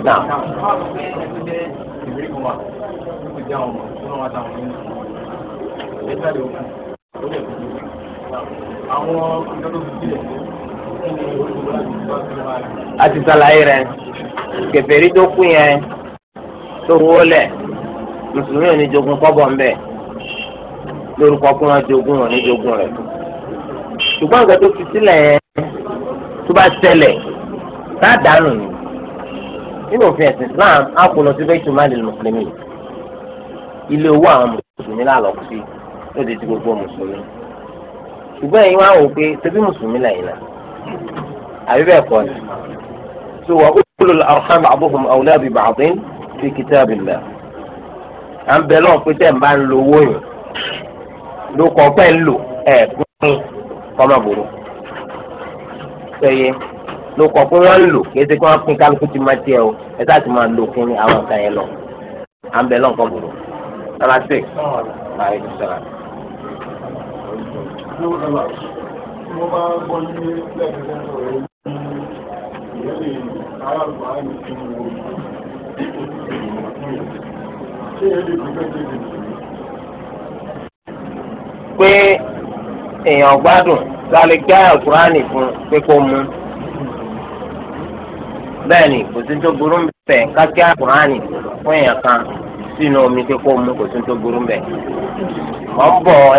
Now. a ti ṣàlàyé rẹ̀ kèfèrí tó kú yẹn tó wó lẹ̀ mùsùlùmí ò ní jogún kọ́bọ̀ ńbẹ̀ lórúkọ kó wọn jogún wọn ní jogún rẹ̀ ṣùgbọ́n nǹkan tó fi sílẹ̀ yẹn tó bá ṣẹlẹ̀ tá a dànù ni nínú òfin ẹ̀sìn Islam á kó lọ sí bẹ́ẹ̀tù máàlì mùsùlùmí ilé owó àwọn mùsùlùmí lálọ́ sí lóde tí gbogbo mùsùlùmí ṣùgbọ́n ẹ̀yin wá wò pé ṣebí mùsùlùmí lẹ́yìn náà àbí bẹ́ẹ̀ kọ́ ni. so wa ulul arham ba'duhum awla bi ba'din fi kitabillah. à ń bẹ lọ́wọ́ pé tẹ̀ ń bá ń lo owó yìí ló kọ́ pẹ́ ń lò ẹ̀ pín kọ́mọ̀bòrò. sẹ́yìn ló kọ́ pé wọ́n ń lò kí ẹsẹ̀ kí wọ́n pín kálukú ti máa tiẹ̀ o ẹ sáà máa lo kíni àwọn kan yẹn lọ. à ń bẹ lọ́wọ́ kọ́ bòrò. Mo bá gbọ́ ní lẹ́gbẹ̀ẹ́ rẹ̀ ní ìrẹ́lẹ̀ aráàlú àìní tí mo wò. Ṣé ẹ̀lẹ́ ìgbẹ́ tẹ̀lé? Pé èèyàn gbádùn lálẹ́ gbá àkùránì fún pé kó mú. Bẹ́ẹ̀ni, kò sí tó burú bẹ̀ ká kí àkùránì fún èèyàn kan sínú omi pé kó mu kò sí tó burú mbẹ ọ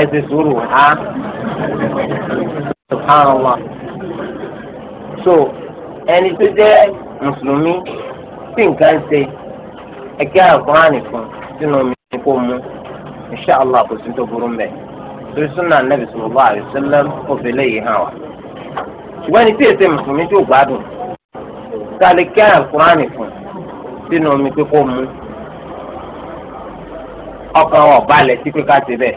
ẹsẹ sùúrù ha subhanallah so ẹni tó jẹ mùsùlùmí tí nǹkan ṣe ẹkẹ àkùránì fún sínú omi kó mu inṣàlá kò sí tó burú mbẹ torí súnà nàbì sallallahu alaihi wasallam kò fi léyìí hàn wá ṣùgbọ́n ẹni tí èsè mùsùlùmí tó gbádùn tá a lè kẹ́ àkùránì fún sínú omi pé kó mu ọkàn wọn balẹ̀ sí pé ká ṣe bẹ́ẹ̀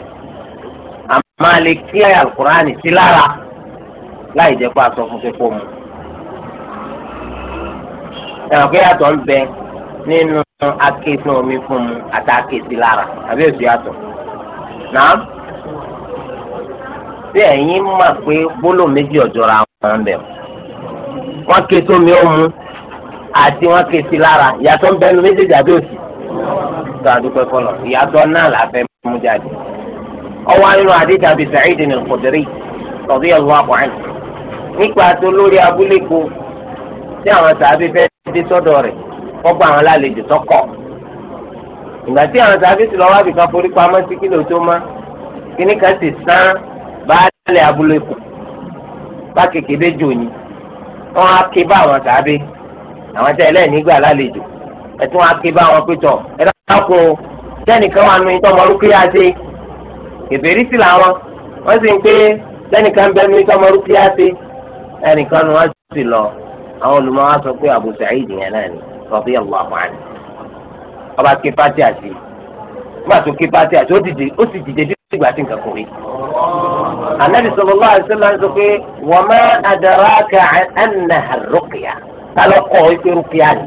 àmọ́ a lè kí alukur'ani sí lára láì jẹ́ pé a sọ fún pé kó mu. ẹ̀rọ pé yàtọ̀ ń bẹ nínú ake fún omi fún mu àti ake sí lára àbí èso yàtọ̀ náà tí ẹ̀yin mọ̀ pé gbólóhùn méjì ọ̀jọ̀ra wọn bẹ̀ wọ́n ké sómi ó mu àti wọ́n ké sí lára yàtọ̀ ń bẹnu méjèèjì àbí òsì. tó adúpẹ́ fọlọ́ ìyàtọ̀ náà là fẹ́ mú jáde. ọwọ́ nínú àdéhùn àbí Sa'id al-Khudri radiyallahu anhu nípa tó lórí abúlé ko tí àwọn sàbí fẹ́ dé sọ́dọ̀ rẹ̀ kọ́gbà àwọn lálejò ìgbà tí àwọn sàbí lọ wá bìkan forí sí tó má kíní kan sì abúlé bá jò ní takùn sẹ́nìkan wà nù ìtọ́ ọmọlúkúyà ṣe ìbéèrè sí làwọn wọ́n sì ń pé sẹ́nìkan bẹ́ẹ̀ nù ìtọ́ ọmọlúkúyà ṣe ẹnìkan nù wọ́n sì lọ àwọn olùmọ̀ sọ pé Abu Sa'id yẹn náà ni radiyallahu ọba ké pátí àti ọba tó ké pátí àti ó sì dìde bí ìgbà tí nǹkan kò rí. anabi sọ pé rúkìá ni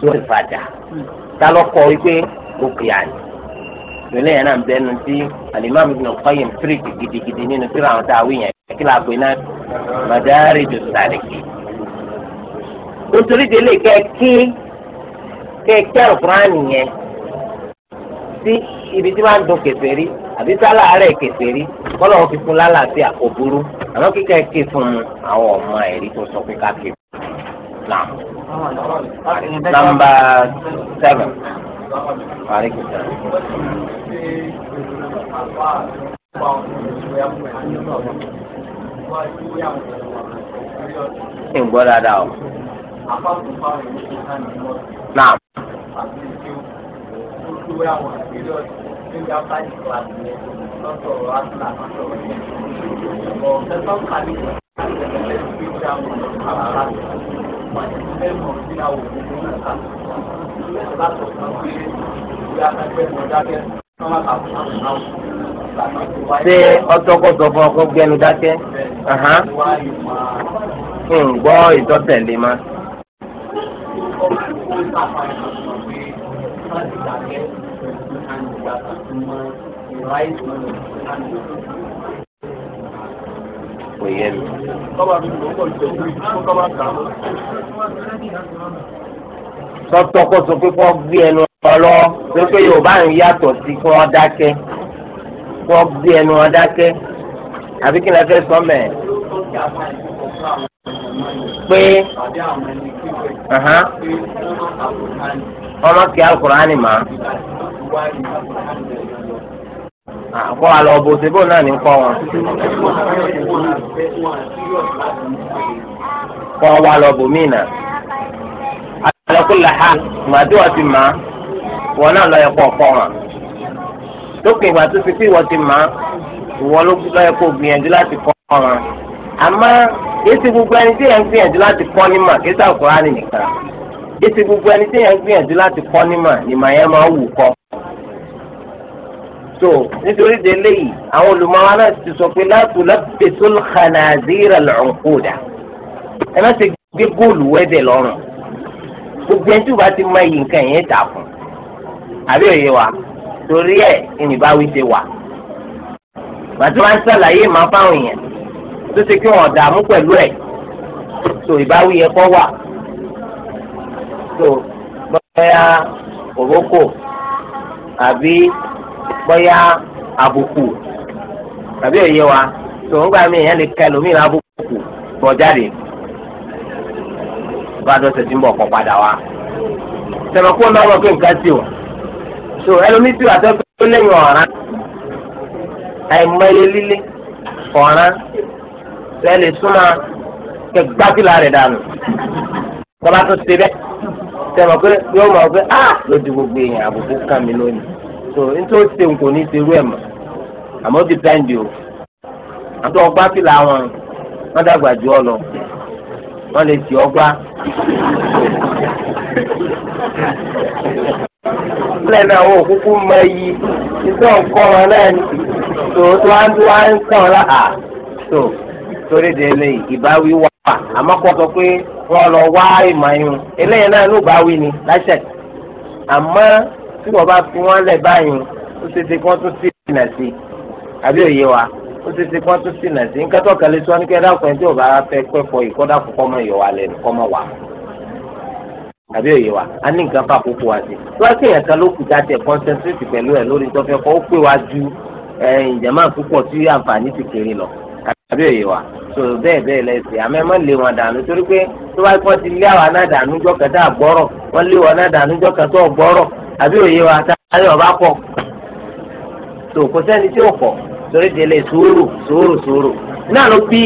sórí fàjà. talọkọ wípé rúkìá ni ìpínlẹ̀ yẹn náà ń bẹnu tí alimami Ibn Qayyim tíríkì gidigidi nínú tíra àwọn tá a wí yẹn kí láàpẹ náà Madaariju Saalikin. nítorí délé kẹ́kí kẹ́kẹ́ àlùkùránì yẹn sí ibi tí wọ́n á dún kẹfẹ́ rí àbí sálà àárẹ̀ kẹfẹ́ rí kọ́lọ̀ wọn fi fún lálàáfíà kò burú àmọ́ kíkẹ́ ké fún un àwọn ọmọ ẹ̀rí tó sọ pé ká ké fún un Number seven. Aleykum salaam. Ṣé ń dáadáa o? Naam. Thank you ṣé ọtọkọtọ fún ọkọ gbẹnu dákẹ́ ǹgbọ́ ìtọ́tẹ̀lé ma. Right kò yé mi. sọ́tọ̀ kó sọ pé kó gbé ẹnu ọlọ́ pé pé yorùbá ń yàtọ̀ sí kó ọ dákẹ́ kó gbé ẹnu ọ dákẹ́ àbí kí n lè fẹ́ sọ mẹ́ pé ọmọ kí alukurani mà àkọ́ àlọ́ ọ̀bọ̀ òṣèbó náà ní kọ́ wọn. kọ́ wa lọ bòmí nà. alọ́kùnrin ha màdúrà ti mà á wọn náà lọ́ọ́ yẹ kọ́ ọ̀kọ́ wọn. lókè ìgbà tó ti pé ìwọ ti mà á ìwọ lọ́ọ́ yẹ kó gbìyànjú láti kọ́ wọn. àmọ́ èsì gbogbo ẹni tí yẹn ń gbìyànjú láti kọ́ ní mà kí sáà nìkan èsì gbogbo ẹni tí yẹn ń gbìyànjú láti kọ́ ní mà ni mà yẹn máa wù kọ́ so nítorí délé yìí àwọn olùmọ̀wá náà ti sọ pé látò lápẹ̀tún khanazira lọ́nkódà ẹ má ṣe gbé góòlù wẹ́dẹ̀ lọ́rùn gbogbo ẹni tí wọ́n bá ti mọ iyì nǹkan yẹn tà fún àbí òye wa torí ẹ̀ ìnìbáwí ṣe wà màtí wọ́n á ṣàlàyé màá fáwọn èèyàn tó ṣe kí wọ́n dààmú pẹ̀lú ẹ̀ so ìbáwí yẹn kọ́ wà so bọ́yá òrókò àbí bóyá àbùkù tàbí òye wa tó ń gbà mí èèyàn lè ka ẹlòmíì lábùkù bọ̀ jáde bá a dọ̀sẹ̀ tí ń bọ̀ kọ́ padà wá. sẹ̀rọ̀ kó náà wọ́n pé nǹkan sí o tó ẹlòmíì tí wàá tó lẹ́yìn ọ̀ràn àìmọye líle ọ̀ràn tẹ́lẹ̀ súnmọ́ kẹ gbáfìlà rẹ̀ dànù bàbá tó ṣe bẹ́ẹ̀ sẹ̀rọ̀ pé yóò mọ̀ pé a ah, ló gbogbo èèyàn àbùkù kàn mí lónìí so n tó ṣe n kò ní ṣe irú ẹ̀ mọ́ àmọ́ ti dáǹdì o àti ọgbà fìlà wọn wọ́n dàgbà jù ọ lọ wọ́n lè tì ọgbà. Ilé náà wọ́n kúkú mọ iyì iṣẹ́ ọ̀kọ́ wọn náà ni tòótọ́ á ń tó á ń kàn láhà tó torí de eléyìí ìbáwí wà àmọ́ kọ́ sọ pé wọ́n lọ wá ìmọ̀ ẹ̀yún eléyìí náà ló bá wí ni láṣẹ àmọ́ tí wọ́n bá fi wọ́n lẹ̀ báyìí ó ṣe ti kí wọ́n tún sí ìnà sí àbí òye wa ó ṣe ti kí wọ́n tún sí ìnà sí nǹkan tó kẹ́lẹ́ sí ní kí ẹ dákun ẹni tí wọ́n bá fẹ́ pẹ́pọ̀ yìí kọ́dà kó kọ́mọ ìyọ̀ wa lẹ́nu kọ́mọ wa àbí òye wa a ní nǹkan bá kókó wa sí i wọ́n kéèyàn kan ló kù jáde concentrate pẹ̀lú ẹ̀ lórí tó fẹ́ kọ́ ó pé wa ju ìjàmbá púpọ̀ tí àǹfààní ti kéré lọ àbí òye wa tó bẹ́ẹ̀ bẹ́ẹ̀ lẹ́sẹ̀ àmọ́ ẹ má lé wọn dànù torí pé tó bá kọ́ ti lé àwa náà jọ́kẹ́ tá a wọ́n lé wọn náà jọ́kẹ́ tó gbọ́rọ̀ àbí òye wa sáré ọba pọ̀ tó kò sẹ́ni tí ò pọ̀ torí délé sùúrù sùúrù sùúrù náà ló bí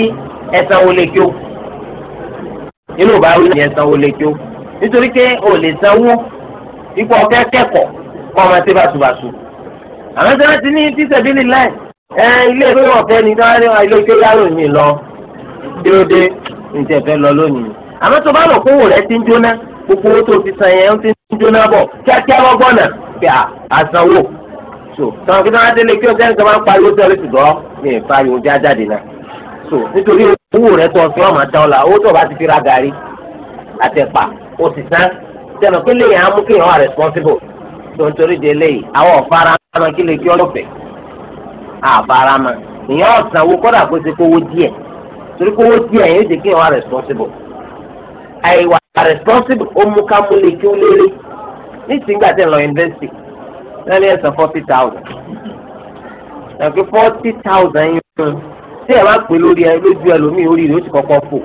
ẹ̀sán wọlé kí ó inú ọba wí ni ẹ̀sán wọlé kí ó nítorí pé o lè sanwó ipò ọ̀kẹ́ kẹ́kọ̀ọ́ kọ́ ọmọ ẹtí báṣubàṣu àwọn tí wọ́n ti ní tíṣẹ̀bílì láì ẹ ilé ìwé ọ̀fẹ́ ni táwọn ní ilé ìké yàrá òní lọ déédéé ní tẹ̀fẹ́ lọ lónìí àmọ́ tó bá lọ kówó rẹ ti ń jóná gbogbo owó tó fi san yẹn ó ti ń jóná bọ̀ kíákíá wọ́n gbọ́nà pé àsanwó so tọ́wọ́n kí wọ́n á délé kí ọ̀gá nǹkan máa ń pariwo sẹ́rí ṣùgbọ́n mi ì pariwo já jáde náà so nítorí owó rẹ tọ́ sí ọmọ àtàwọn la owó tó bá ti fi ra gàrí àtẹ̀pà o sì sán sẹ́nu kí lè yàn á mú kí yàn wà responsible tó ń torí délé yìí àwọn ọ̀fara máa kí lè kí ọlọ́fẹ̀ àfara máa ìyẹn ọ̀sánwó kọ́dà kó ṣe kówó díẹ̀ torí kówó díẹ̀ yóò jẹ́ kí yàn wà responsible àìwà responsible ó mú ká mú lè kí ó lérè lọ yunifásitì náà ní ẹ̀sán forty thousand ẹ̀kí forty thousand yín fún tí ẹ̀ bá pè lórí ẹ lójú ẹ lómi orí rẹ ó ti kọ́kọ́ fò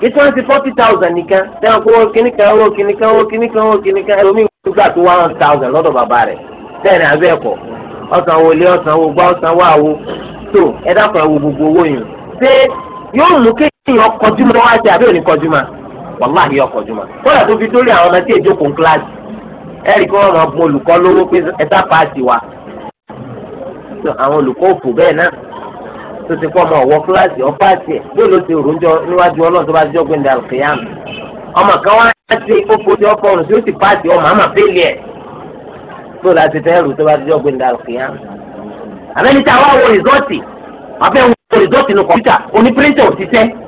kí tí ti forty thousand nìkan tẹ́wọ́n kó owó kíní kan owó kíní kan owó kíní kan owó gbà tó one thousand lọ́dọ̀ bàbá rẹ̀ bẹ́ẹ̀ ni abẹ́ ẹ̀kọ́ ọ̀sán wo ilé ọ̀sán wo gbá ọ̀sán wo àwo tó ẹ dákun ẹ wo gbogbo owó yìí ṣé yóò mú kéèyàn kọjú mọ́ wá àbí òní wàláhì ọkọ̀ jùmọ̀ kódà tó fi dórí àwọn ọmọ tí èjòkó ń kíláàsì ẹ̀rí kí wọ́n ràn olùkọ́ lówó pé ẹ̀dá paati wa àwọn olùkọ́ òfò bẹ́ẹ̀ náà tó ti kọ́ ọmọ ọ̀wọ́ kíláàsì ọ paati ẹ̀ bí olóòtú òrùnjọ níwájú ọlọ́run tó bá jọ́ gbẹ̀ndà kìyàmù ọmọ kan wá ti òfò tí ọkọ̀ ọ̀run tí ó ti paati ọmọ àmà fẹ́lẹ̀ ẹ̀ tó láti tẹ́ ẹrù tó bá jọ́ gbẹ̀ndà kìyàmù àmẹ́ni tí a wá wo rìsọ́ọ̀tì wọ́n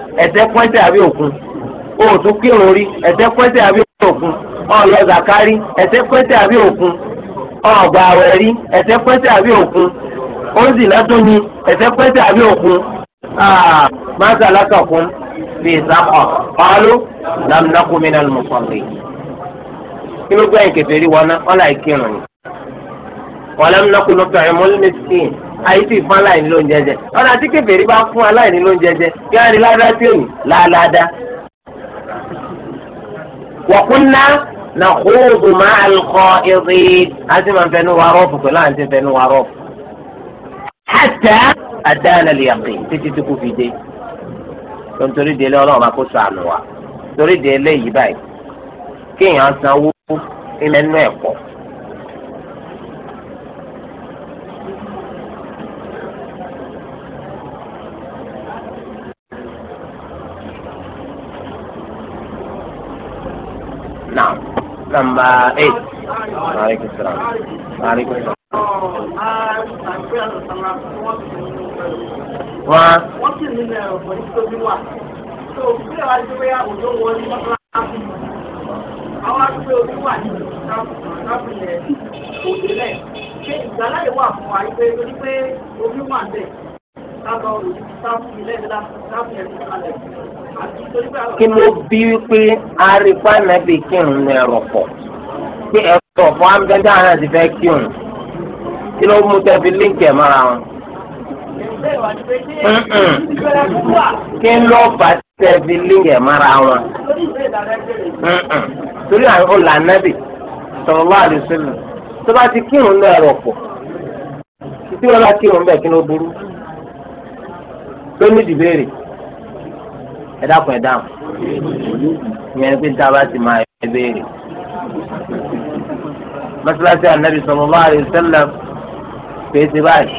ẹ̀sẹ̀ pẹ́ńtẹ́ àbí òkun o tún kírun rí ẹ̀sẹ̀ pẹ́ńtẹ́ àbí òkun ọ̀lọ́ zakari ẹ̀sẹ̀ pẹ́ńtẹ́ àbí òkun ọ̀gbà àwẹ̀ rí ẹ̀sẹ̀ pẹ́ńtẹ́ àbí òkun ozi lọ́dún ni ẹ̀sẹ̀ pẹ́ńtẹ́ àbí òkun ah, máṣá lákàkún bíi sáfà ọ̀lú làmúnákùnmínà lùmùsọ̀lì kí ló gbẹ̀yìn kẹfẹ́ rí wọn náà ọ̀là ìkírun ni wọ́n làmúnákùnmínà lùmùsọ̀lì àyè tí fún aláìní ló ń jẹjẹ ọ̀nà àti kèfèrí bá fún aláìní ló ń jẹjẹ kí wọ́n rí ládá tí ò ní láàládá. wọ̀kúnná na kóòdù máa ń ìrì àti máa ń fẹnu wa rọ́ọ̀fù pẹ̀lú àti fẹnu wa rọ́ọ̀fù. hàtà àdáàlà lè yàgbé títí tí kò fi dé. tó délé ọlọ́run máa kó sànù wa torí délé yìí báyìí kéèyàn sanwó ìmẹ́nu ẹ̀kọ́. number eight. Maaleykum salaam. Maaleykum salaam. Wọ́n. Wọ́n sì ní ẹ̀rọ pọ̀ nítorí wà. Tó o gbé wa ju bóyá òjò wọlé mọ́tàlásì. Àwọn àgbẹ̀ orí wà ní ìtàkùnlẹ̀ òjòlẹ̀. Ṣé ìgbàláyè wà fún wa pé torí pé omi wà bẹ̀? Ká lọ òjò sáfù ilé ńlá sáfù kalẹ̀ kí ló bí wípé arípa nàbì kírun ní ẹ̀rọ pọ̀ pé ẹ̀rọ pọ̀ amúdẹ́dá náà ti fẹ́ kírun kí ló mú tẹ́bi líǹkì ẹ̀ mọ́ra wọn. kí ló bá tẹ́bi líǹkì ẹ̀ mọ́ra wọn. torí àwọn olànàbì sallallahu alaihi wasallam tó bá ti kírun ní ẹ̀rọ pọ̀ tí wọ́n bá kírun bẹ́ẹ̀ kí ló burú. tó ní ìdìbéèrè ẹ dákun ẹ dáhùn ìyẹn pé tá a bá ti máa ẹ béèrè. mọ́sálásí ànábì sallallahu alaihi wasallam fèsì báyìí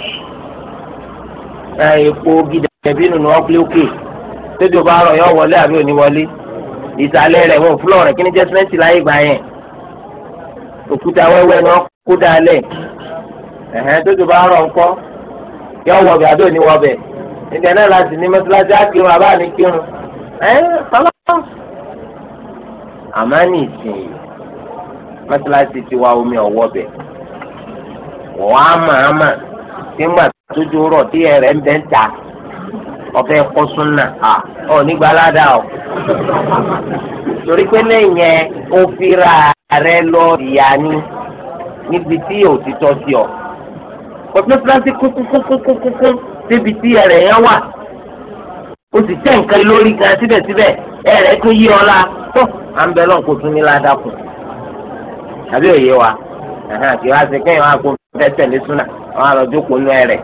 ẹ epo gidi ẹbí nínú ọ́pẹ́ òkè tóbi ọba àrọ̀ yọ wọlé àbí òní wọlé ìsàlẹ̀ rẹ̀ wọn fúlọ̀ rẹ̀ kí ni jẹ́símẹ́ǹtì láyé gbà yẹn òkúta wẹ́wẹ́ ni wọ́n kó dalẹ̀ ẹ̀hẹ́n tóbi ọba àrọ̀ ńkọ́ yọ wọbẹ̀ àbí òní wọbẹ̀ ìgbẹ́ náà láti ní mọ́sálásí àkírun àbá àníkírun. ẹ sọlá àmọ́ mọ́tíláṣí ti wá omi ọ̀wọ́ bẹ̀ wọ́n á mà á mà nígbà tójú rọ̀ tí ẹ ń bẹ́ ń ta kọ́ súnà nígbà o torí pé lẹ́yìn yẹn ó fira rẹ lọ ìyá ni níbi tí òtítọ́ sí ọ kọ́tún mọ́tíláṣí kúkúkúkúkú débi tí ẹ o sì tẹ̀ nǹkan lórí gan síbẹ̀síbẹ̀ ẹ rẹ̀ tún yí ọlá tó à ń bẹ lọ́n kó tún ní ládàkùn àbí òye wa kì í wá sí kéèyàn wá kó fẹ́ tẹ̀lé súnà wọn á lọ jókòó nú ẹ rẹ̀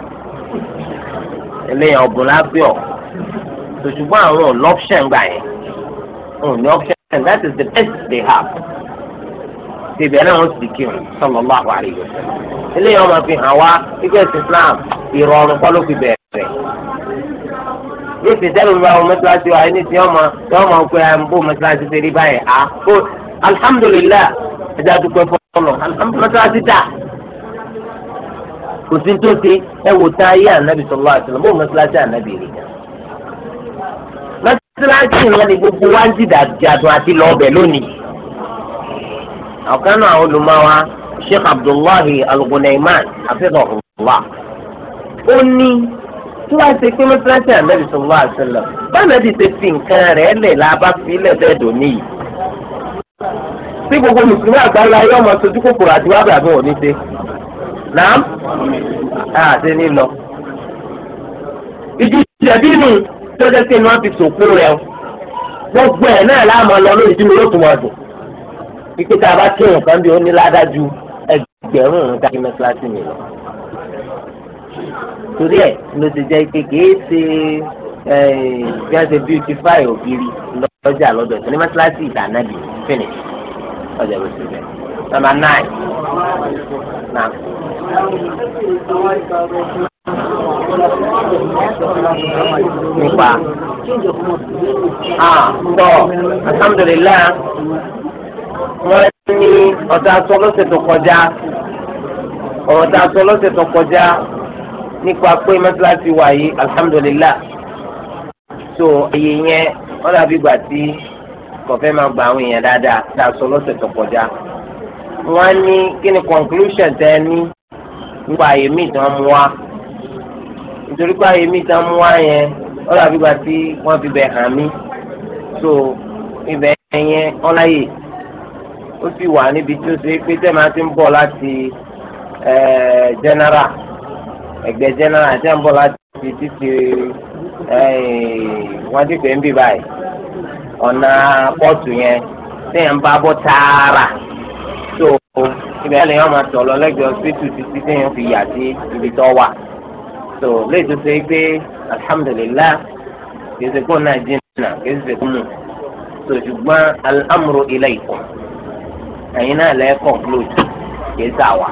eléyàn ọ̀bùn lábẹ́ ọ̀ ṣùgbọ́n àwọn ò lọ́pṣẹ̀n gbà yẹn ò ní option that is the best they have tèbí ẹ náà wọn sì kí wọn sallallahu alaihi wasallam eléyàn ọmọ fi hàn wá ikú ẹsìn Islam ìrọ̀rùn kọ́ ló fi bẹ̀rẹ̀ ní ìfìdẹ́rù bá wọn mọ́tíláṣí wa ẹni tí wọ́n mọ wọ́n mọ pé à ah, ń bò mọ́tíláṣí ṣe rí báyìí à ah, kó alihamudulilayi ẹja dúpẹ́ fọlọ́ mọ́tíláṣí dà kò sí tó ṣe ẹ wò tá ayé ànábì sọlọ́ àtìlọ́ bó mọ́tíláṣí ànábì rí gan. mọ́tíláṣí ìran ni gbogbo wa ń dìdà jàdùn àti lọ́ọ̀bẹ̀ lónìí. ọ̀kan náà olùmọ̀wá Sheikh Abdullahi Al-Ghunayman tó wá ṣe pé mọ́tíláṣí ànábì sallallahu alaihi wasallam bánàbì ṣe fi nǹkan rẹ̀ lẹ̀ la bá fi lẹ̀ bẹ́ẹ̀ dò níyì. tí gbogbo mùsùlùmí àgbáńlá ayé ọmọ sojú kòkòrò àti wàbẹ̀ àbẹ̀ òní ṣe. nàám àti ní lọ. ìdí ìṣẹ̀bí nù tó jẹ́ pé wọ́n fi sòkú rẹ̀ gbogbo ẹ̀ náà láàmú lọ lórí ìdí mi ló tún wọ́n dùn. ìpè tá a bá kí nǹkan bí ó ní ládájú ẹgbẹ̀rún òun ká torí ẹ̀ ló ti jẹ́ pé kìí ṣe eh, bí wọ́n ṣe beautify ògiri lọ́jà lọ́dọ̀ tó ní mọ́tíláṣí ìdánábì finish ọjà ló ti bẹ̀. Number nine. Now. Nípa. Ah, tọ́, alhamdulillah, wọ́n ní ọ̀tá sọ lọ́sẹ̀ tó kọjá, ọ̀tá sọ lọ́sẹ̀ tó kọjá nípa pé mọ́tíláṣí wà yìí alhamdulillah so èyí yẹn wọ́n dàbí gbà tí kọ̀fẹ́ máa gba àwọn èèyàn dáadáa tá a sọ lọ́sẹ̀ tó kọjá wọ́n ní kí ni conclusion tẹ́ ẹ ní nípa àyè mí mú wa nítorí pé àyè mí mú wa yẹn wọ́n dàbí gbà tí wọ́n fi bẹ̀ hàn mí so ibẹ̀ yẹn wọ́n láyè ó sì wà níbi tí ó ṣe pé tẹ́ máa ti ń bọ̀ láti eh, general ẹgbẹ́ general àti ẹ̀ńbọ̀ láti títí eh, wọ́n ti pè ń bì báyìí ọ̀nà pọ́ọ̀tù yẹn tẹ̀yẹ̀ ń bá bọ́ tààrà tó ibẹ̀ lè yọ̀ọ́ máa tọ̀ lọ lẹ́gbẹ̀ẹ́ ọ̀sìtù títí tẹ̀yẹ̀ fi yà sí ibi tó wà tó lè tó ṣe pé alhamdulillah kìí ṣe kó náà jìnnà kìí ṣe kó mú tó ṣùgbọ́n al-amru ilaykum ẹ̀yin náà lẹ́ẹ̀ conclude kìí ṣàwà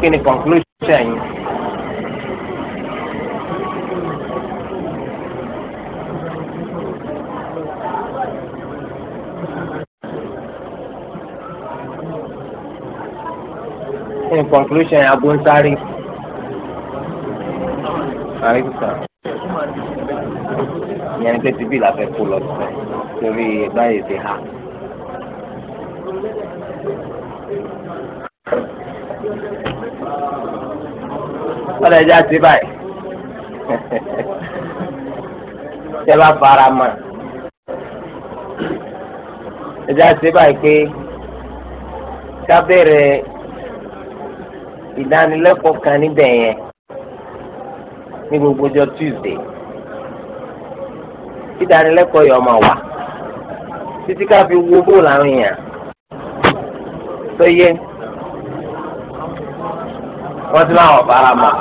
kí ni conclusion yìí. conclusion abonsari. ìyẹn ní pé tibí la fẹ́ kó lọ sí torí báyìí ti hà. wọ́n lè jẹ́ àti báyìí tẹ́ bá fara mọ́ ẹ jẹ́ àti báyìí pé ká bẹ̀rẹ̀ ìdánilẹ́kọ̀ọ́ kan níbẹ̀ yẹn ní gbogbo ọjọ́ Tuesday ìdánilẹ́kọ̀ọ́ yọ ọmọ wa títí ká fi wo bó làwọn èèyàn tó yé wọ́n ti láwọn bára mọ́.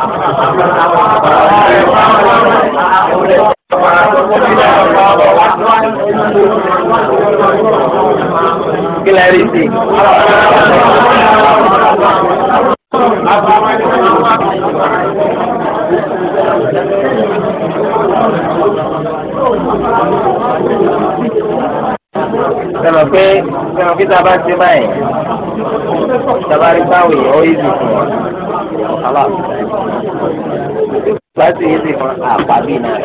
Kílẹ̀ rí sí i sọ̀rọ̀ pé sọ̀rọ̀ pé tá a bá ṣe báyìí tabari báwo yìí ó yéé fún wa ala láti yéé fún àpàbí náà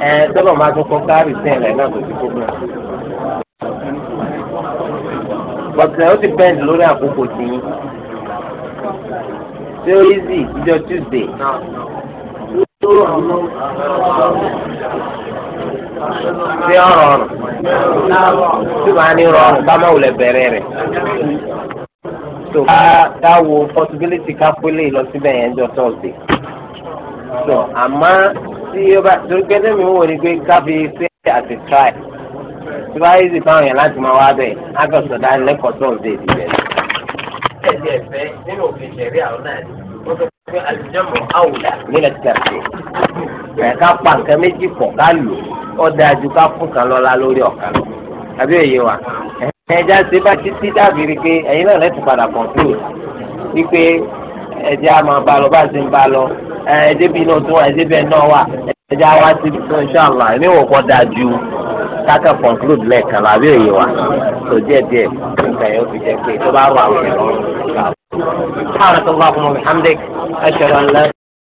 rẹ̀ ẹ̀ máa tún kọ́ káàrí sẹ́yìn rẹ̀ náà kò sí kó gbọ́n bàtà uh, ó ti bend lórí àkókò tìyín ṣé ó easy ìjọ tuesday. ṣé ọ rọrùn tí màá ní rọrùn bá má wulẹ̀ bẹ̀rẹ̀ rẹ̀ tó ká wo possibility ká pélé lọ síbẹ̀ yẹn jọ thursday so àmọ́ tí ó bá torí pé tẹ́mi wò ni pé ká fi ṣe àti try tí wọ́n ayé sì fáwọn yẹn láti máa wá bẹ̀ ágọ̀sọ̀ dá lẹ́kọ̀ọ́ tó ń dé ìdílé. ẹ̀ẹ́dì ẹ̀fẹ́ nínú òfin ṣẹ̀rí àwọn náà wọ́n sọ pé àlùjọ́mọ̀ àwùlà. nílẹ̀ tẹ̀sí ẹ̀ ká pa nǹkan méjì pọ̀ ká lò ó dáa ju ká fún kan lọ́la lórí ọ̀kan lọ. àbí èyí wa ẹja ṣe bá títí dábìrì pé ẹ̀yin náà lẹ́tù padà kọ̀ǹtúrò wípé ẹja máa bá lọ bá ṣe ń bá lọ ẹ̀ẹ́dẹ́bí náà tún ẹ̀ẹ́dẹ́bẹ̀ náà wà ẹja wá síbi tó ń ṣàlàyé níwò kọ́ dáa ju káka conclude lẹ́ẹ̀kan lábẹ́ òye wa tó díẹ̀ díẹ̀ nǹkan yóò fi jẹ́ pé tó bá rọ àwọn èèyàn